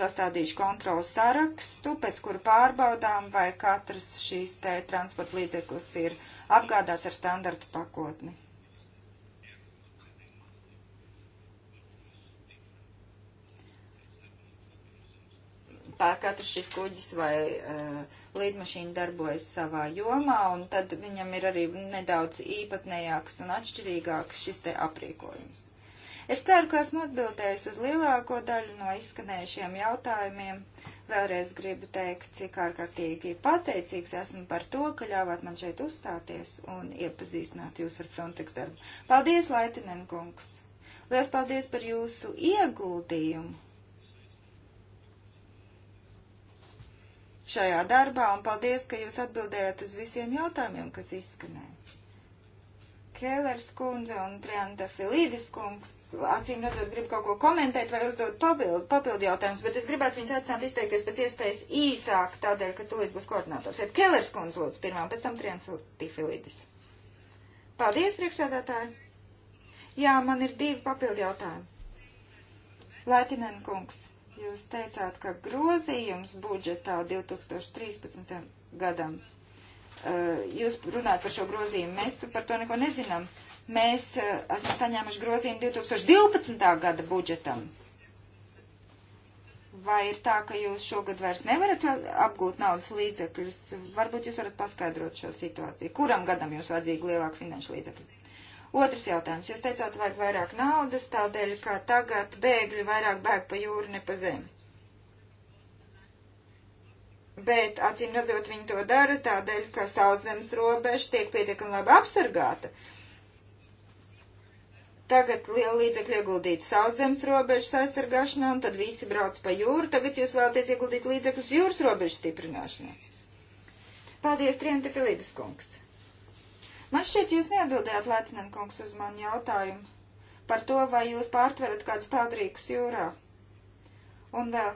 Speaker 1: sastādījuši kontrolas sarakstu, pēc kura pārbaudām, vai katrs šīs te transporta līdzeklis ir apgādāts ar standarta pakotni. katrs šis kuģis vai uh, līdmašīna darbojas savā jomā, un tad viņam ir arī nedaudz īpatnējāks un atšķirīgāks šis te aprīkojums. Es ceru, ka esmu atbildējis uz lielāko daļu no izskanējušiem jautājumiem. Vēlreiz gribu teikt, cik ārkārtīgi pateicīgs esmu par to, ka ļāvāt man šeit uzstāties un iepazīstināt jūs ar Frontex darbu. Paldies, Laitinenkungs! Lielas paldies par jūsu ieguldījumu! šajā darbā, un paldies, ka jūs atbildējat uz visiem jautājumiem, kas izskanēja. Kēlers kundze un Trianta Filīdis kungs, acīm redzot, grib kaut ko komentēt vai uzdot papildu, papildu jautājumus, bet es gribētu viņus aicināt izteikties pēc iespējas īsāk, tādēļ, ka tulīt būs koordinators. Et Kēlers kundze lūdzu pirmām, pēc tam Trianta Filīdis. Paldies, priekšsēdētāji! Jā, man ir divi papildu jautājumi. Lētinen kungs Jūs teicāt, ka grozījums budžetā 2013. gadam, uh, jūs runājat par šo grozījumu, mēs par to neko nezinām. Mēs uh, esam saņēmuši grozījumu 2012. gada budžetam. Vai ir tā, ka jūs šogad vairs nevarat apgūt naudas līdzekļus? Varbūt jūs varat paskaidrot šo situāciju. Kuram gadam jūs vajadzīgi lielāku finanšu līdzekļu? Otrs jautājums. Jūs teicāt, vajag vairāk naudas, tādēļ, ka tagad bēgļi vairāk bēg pa jūru, ne pa zemi. Bet, acīm redzot, viņi to dara tādēļ, ka sauszemes robeža tiek pietiekami labi apsargāta. Tagad liela līdzekļa ieguldīt sauszemes robežas aizsargāšanā, un tad visi brauc pa jūru. Tagad jūs vēlaties ieguldīt līdzekļus jūras robežas stiprināšanā. Paldies, Trienta Filīdas kungs! Man šķiet, jūs neatbildējāt Letinenkungs uz manu jautājumu par to, vai jūs pārtverat kādus peldrīkus jūrā. Un vēl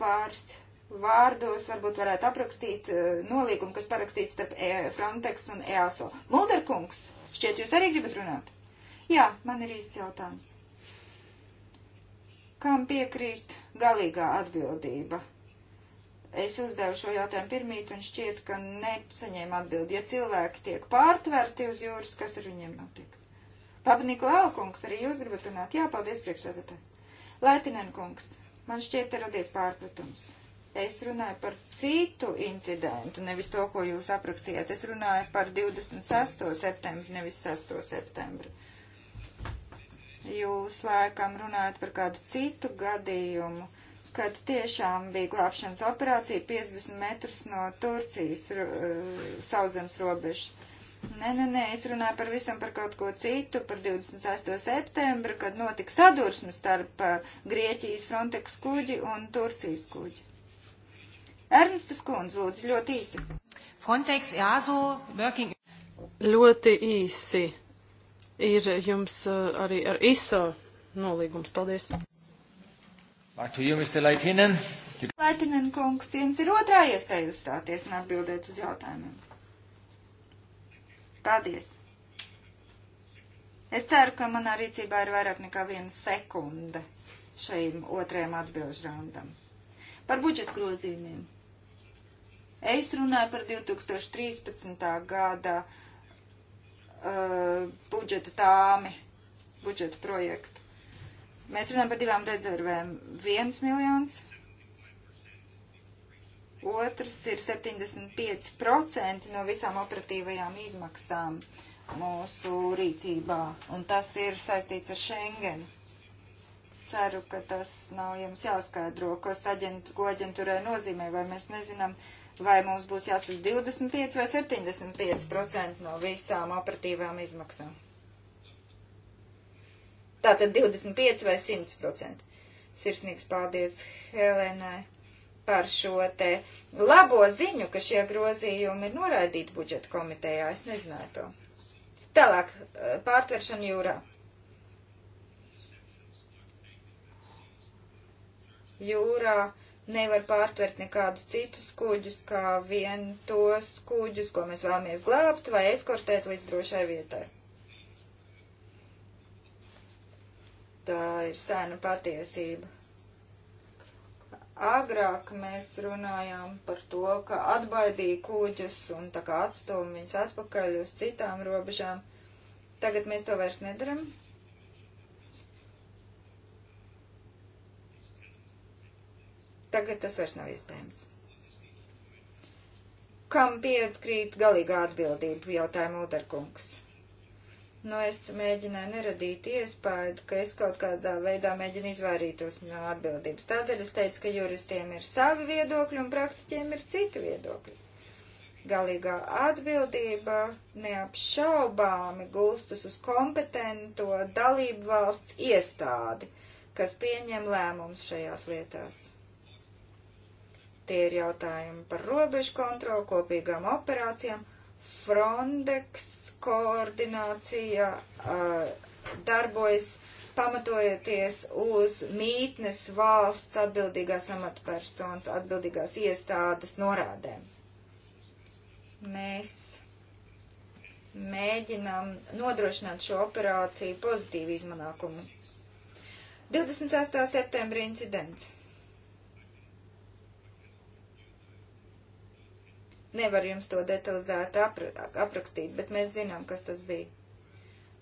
Speaker 1: pāris vārdos varbūt varētu aprakstīt eh, nolīgumu, kas parakstīts starp eh, Frontex un EASO. Mulderkungs, šķiet, jūs arī gribat runāt? Jā, man ir īsts jautājums. Kam piekrīt galīgā atbildība? Es uzdevu šo jautājumu pirmīt un šķiet, ka nesaņēmu atbildi. Ja cilvēki tiek pārtverti uz jūras, kas ar viņiem notiek? Papa Niklāla kungs, arī jūs gribat runāt? Jā, paldies priekšsēdētāji. Lētinen kungs, man šķiet, ir radies pārpratums. Es runāju par citu incidentu, nevis to, ko jūs aprakstījāt. Es runāju par 26. septembri, nevis 6. septembri. Jūs laikam runājat par kādu citu gadījumu kad tiešām bija glābšanas operācija 50 metrus no Turcijas eh, sauszemes robežas. Nē, nē, nē, es runāju par visam par kaut ko citu, par 26. septembru, kad notika sadursme starp eh, Grieķijas Frontex kuģi un Turcijas kuģi. Ernstas Kunz, lūdzu, ļoti īsi.
Speaker 2: Frontex, jāzo, working. Ļoti īsi. Ir jums eh, arī ar ISO nolīgums. Paldies.
Speaker 1: Back to you, Mr. Laitinen.
Speaker 2: Laitinen kungs, jums ir otrā
Speaker 1: iespēja uzstāties un atbildēt uz jautājumiem. Paldies! Es ceru, ka manā rīcībā ir vairāk nekā viena sekunda šajam otrajam atbilžu raundam. Par budžetu grozījumiem. Es runāju par 2013. gada uh, budžeta tāmi, budžeta projektu. Mēs runājam par divām rezervēm. Viens miljons, otrs ir 75% no visām operatīvajām izmaksām mūsu rīcībā, un tas ir saistīts ar Schengenu ceru, ka tas nav jums jāskaidro, aģent, ko aģentūrai nozīmē, vai mēs nezinām, vai mums būs jāsaka 25 vai 75 procenti no visām operatīvām izmaksām. Tātad 25 vai 100 procenti. Sirsnīgs paldies Helenai par šo te labo ziņu, ka šie grozījumi ir noraidīti budžeta komitejā. Es nezināju to. Tālāk, eh, pārtveršana jūrā. Jūrā nevar pārtvert nekādus citus kuģus, kā vien tos kuģus, ko mēs vēlamies glābt vai eskortēt līdz drošai vietai. tā ir sena patiesība. Agrāk mēs runājām par to, ka atbaidīja kuģus un tā kā atstūma viņus atpakaļ uz citām robežām. Tagad mēs to vairs nedaram. Tagad tas vairs nav iespējams. Kam piekrīt galīgā atbildība, jautāja Mulderkungs. Nu, es mēģināju neradīt iespēju, ka es kaut kādā veidā mēģinu izvairītos no atbildības. Tādēļ es teicu, ka juristiem ir savi viedokļi un praktiķiem ir citi viedokļi. Galīgā atbildība neapšaubāmi gulstas uz kompetento dalību valsts iestādi, kas pieņem lēmumus šajās lietās. Tie ir jautājumi par robežu kontroli, kopīgām operācijām, Frontex koordinācija eh, darbojas pamatojoties uz mītnes valsts atbildīgās amatpersonas, atbildīgās iestādes norādēm. Mēs mēģinām nodrošināt šo operāciju pozitīvu izmanākumu. 26. septembra incidents. Nevar jums to detalizēti apra aprakstīt, bet mēs zinām, kas tas bija.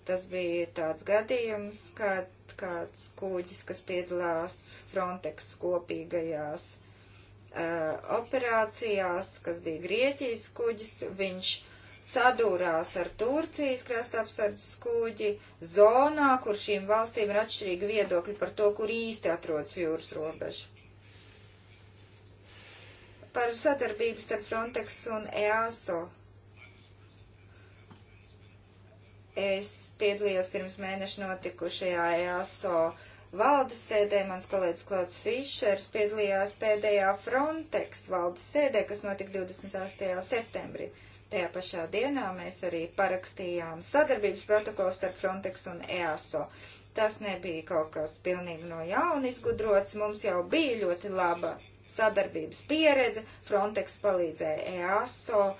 Speaker 1: Tas bija tāds gadījums, kad kāds kuģis, kas piedalās Frontex kopīgajās uh, operācijās, kas bija Grieķijas kuģis, viņš sadūrās ar Turcijas krastapsardzes kuģi zonā, kur šīm valstīm ir atšķirīgi viedokļi par to, kur īsti atrodas jūras robeža par sadarbību starp Frontex un EASO. Es piedalījos pirms mēneša notikušajā EASO valdes sēdē. Mans kolēģis Klauds Fišers piedalījās pēdējā Frontex valdes sēdē, kas notika 28. septembrī. Tajā pašā dienā mēs arī parakstījām sadarbības protokolu starp Frontex un EASO. Tas nebija kaut kas pilnīgi no jauna izgudrots, mums jau bija ļoti laba sadarbības pieredze, Frontex palīdzēja EASO uh,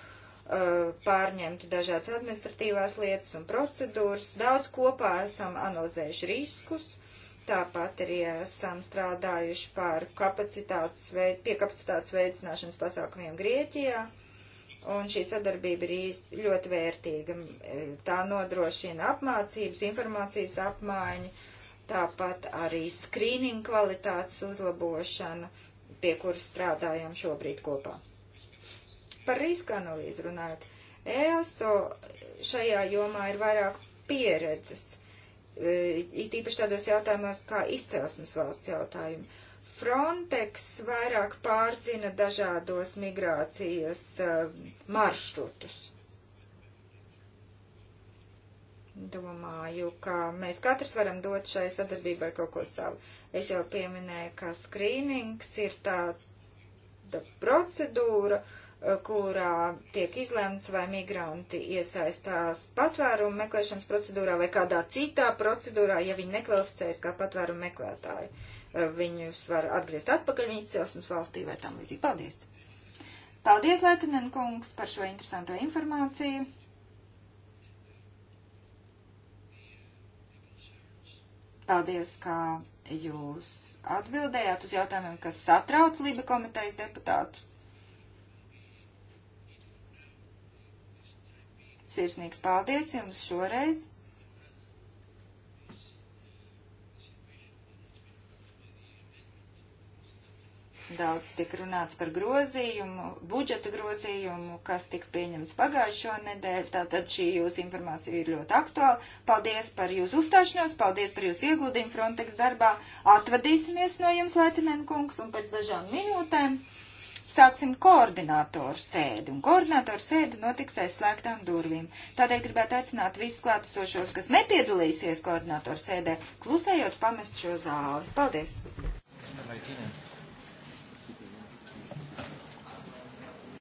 Speaker 1: pārņemt dažādas administratīvās lietas un procedūras. Daudz kopā esam analizējuši riskus, tāpat arī esam strādājuši par kapacitātes veid, pie kapacitātes veicināšanas pasākumiem Grieķijā. Un šī sadarbība ir īsti, ļoti vērtīga. E, tā nodrošina apmācības, informācijas apmaiņu, tāpat arī skrīningu kvalitātes uzlabošanu, pie kuras strādājam šobrīd kopā. Par riska analīzi runājot. EASO šajā jomā ir vairāk pieredzes, e, it īpaši tādos jautājumos kā izcelsmes valsts jautājumi. Frontex vairāk pārzina dažādos migrācijas e, maršrutus. domāju, ka mēs katrs varam dot šai sadarbībai kaut ko savu. Es jau pieminēju, ka skrīnings ir tāda procedūra, eh, kurā tiek izlemts, vai migranti iesaistās patvērumu meklēšanas procedūrā vai kādā citā procedūrā, ja viņi nekvalificējas kā patvērumu meklētāji. Eh, viņus var atgriezt atpakaļ viņas celsmes valstī vai tam līdzīgi. Paldies! Paldies, Leitinen kungs, par šo interesanto informāciju! Paldies, kā jūs atbildējāt uz jautājumiem, kas satrauc Lība komitejas deputātus. Sirsnīgs paldies jums šoreiz. Daudz tika runāts par grozījumu, budžeta grozījumu, kas tika pieņemts pagājušo nedēļu. Tātad šī jūsu informācija ir ļoti aktuāla. Paldies par jūsu uzstāšanos, paldies par jūsu ieguldījumu Frontex darbā. Atvadīsimies no jums, Laitinen kungs, un pēc dažām minūtēm sāksim koordinātoru sēdi. Un koordinātoru sēdi notiks aiz slēgtām durvīm. Tādēļ gribētu aicināt visus klātesošos, kas nepiedalīsies koordinātoru sēdē, klusējot pamest šo zāli. Paldies!
Speaker 3: Laitinen.